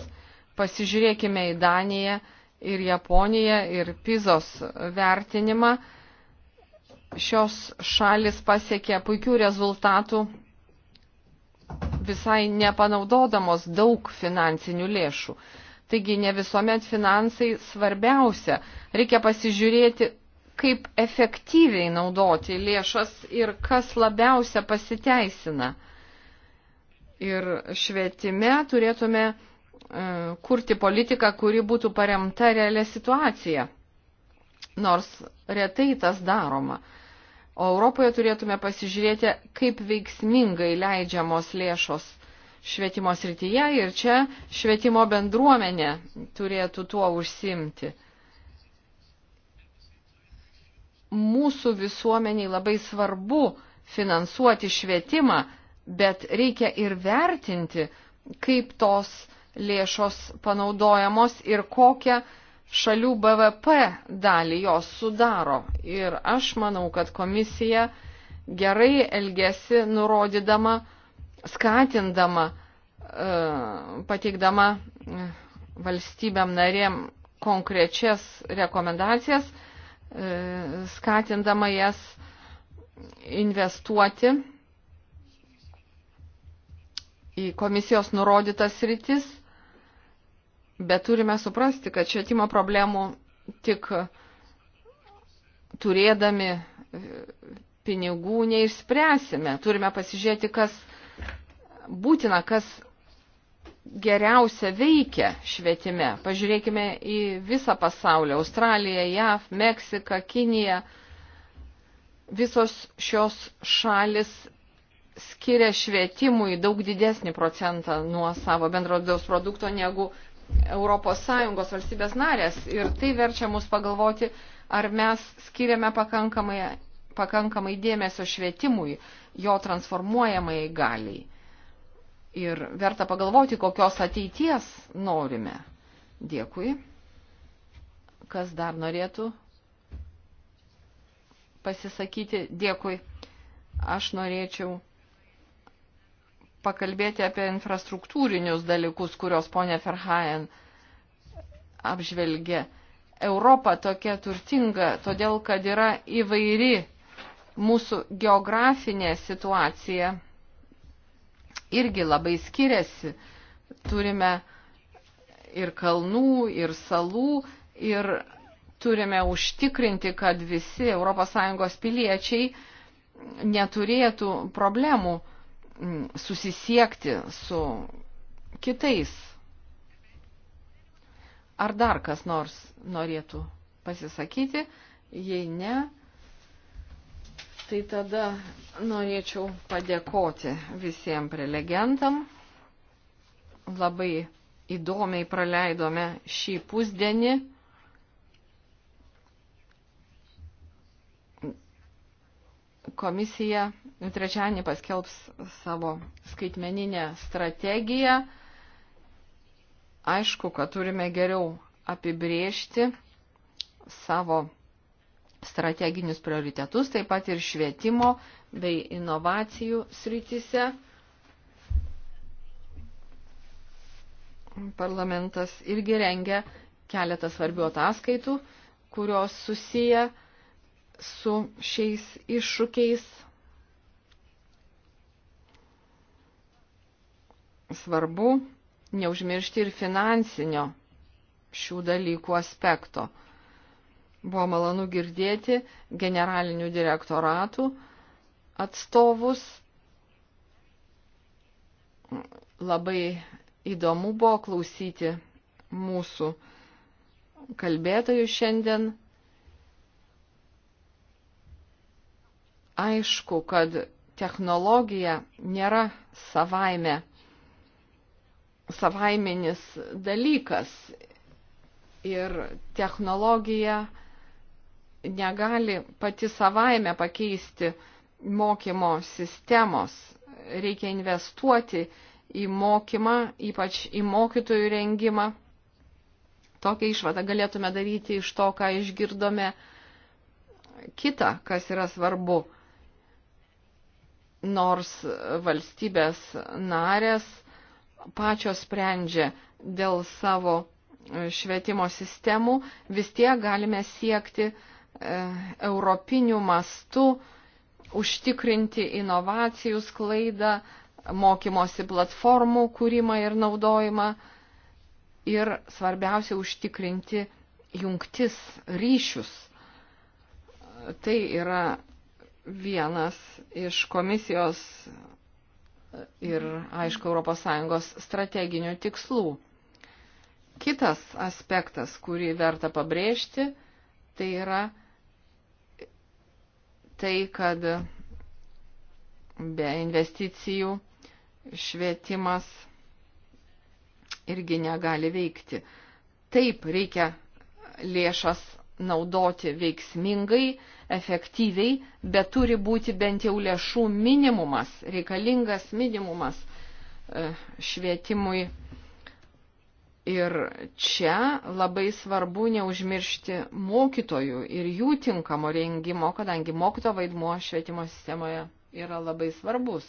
Pasižiūrėkime į Daniją ir Japoniją ir Pizos vertinimą. Šios šalis pasiekė puikių rezultatų visai nepanaudodamos daug finansinių lėšų. Taigi ne visuomet finansai svarbiausia. Reikia pasižiūrėti, kaip efektyviai naudoti lėšas ir kas labiausia pasiteisina. Ir švietime turėtume e, kurti politiką, kuri būtų paremta realią situaciją. Nors retai tas daroma. O Europoje turėtume pasižiūrėti, kaip veiksmingai leidžiamos lėšos švietimo srityje ir čia švietimo bendruomenė turėtų tuo užsimti. Mūsų visuomeniai labai svarbu finansuoti švietimą, bet reikia ir vertinti, kaip tos lėšos panaudojamos ir kokią šalių BVP dalį jos sudaro. Ir aš manau, kad komisija gerai elgesi nurodydama, skatindama, e, pateikdama e, valstybėm narėm konkrečias rekomendacijas, e, skatindama jas investuoti į komisijos nurodytas rytis, bet turime suprasti, kad švietimo problemų tik turėdami pinigų neišspręsime. Turime pasižiūrėti, kas būtina, kas geriausia veikia švietime. Pažiūrėkime į visą pasaulį - Australiją, JAV, Meksiką, Kiniją. Visos šios šalis skiria švietimui daug didesnį procentą nuo savo bendro vidaus produkto negu ES valstybės narės. Ir tai verčia mus pagalvoti, ar mes skiriame pakankamai, pakankamai dėmesio švietimui jo transformuojamai galiai. Ir verta pagalvoti, kokios ateities norime. Dėkui. Kas dar norėtų pasisakyti? Dėkui. Aš norėčiau pakalbėti apie infrastruktūrinius dalykus, kurios ponė Ferhajen apžvelgė. Europa tokia turtinga, todėl kad yra įvairi mūsų geografinė situacija irgi labai skiriasi. Turime ir kalnų, ir salų, ir turime užtikrinti, kad visi ES piliečiai neturėtų problemų mm, susisiekti su kitais. Ar dar kas nors norėtų pasisakyti? Jei ne, Tai tada norėčiau padėkoti visiems prelegentam. Labai įdomiai praleidome šį pusdienį. Komisija trečiąjį paskelbs savo skaitmeninę strategiją. Aišku, kad turime geriau apibriežti savo strateginius prioritetus, taip pat ir švietimo bei inovacijų srityse. Parlamentas irgi rengia keletą svarbių ataskaitų, kurios susiję su šiais iššūkiais. Svarbu neužmiršti ir finansinio šių dalykų aspekto. Buvo malonu girdėti generalinių direktoratų atstovus. Labai įdomu buvo klausyti mūsų kalbėtojų šiandien. Aišku, kad technologija nėra savaime savaiminis dalykas ir technologija negali pati savaime pakeisti mokymo sistemos. Reikia investuoti į mokymą, ypač į mokytojų rengimą. Tokią išvadą galėtume daryti iš to, ką išgirdome kitą, kas yra svarbu. Nors valstybės narės pačios sprendžia dėl savo švietimo sistemų, vis tiek galime siekti uh, E, europiniu mastu užtikrinti inovacijų sklaidą, mokymosi platformų kūrimą ir naudojimą ir svarbiausia užtikrinti jungtis, ryšius. Tai yra vienas iš komisijos ir, aišku, ES strateginių tikslų. Kitas aspektas, kurį verta pabrėžti, tai yra tai, kad be investicijų švietimas irgi negali veikti. Taip reikia lėšas naudoti veiksmingai, efektyviai, bet turi būti bent jau lėšų minimumas, reikalingas minimumas e, švietimui Ir čia labai svarbu neužmiršti mokytojų ir jų tinkamo rengimo, kadangi mokyto vaidmuo švietimo sistemoje yra labai svarbus.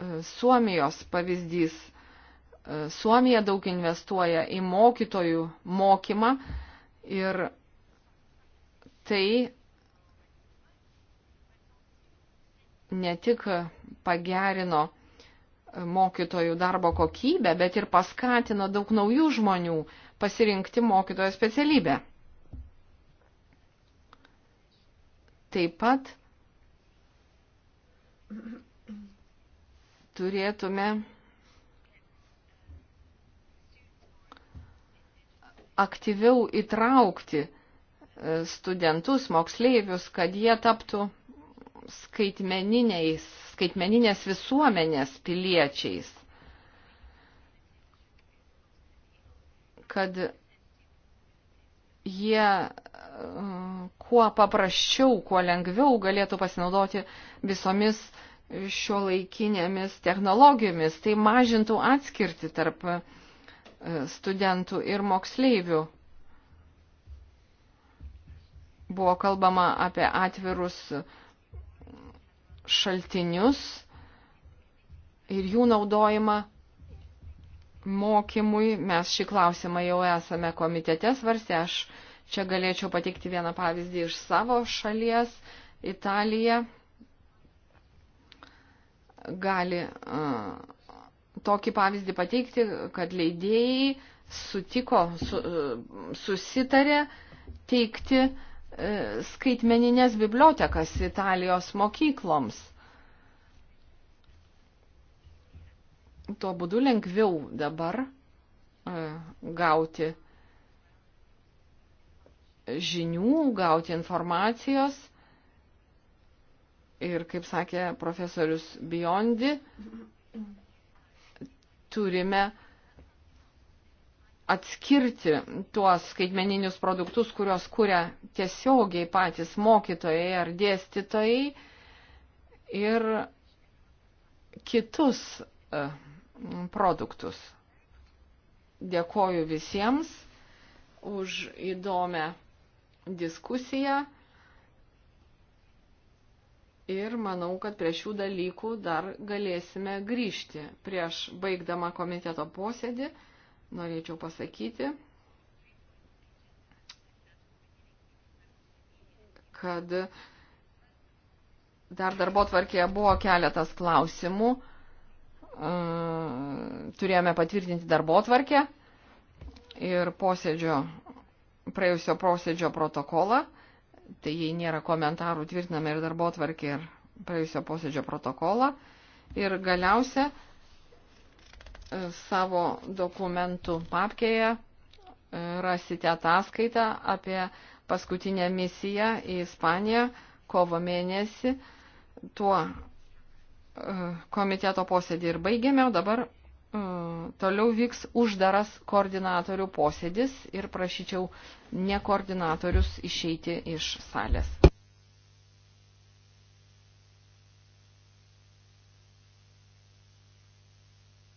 E, Suomijos pavyzdys. E, Suomija daug investuoja į mokytojų mokymą ir tai ne tik pagerino mokytojų darbo kokybę, bet ir paskatina daug naujų žmonių pasirinkti mokytojo specialybę. Taip pat turėtume aktyviau įtraukti studentus, moksleivius, kad jie taptų skaitmeninės visuomenės piliečiais. Kad jie um, kuo paprasčiau, kuo lengviau galėtų pasinaudoti visomis šio laikinėmis technologijomis. Tai mažintų atskirti tarp e, studentų ir moksleivių. Buvo kalbama apie atvirus šaltinius ir jų naudojimą mokymui. Mes šį klausimą jau esame komitete svarstę. Aš čia galėčiau patikti vieną pavyzdį iš savo šalies. Italija gali uh, tokį pavyzdį pateikti, kad leidėjai sutiko, su, uh, susitarė teikti uh, E, skaitmeninės bibliotekas Italijos mokykloms. Tuo būdu lengviau dabar e, gauti žinių, gauti informacijos. Ir kaip sakė profesorius Biondi, turime uh, atskirti tuos skaitmeninius produktus, kuriuos kuria tiesiogiai patys mokytojai ar dėstytojai ir kitus e, produktus. Dėkoju visiems už įdomią diskusiją ir manau, kad prie šių dalykų dar galėsime grįžti prieš baigdama komiteto posėdį norėčiau pasakyti, kad dar darbo tvarkėje buvo keletas klausimų. E, turėjome patvirtinti darbo tvarkę ir posėdžio, praėjusio posėdžio protokolą. Tai jei nėra komentarų, tvirtiname ir darbo tvarkę ir praėjusio posėdžio protokolą. Ir galiausia, savo dokumentų papkėje rasite ataskaitą apie paskutinę misiją į Ispaniją kovo mėnesį. Tuo e, komiteto posėdį ir baigėme, o dabar e, toliau vyks uždaras koordinatorių posėdis ir prašyčiau ne koordinatorius išeiti iš salės.